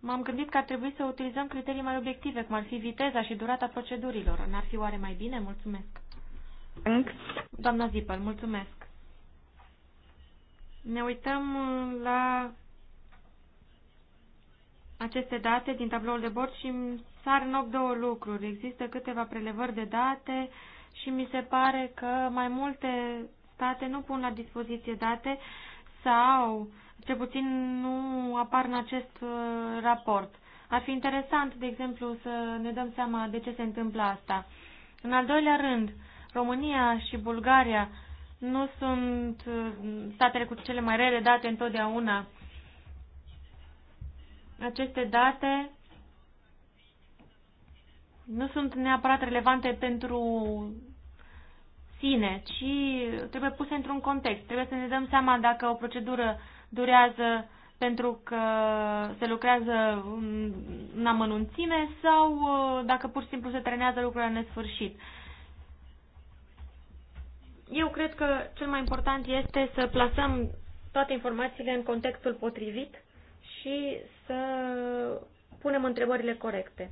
M-am gândit că ar trebui să utilizăm criterii mai obiective, cum ar fi viteza și durata procedurilor. N-ar fi oare mai bine? Mulțumesc. Doamna Zipăl, mulțumesc ne uităm uh, la aceste date din tabloul de bord și sar în ochi două lucruri. Există câteva prelevări de date și mi se pare că mai multe state nu pun la dispoziție date sau ce puțin nu apar în acest uh, raport. Ar fi interesant, de exemplu, să ne dăm seama de ce se întâmplă asta. În al doilea rând, România și Bulgaria nu sunt uh, statele cu cele mai rele date întotdeauna. Aceste date nu sunt neapărat relevante pentru sine, ci trebuie puse într-un context. Trebuie să ne dăm seama dacă o procedură durează pentru că se lucrează în amănunțime sau uh, dacă pur și simplu se trenează lucrurile în nesfârșit. Eu cred că cel mai important este să plasăm toate informațiile în contextul potrivit și să punem întrebările corecte.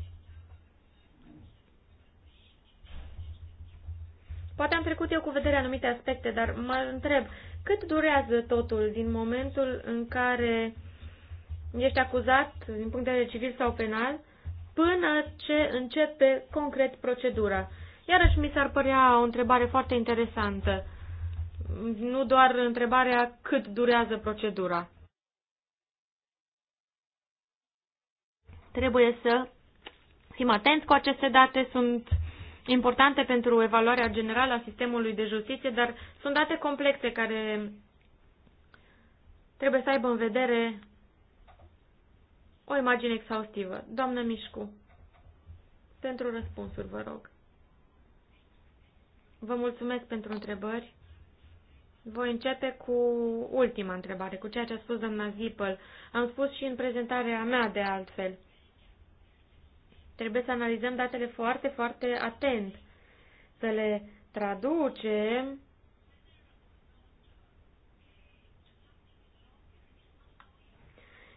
Poate am trecut eu cu vedere anumite aspecte, dar mă întreb, cât durează totul din momentul în care ești acuzat din punct de vedere civil sau penal până ce începe concret procedura? Iarăși mi s-ar părea o întrebare foarte interesantă. Nu doar întrebarea cât durează procedura. Trebuie să fim atenți cu aceste date, sunt importante pentru evaluarea generală a sistemului de justiție, dar sunt date complexe care trebuie să aibă în vedere o imagine exhaustivă. Doamnă Mișcu, pentru răspunsuri, vă rog. Vă mulțumesc pentru întrebări. Voi începe cu ultima întrebare, cu ceea ce a spus doamna Zipăl. Am spus și în prezentarea mea, de altfel. Trebuie să analizăm datele foarte, foarte atent, să le traducem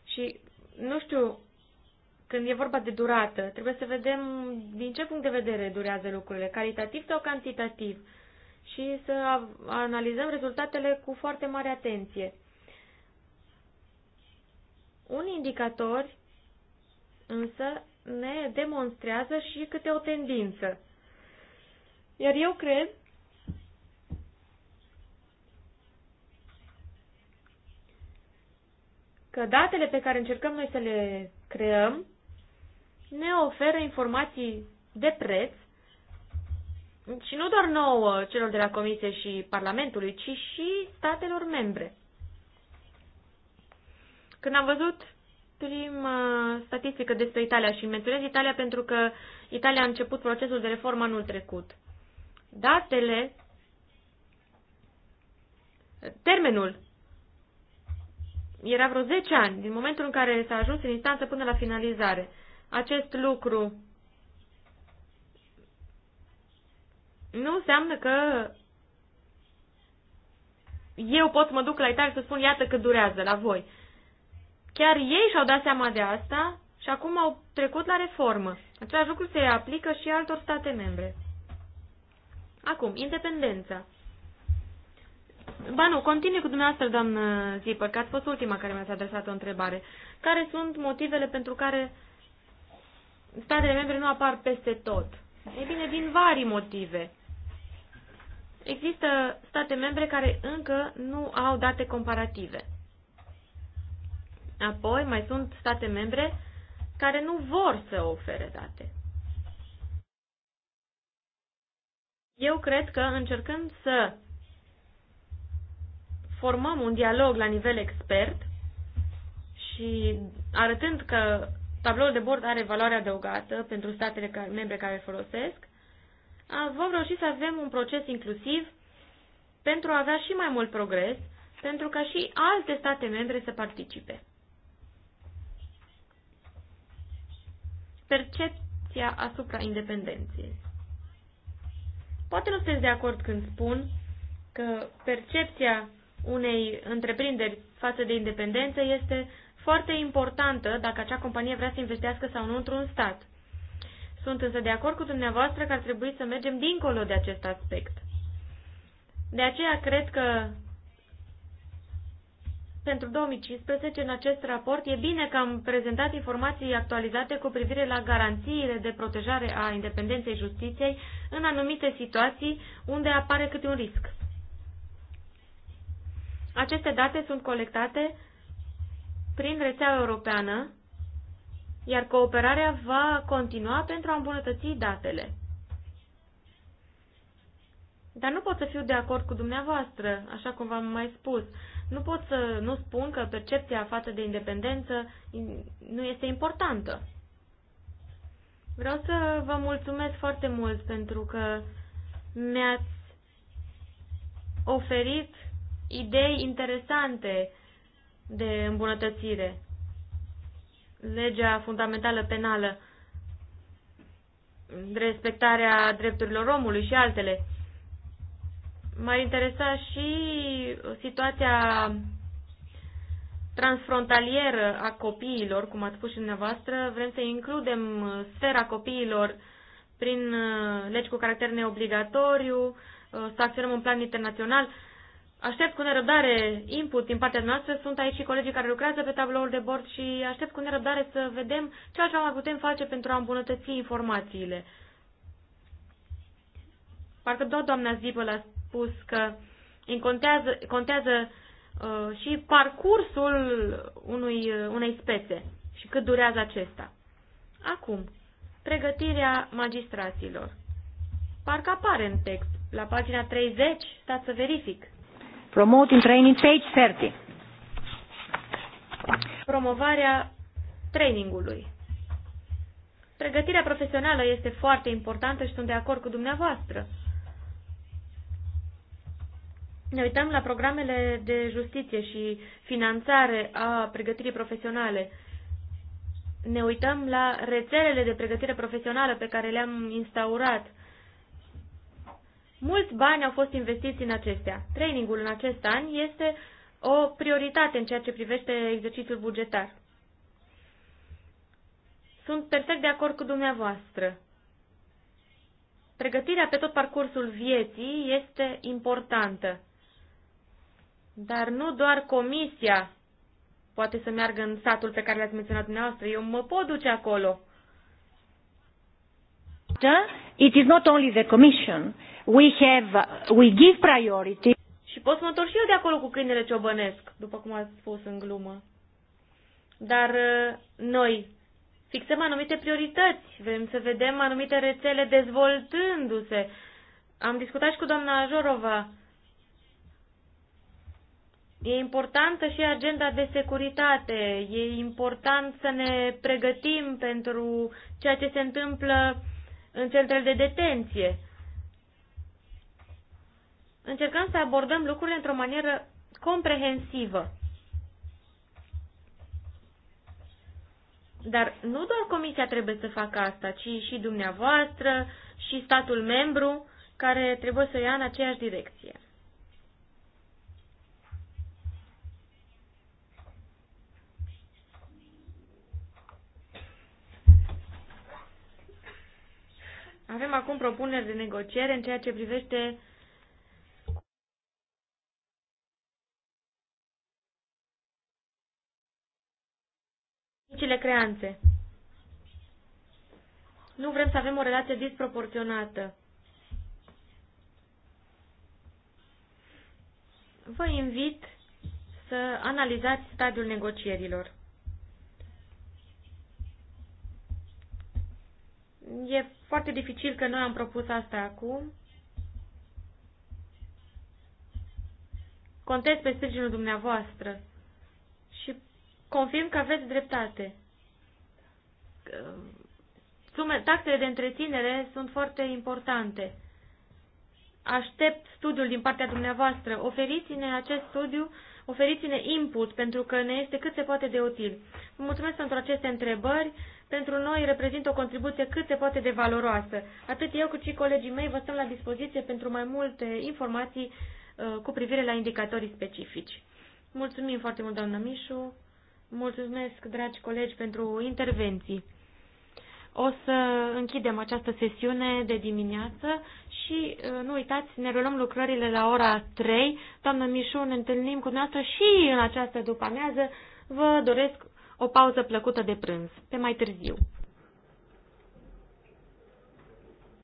și, nu știu, când e vorba de durată, trebuie să vedem din ce punct de vedere durează lucrurile, calitativ sau cantitativ, și să analizăm rezultatele cu foarte mare atenție. Un indicator, însă ne demonstrează și câte o tendință. Iar eu cred că datele pe care încercăm noi să le creăm ne oferă informații de preț și nu doar nouă celor de la Comisie și Parlamentului, ci și statelor membre. Când am văzut prima statistică despre Italia și menționez Italia pentru că Italia a început procesul de reformă anul trecut. Datele, termenul era vreo 10 ani din momentul în care s-a ajuns în instanță până la finalizare acest lucru nu înseamnă că eu pot să mă duc la Italia să spun iată cât durează la voi. Chiar ei și-au dat seama de asta și acum au trecut la reformă. Același lucru se aplică și altor state membre. Acum, independența. Ba nu, continui cu dumneavoastră, doamnă Zipă, că ați fost ultima care mi-ați adresat o întrebare. Care sunt motivele pentru care statele membre nu apar peste tot? Ei bine, din vari motive. Există state membre care încă nu au date comparative. Apoi mai sunt state membre care nu vor să ofere date. Eu cred că încercând să formăm un dialog la nivel expert și arătând că tabloul de bord are valoare adăugată pentru statele care, membre care îl folosesc, vom reuși să avem un proces inclusiv pentru a avea și mai mult progres, pentru ca și alte state membre să participe. Percepția asupra independenței. Poate nu sunteți de acord când spun că percepția unei întreprinderi față de independență este foarte importantă dacă acea companie vrea să investească sau nu într-un stat. Sunt însă de acord cu dumneavoastră că ar trebui să mergem dincolo de acest aspect. De aceea cred că pentru 2015 în acest raport e bine că am prezentat informații actualizate cu privire la garanțiile de protejare a independenței justiției în anumite situații unde apare câte un risc. Aceste date sunt colectate prin rețeaua europeană, iar cooperarea va continua pentru a îmbunătăți datele. Dar nu pot să fiu de acord cu dumneavoastră, așa cum v-am mai spus. Nu pot să nu spun că percepția față de independență nu este importantă. Vreau să vă mulțumesc foarte mult pentru că mi-ați oferit idei interesante de îmbunătățire. Legea fundamentală penală, respectarea drepturilor omului și altele. M-ar interesa și situația transfrontalieră a copiilor, cum ați spus și dumneavoastră. Vrem să includem sfera copiilor prin uh, legi cu caracter neobligatoriu, uh, să acționăm un plan internațional. Aștept cu nerăbdare input din partea noastră. Sunt aici și colegii care lucrează pe tabloul de bord și aștept cu nerăbdare să vedem ce altceva mai putem face pentru a îmbunătăți informațiile. Parcă doar doamna l a spus că contează, contează uh, și parcursul unui, uh, unei spețe și cât durează acesta. Acum, pregătirea magistraților. Parcă apare în text, la pagina 30, stați să verific. Promoting training, page 30. Promovarea trainingului. Pregătirea profesională este foarte importantă și sunt de acord cu dumneavoastră. Ne uităm la programele de justiție și finanțare a pregătirii profesionale. Ne uităm la rețelele de pregătire profesională pe care le-am instaurat. Mulți bani au fost investiți în acestea. Trainingul în acest an este o prioritate în ceea ce privește exercițiul bugetar. Sunt perfect de acord cu dumneavoastră. Pregătirea pe tot parcursul vieții este importantă. Dar nu doar comisia poate să meargă în satul pe care l-ați menționat dumneavoastră. Eu mă pot duce acolo. It is not only the commission we have, we give priority. Și pot să mă întorc și eu de acolo cu câinele ciobănesc, după cum ați spus în glumă. Dar uh, noi fixăm anumite priorități, vrem să vedem anumite rețele dezvoltându-se. Am discutat și cu doamna Jorova. E importantă și agenda de securitate. E important să ne pregătim pentru ceea ce se întâmplă în centrele de detenție încercăm să abordăm lucrurile într-o manieră comprehensivă. Dar nu doar Comisia trebuie să facă asta, ci și dumneavoastră și statul membru care trebuie să ia în aceeași direcție. Avem acum propuneri de negociere în ceea ce privește micile creanțe. Nu vrem să avem o relație disproporționată. Vă invit să analizați stadiul negocierilor. E foarte dificil că noi am propus asta acum. Contez pe sprijinul dumneavoastră confirm că aveți dreptate. Sume, taxele de întreținere sunt foarte importante. Aștept studiul din partea dumneavoastră. Oferiți-ne acest studiu, oferiți-ne input, pentru că ne este cât se poate de util. Vă mulțumesc pentru aceste întrebări. Pentru noi reprezintă o contribuție cât se poate de valoroasă. Atât eu cât și colegii mei vă stăm la dispoziție pentru mai multe informații uh, cu privire la indicatorii specifici. Mulțumim foarte mult, doamnă Mișu. Mulțumesc, dragi colegi, pentru intervenții. O să închidem această sesiune de dimineață și uh, nu uitați, ne reluăm lucrările la ora 3. Doamnă Mișu, ne întâlnim cu noastră și în această după amiază. Vă doresc o pauză plăcută de prânz. Pe mai târziu.